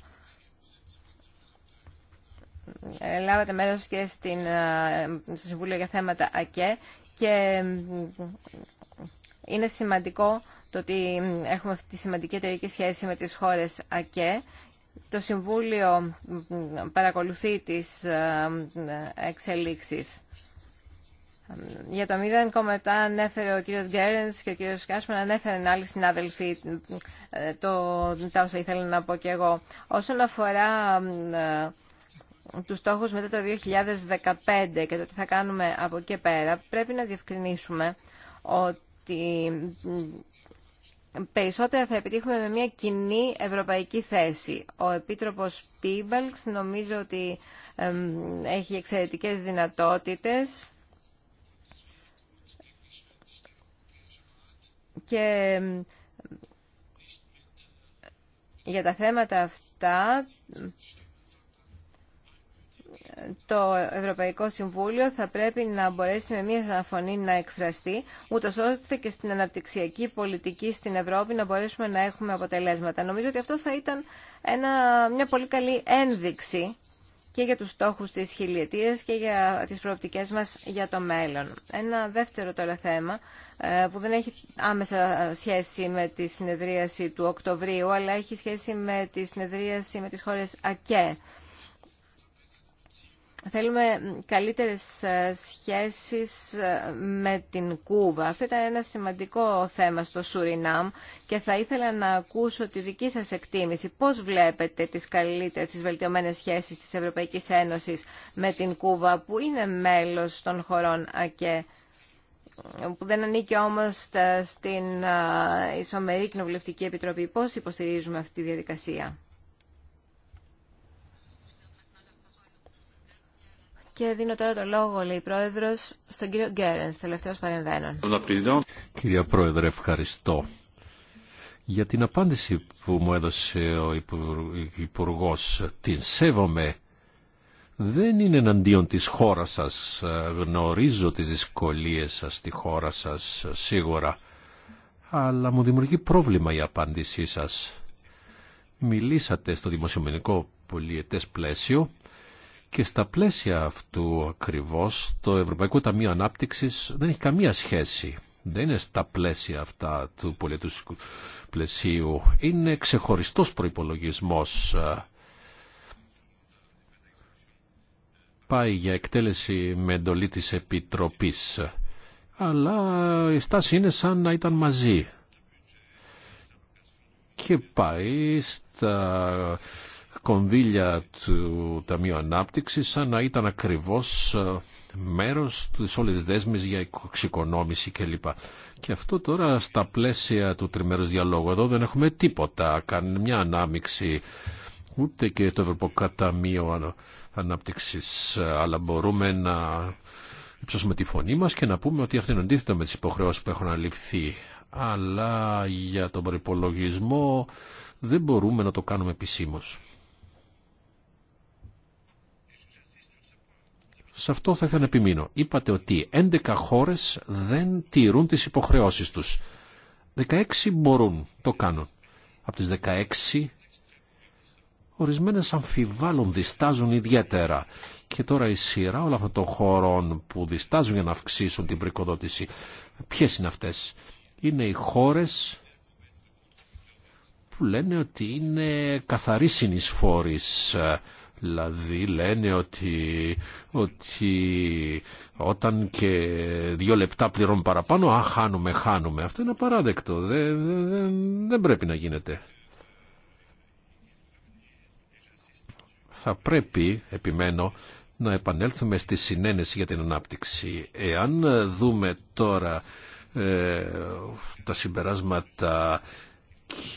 [SPEAKER 3] Ε, λάβατε μέρος και στην, ε, στο Συμβούλιο για θέματα ΑΚΕ και ε, είναι σημαντικό το ότι έχουμε αυτή τη σημαντική εταιρική σχέση με τις χώρες ΑΚΕ. Το Συμβούλιο παρακολουθεί τις εξελίξεις. Για το 0,7 ανέφερε ο κύριος Γκέρενς και ο κύριος Κάσμαν ανέφεραν άλλοι συνάδελφοι το, τα όσα ήθελα να πω και εγώ. Όσον αφορά τους στόχους μετά το 2015 και το τι θα κάνουμε από εκεί πέρα, πρέπει να διευκρινίσουμε ότι περισσότερα θα επιτύχουμε με μια κοινή ευρωπαϊκή θέση. Ο Επίτροπος Πίμπαλξ νομίζω ότι έχει εξαιρετικές δυνατότητες και για τα θέματα αυτά το Ευρωπαϊκό Συμβούλιο θα πρέπει να μπορέσει με μία φωνή να εκφραστεί, ούτω ώστε και στην αναπτυξιακή πολιτική στην Ευρώπη να μπορέσουμε να έχουμε αποτελέσματα. Νομίζω ότι αυτό θα ήταν ένα, μια πολύ καλή ένδειξη και για τους στόχους της χιλιετίας και για τις προοπτικές μας για το μέλλον. Ένα δεύτερο τώρα θέμα ε, που δεν έχει άμεσα σχέση με τη συνεδρίαση του Οκτωβρίου αλλά έχει σχέση με τη συνεδρίαση με τις χώρες ΑΚΕ Θέλουμε καλύτερες ε, σχέσεις ε, με την Κούβα. Αυτό ήταν ένα σημαντικό θέμα στο Σουρινάμ και θα ήθελα να ακούσω τη δική σας εκτίμηση. Πώς βλέπετε τις καλύτερες, τις βελτιωμένες σχέσεις της Ευρωπαϊκής Ένωσης με την Κούβα που είναι μέλος των χωρών ΑΚΕ που δεν ανήκει όμως στην ε, Ισομερή Κοινοβουλευτική Επιτροπή. Πώς υποστηρίζουμε αυτή τη διαδικασία. Και δίνω τώρα το λόγο, λέει η Πρόεδρος, στον κύριο Γκέρεν, τελευταίος παρεμβαίνων.
[SPEAKER 1] Κυρία Πρόεδρε, ευχαριστώ. Για την απάντηση που μου έδωσε ο υπουργό, την σέβομαι. Δεν είναι εναντίον της χώρας σας. Γνωρίζω τις δυσκολίες σας στη χώρα σας, σίγουρα. Αλλά μου δημιουργεί πρόβλημα η απάντησή σας. Μιλήσατε στο δημοσιομενικό πολιετές πλαίσιο και στα πλαίσια αυτού ακριβώς το Ευρωπαϊκό Ταμείο Ανάπτυξης δεν έχει καμία σχέση. Δεν είναι στα πλαίσια αυτά του πολιτικού πλαισίου. Είναι ξεχωριστός προϋπολογισμός. Πάει για εκτέλεση με εντολή της Επιτροπής. Αλλά η στάση είναι σαν να ήταν μαζί. Και πάει στα κονδύλια του Ταμείου ανάπτυξη, σαν να ήταν ακριβώς ε, μέρος της όλης δέσμης για εξοικονόμηση κλπ. Και αυτό τώρα στα πλαίσια του τριμέρους διαλόγου εδώ δεν έχουμε τίποτα, κάνει μια ανάμειξη ούτε και το Ευρωπαϊκό Ταμείο Ανάπτυξης, ε, αλλά μπορούμε να υψώσουμε τη φωνή μα και να πούμε ότι αυτό είναι αντίθετο με τι υποχρεώσει που έχουν αληφθεί. Αλλά για τον προπολογισμό δεν μπορούμε να το κάνουμε επισήμως. Σε αυτό θα ήθελα να επιμείνω. Είπατε ότι 11 χώρες δεν τηρούν τις υποχρεώσεις τους. 16 μπορούν, το κάνουν. Από τις 16 ορισμένες αμφιβάλλουν, διστάζουν ιδιαίτερα. Και τώρα η σειρά όλων αυτών των χωρών που διστάζουν για να αυξήσουν την πρικοδότηση. Ποιες είναι αυτές. Είναι οι χώρες που λένε ότι είναι καθαρή συνεισφόρη. Ε, Δηλαδή λένε ότι, ότι όταν και δύο λεπτά πληρώνουμε παραπάνω, α, χάνουμε, χάνουμε. Αυτό είναι απαράδεκτο. Δεν, δεν πρέπει να γίνεται. Θα πρέπει, επιμένω, να επανέλθουμε στη συνένεση για την ανάπτυξη. Εάν δούμε τώρα ε, τα συμπεράσματα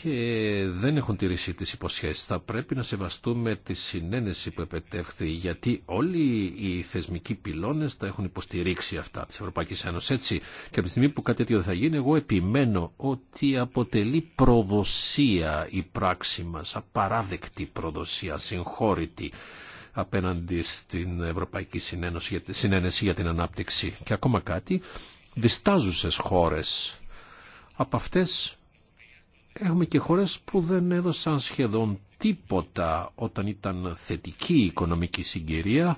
[SPEAKER 1] και δεν έχουν τηρήσει τις υποσχέσεις. Θα πρέπει να σεβαστούμε τη συνένεση που επετεύχθη γιατί όλοι οι θεσμικοί πυλώνες τα έχουν υποστηρίξει αυτά της Ευρωπαϊκής Ένωσης. Έτσι και από τη στιγμή που κάτι τέτοιο θα γίνει εγώ επιμένω ότι αποτελεί προδοσία η πράξη μας, απαράδεκτη προδοσία, συγχώρητη απέναντι στην Ευρωπαϊκή Συνένεση για την Ανάπτυξη. Και ακόμα κάτι, διστάζουσες χώρες. Από αυτές Έχουμε και χώρες που δεν έδωσαν σχεδόν τίποτα όταν ήταν θετική η οικονομική συγκυρία.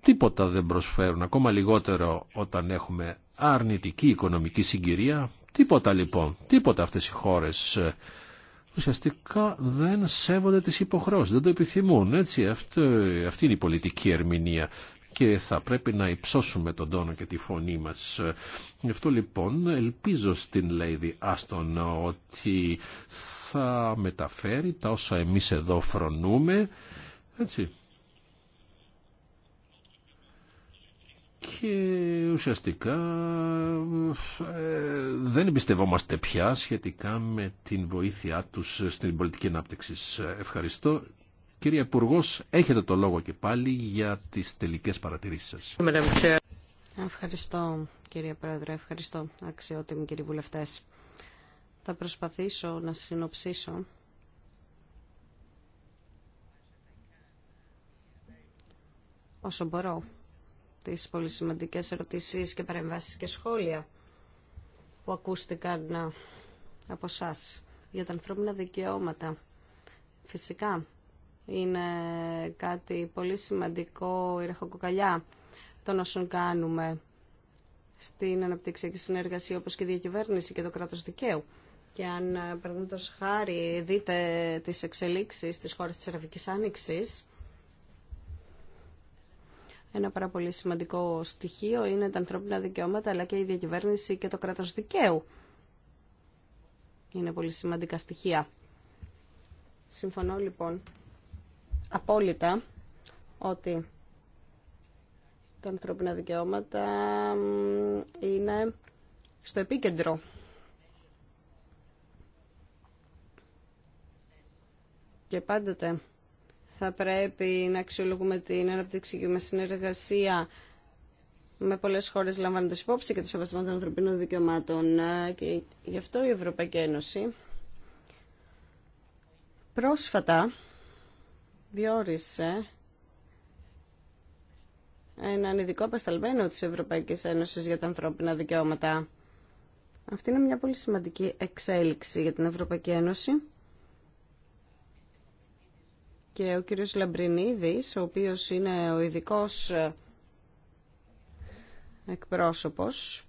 [SPEAKER 1] Τίποτα δεν προσφέρουν, ακόμα λιγότερο όταν έχουμε αρνητική οικονομική συγκυρία. Τίποτα λοιπόν, τίποτα αυτές οι χώρες ε, ουσιαστικά δεν σέβονται τις υποχρεώσεις, δεν το επιθυμούν. Έτσι, αυτή, αυτή είναι η πολιτική ερμηνεία και θα πρέπει να υψώσουμε τον τόνο και τη φωνή μας. Γι' αυτό λοιπόν ελπίζω στην Lady Άστον ότι θα μεταφέρει τα όσα εμείς εδώ φρονούμε, έτσι, και ουσιαστικά ε, δεν εμπιστευόμαστε πια σχετικά με την βοήθειά τους στην πολιτική ανάπτυξη. Ευχαριστώ. Κύριε Υπουργό, έχετε το λόγο και πάλι για τις τελικές παρατηρήσεις
[SPEAKER 2] σα. Ευχαριστώ κύριε Πρόεδρε, ευχαριστώ αξιότιμοι κύριοι βουλευτέ. Θα προσπαθήσω να συνοψίσω όσο μπορώ τις πολύ σημαντικέ ερωτήσεις και παρεμβάσεις και σχόλια που ακούστηκαν ε, από εσά για τα ανθρώπινα δικαιώματα. Φυσικά, είναι κάτι πολύ σημαντικό, η ρεχοκοκαλιά των όσων κάνουμε στην και συνεργασία όπως και η διακυβέρνηση και το κράτος δικαίου. Και αν ε, παραδείγματο χάρη δείτε τις εξελίξεις στις χώρες της Αραβικής Άνοιξης, ένα πάρα πολύ σημαντικό στοιχείο είναι τα ανθρώπινα δικαιώματα αλλά και η διακυβέρνηση και το κράτος δικαίου. Είναι πολύ σημαντικά στοιχεία. Συμφωνώ λοιπόν απόλυτα ότι τα ανθρώπινα δικαιώματα είναι στο επίκεντρο και πάντοτε θα πρέπει να αξιολογούμε την και με συνεργασία με πολλές χώρες λαμβάνοντας υπόψη και το σεβασμό των ανθρωπίνων δικαιωμάτων και γι' αυτό η Ευρωπαϊκή Ένωση πρόσφατα διόρισε έναν ειδικό απεσταλμένο της Ευρωπαϊκής Ένωσης για τα ανθρώπινα δικαιώματα. Αυτή είναι μια πολύ σημαντική εξέλιξη για την Ευρωπαϊκή Ένωση. Και ο κύριος Λαμπρινίδης, ο οποίος είναι ο ειδικός εκπρόσωπος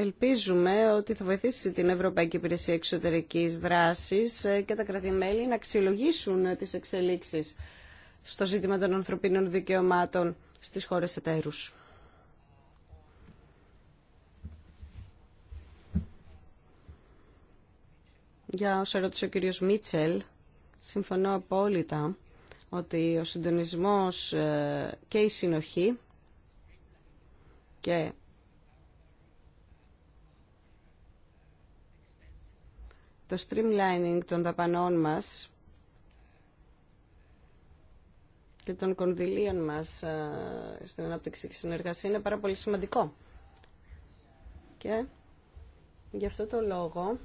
[SPEAKER 2] Ελπίζουμε ότι θα βοηθήσει την Ευρωπαϊκή Υπηρεσία Εξωτερικής Δράσης ε, και τα κράτη-μέλη να αξιολογήσουν ε, τις εξελίξεις στο ζήτημα των ανθρωπίνων δικαιωμάτων στις χώρες εταίρους. Για όσο ερώτησε ο κύριος Μίτσελ, συμφωνώ απόλυτα ότι ο συντονισμός ε, και η συνοχή και το streamlining των δαπανών μας και των κονδυλίων μας στην ανάπτυξη και συνεργασία είναι πάρα πολύ σημαντικό. Και γι' αυτό το λόγο,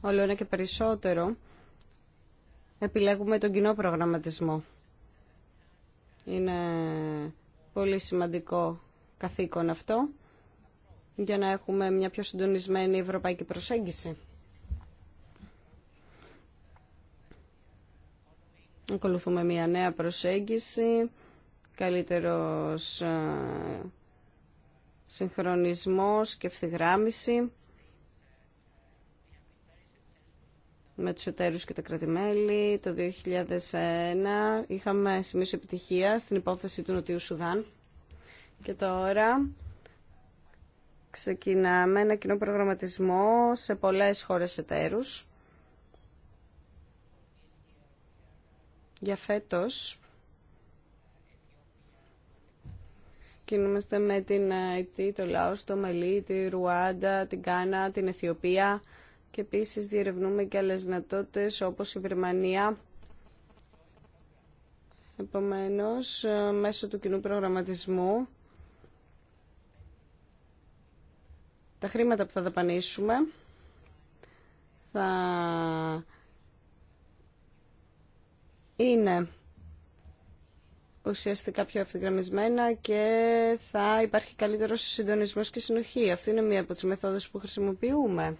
[SPEAKER 2] όλο ένα και περισσότερο, επιλέγουμε τον κοινό προγραμματισμό. Είναι πολύ σημαντικό καθήκον αυτό για να έχουμε μια πιο συντονισμένη ευρωπαϊκή προσέγγιση. Ακολουθούμε μια νέα προσέγγιση, καλύτερος ε, συγχρονισμός και ευθυγράμμιση με τους εταίρους και τα κρατημέλη. Το 2001 είχαμε σημείο επιτυχία στην υπόθεση του Νοτιού Σουδάν. Και τώρα ξεκινάμε ένα κοινό προγραμματισμό σε πολλές χώρες εταίρους. Για φέτος κινούμαστε με την ε, Αιτή, το Λάος, το Μαλί, τη Ρουάντα, την Κάνα, την Αιθιοπία και επίσης διερευνούμε και άλλες δυνατότητες όπως η Βερμανία. Επομένως, ε, μέσω του κοινού προγραμματισμού τα χρήματα που θα δαπανίσουμε θα είναι ουσιαστικά πιο ευθυγραμμισμένα και θα υπάρχει καλύτερος συντονισμός και συνοχή. Αυτή είναι μία από τις μεθόδους που χρησιμοποιούμε.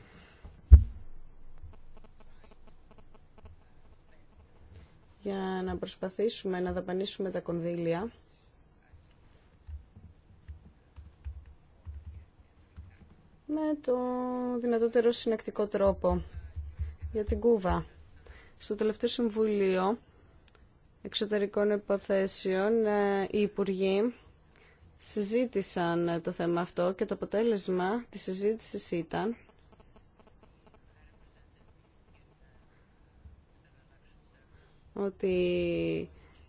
[SPEAKER 2] Για να προσπαθήσουμε να δαπανίσουμε τα κονδύλια. με το δυνατότερο συνακτικό τρόπο για την Κούβα. Στο τελευταίο συμβουλίο Εξωτερικών Υποθέσεων ε, οι Υπουργοί συζήτησαν ε, το θέμα αυτό και το αποτέλεσμα της συζήτησης ήταν ότι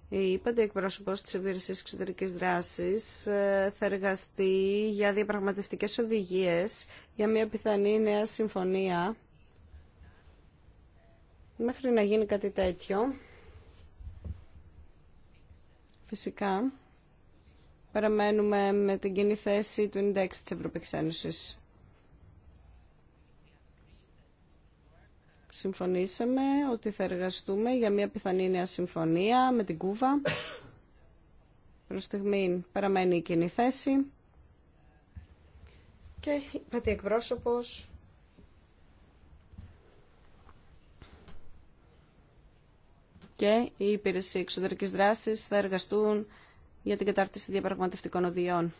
[SPEAKER 2] είπατε εκπρόσωπος της Υπηρεσίας Εξωτερικής Δράσης ε, θα εργαστεί για διαπραγματευτικές οδηγίες για μια πιθανή νέα συμφωνία μέχρι να γίνει κάτι τέτοιο Φυσικά, παραμένουμε με την κοινή θέση του Ινδέξ της Ευρωπαϊκής Ένωσης. Συμφωνήσαμε ότι θα εργαστούμε για μια πιθανή νέα συμφωνία με την Κούβα. Προς στιγμή παραμένει η κοινή θέση. Και πατή εκπρόσωπος και οι υπηρεσία εξωτερική δράση θα εργαστούν για την κατάρτιση διαπραγματευτικών οδειών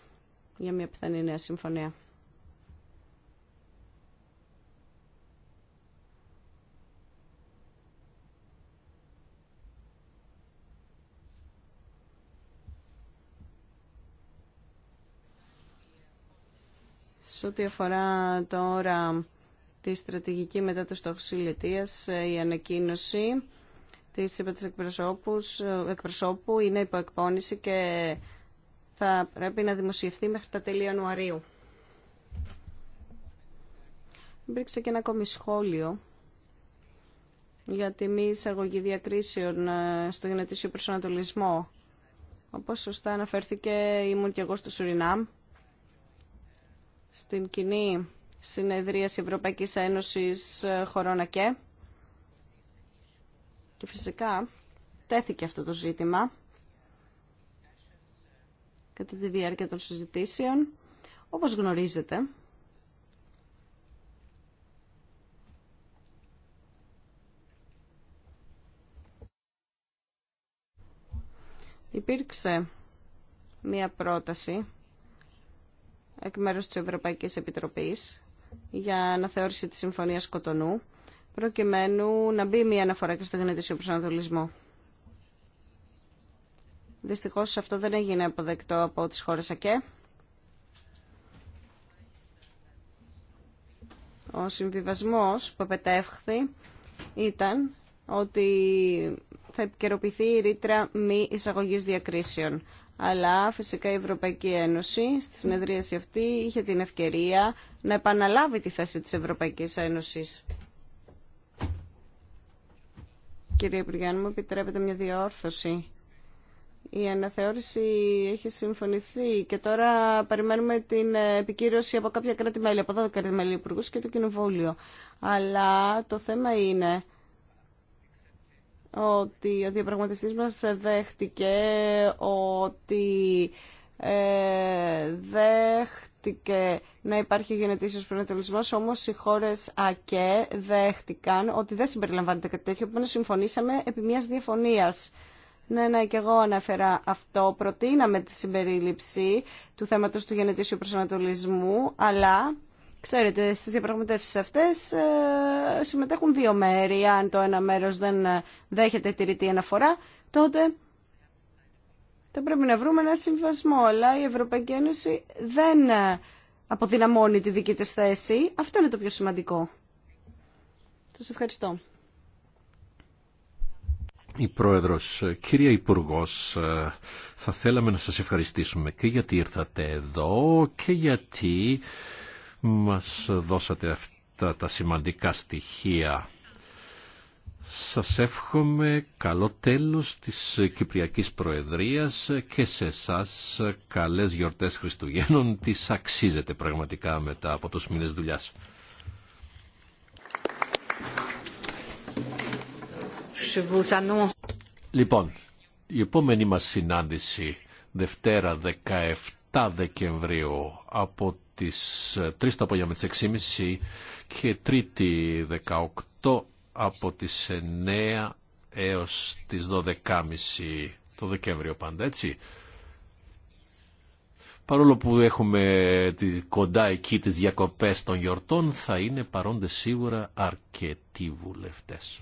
[SPEAKER 2] για μια πιθανή νέα συμφωνία. Σε ό,τι αφορά τώρα τη στρατηγική μετά το στόχο ε, η ανακοίνωση Τη είπε τη εκπροσώπου είναι υπό και θα πρέπει να δημοσιευθεί μέχρι τα τέλη Ιανουαρίου. Υπήρξε και ένα ακόμη σχόλιο για τη μη εισαγωγή διακρίσεων ε, στο γενετήσιο προσανατολισμό. Όπως σωστά αναφέρθηκε, ήμουν και εγώ στο Σουρινάμ, στην κοινή συνεδρίαση Ευρωπαϊκής Ένωσης ε, Χωρώνα και. Και φυσικά τέθηκε αυτό το ζήτημα κατά τη διάρκεια των συζητήσεων. Όπως γνωρίζετε, υπήρξε μία πρόταση εκ μέρους της Ευρωπαϊκής Επιτροπής για αναθεώρηση της Συμφωνίας Κοτονού προκειμένου να μπει μια αναφορά και στο γενετήσιο προσανατολισμό. Δυστυχώς αυτό δεν έγινε αποδεκτό από τις χώρες ΑΚΕ. Ο συμβιβασμός που επετεύχθη ήταν ότι θα επικαιροποιηθεί η ρήτρα μη εισαγωγής διακρίσεων. Αλλά φυσικά η Ευρωπαϊκή Ένωση στη συνεδρίαση αυτή είχε την ευκαιρία να επαναλάβει τη θέση της Ευρωπαϊκής Ένωσης Κύριε Υπουργέ, αν μου επιτρέπετε μια διόρθωση. Η αναθεώρηση έχει συμφωνηθεί και τώρα περιμένουμε την ε, επικύρωση από κάποια κράτη-μέλη, από 12 κράτη-μέλη υπουργού και το Κοινοβούλιο. Αλλά το θέμα είναι ότι ο διαπραγματευτής μας δέχτηκε ότι ε, δέχτηκε να υπάρχει γενετήσιο προνατολισμός, όμως οι χώρε ΑΚΕ δέχτηκαν ότι δεν συμπεριλαμβάνεται κάτι τέτοιο, που συμφωνήσαμε επί μιας διαφωνίας. Ναι, ναι, και εγώ αναφέρα αυτό. Προτείναμε τη συμπερίληψη του θέματος του γενετήσιου προσανατολισμού, αλλά Ξέρετε, στι διαπραγματεύσει αυτέ ε, συμμετέχουν δύο μέρη. Αν το ένα μέρο δεν ε, δέχεται τη ρητή αναφορά, τότε θα πρέπει να βρούμε ένα συμβασμό, αλλά η Ευρωπαϊκή Ένωση δεν ε, αποδυναμώνει τη δική της θέση. Αυτό είναι το πιο σημαντικό. Σας ευχαριστώ.
[SPEAKER 1] Η Πρόεδρος, ε, κύριε Υπουργός, ε, θα θέλαμε να σας ευχαριστήσουμε και γιατί ήρθατε εδώ και γιατί μας δώσατε αυτά τα σημαντικά στοιχεία. Σας εύχομαι καλό τέλος της Κυπριακής Προεδρίας και σε σας καλές γιορτές Χριστουγέννων. Τις αξίζετε πραγματικά μετά από τους μήνες δουλειάς. Λοιπόν, η επόμενη μας συνάντηση Δευτέρα 17 Δεκεμβρίου από τις 3 το απόγευμα τις 6.30 και Τρίτη 18 από τις 9 έως τις 12.30 το Δεκέμβριο πάντα, έτσι. Παρόλο που έχουμε κοντά εκεί τις διακοπές των γιορτών, θα είναι παρόντες σίγουρα αρκετοί βουλευτές.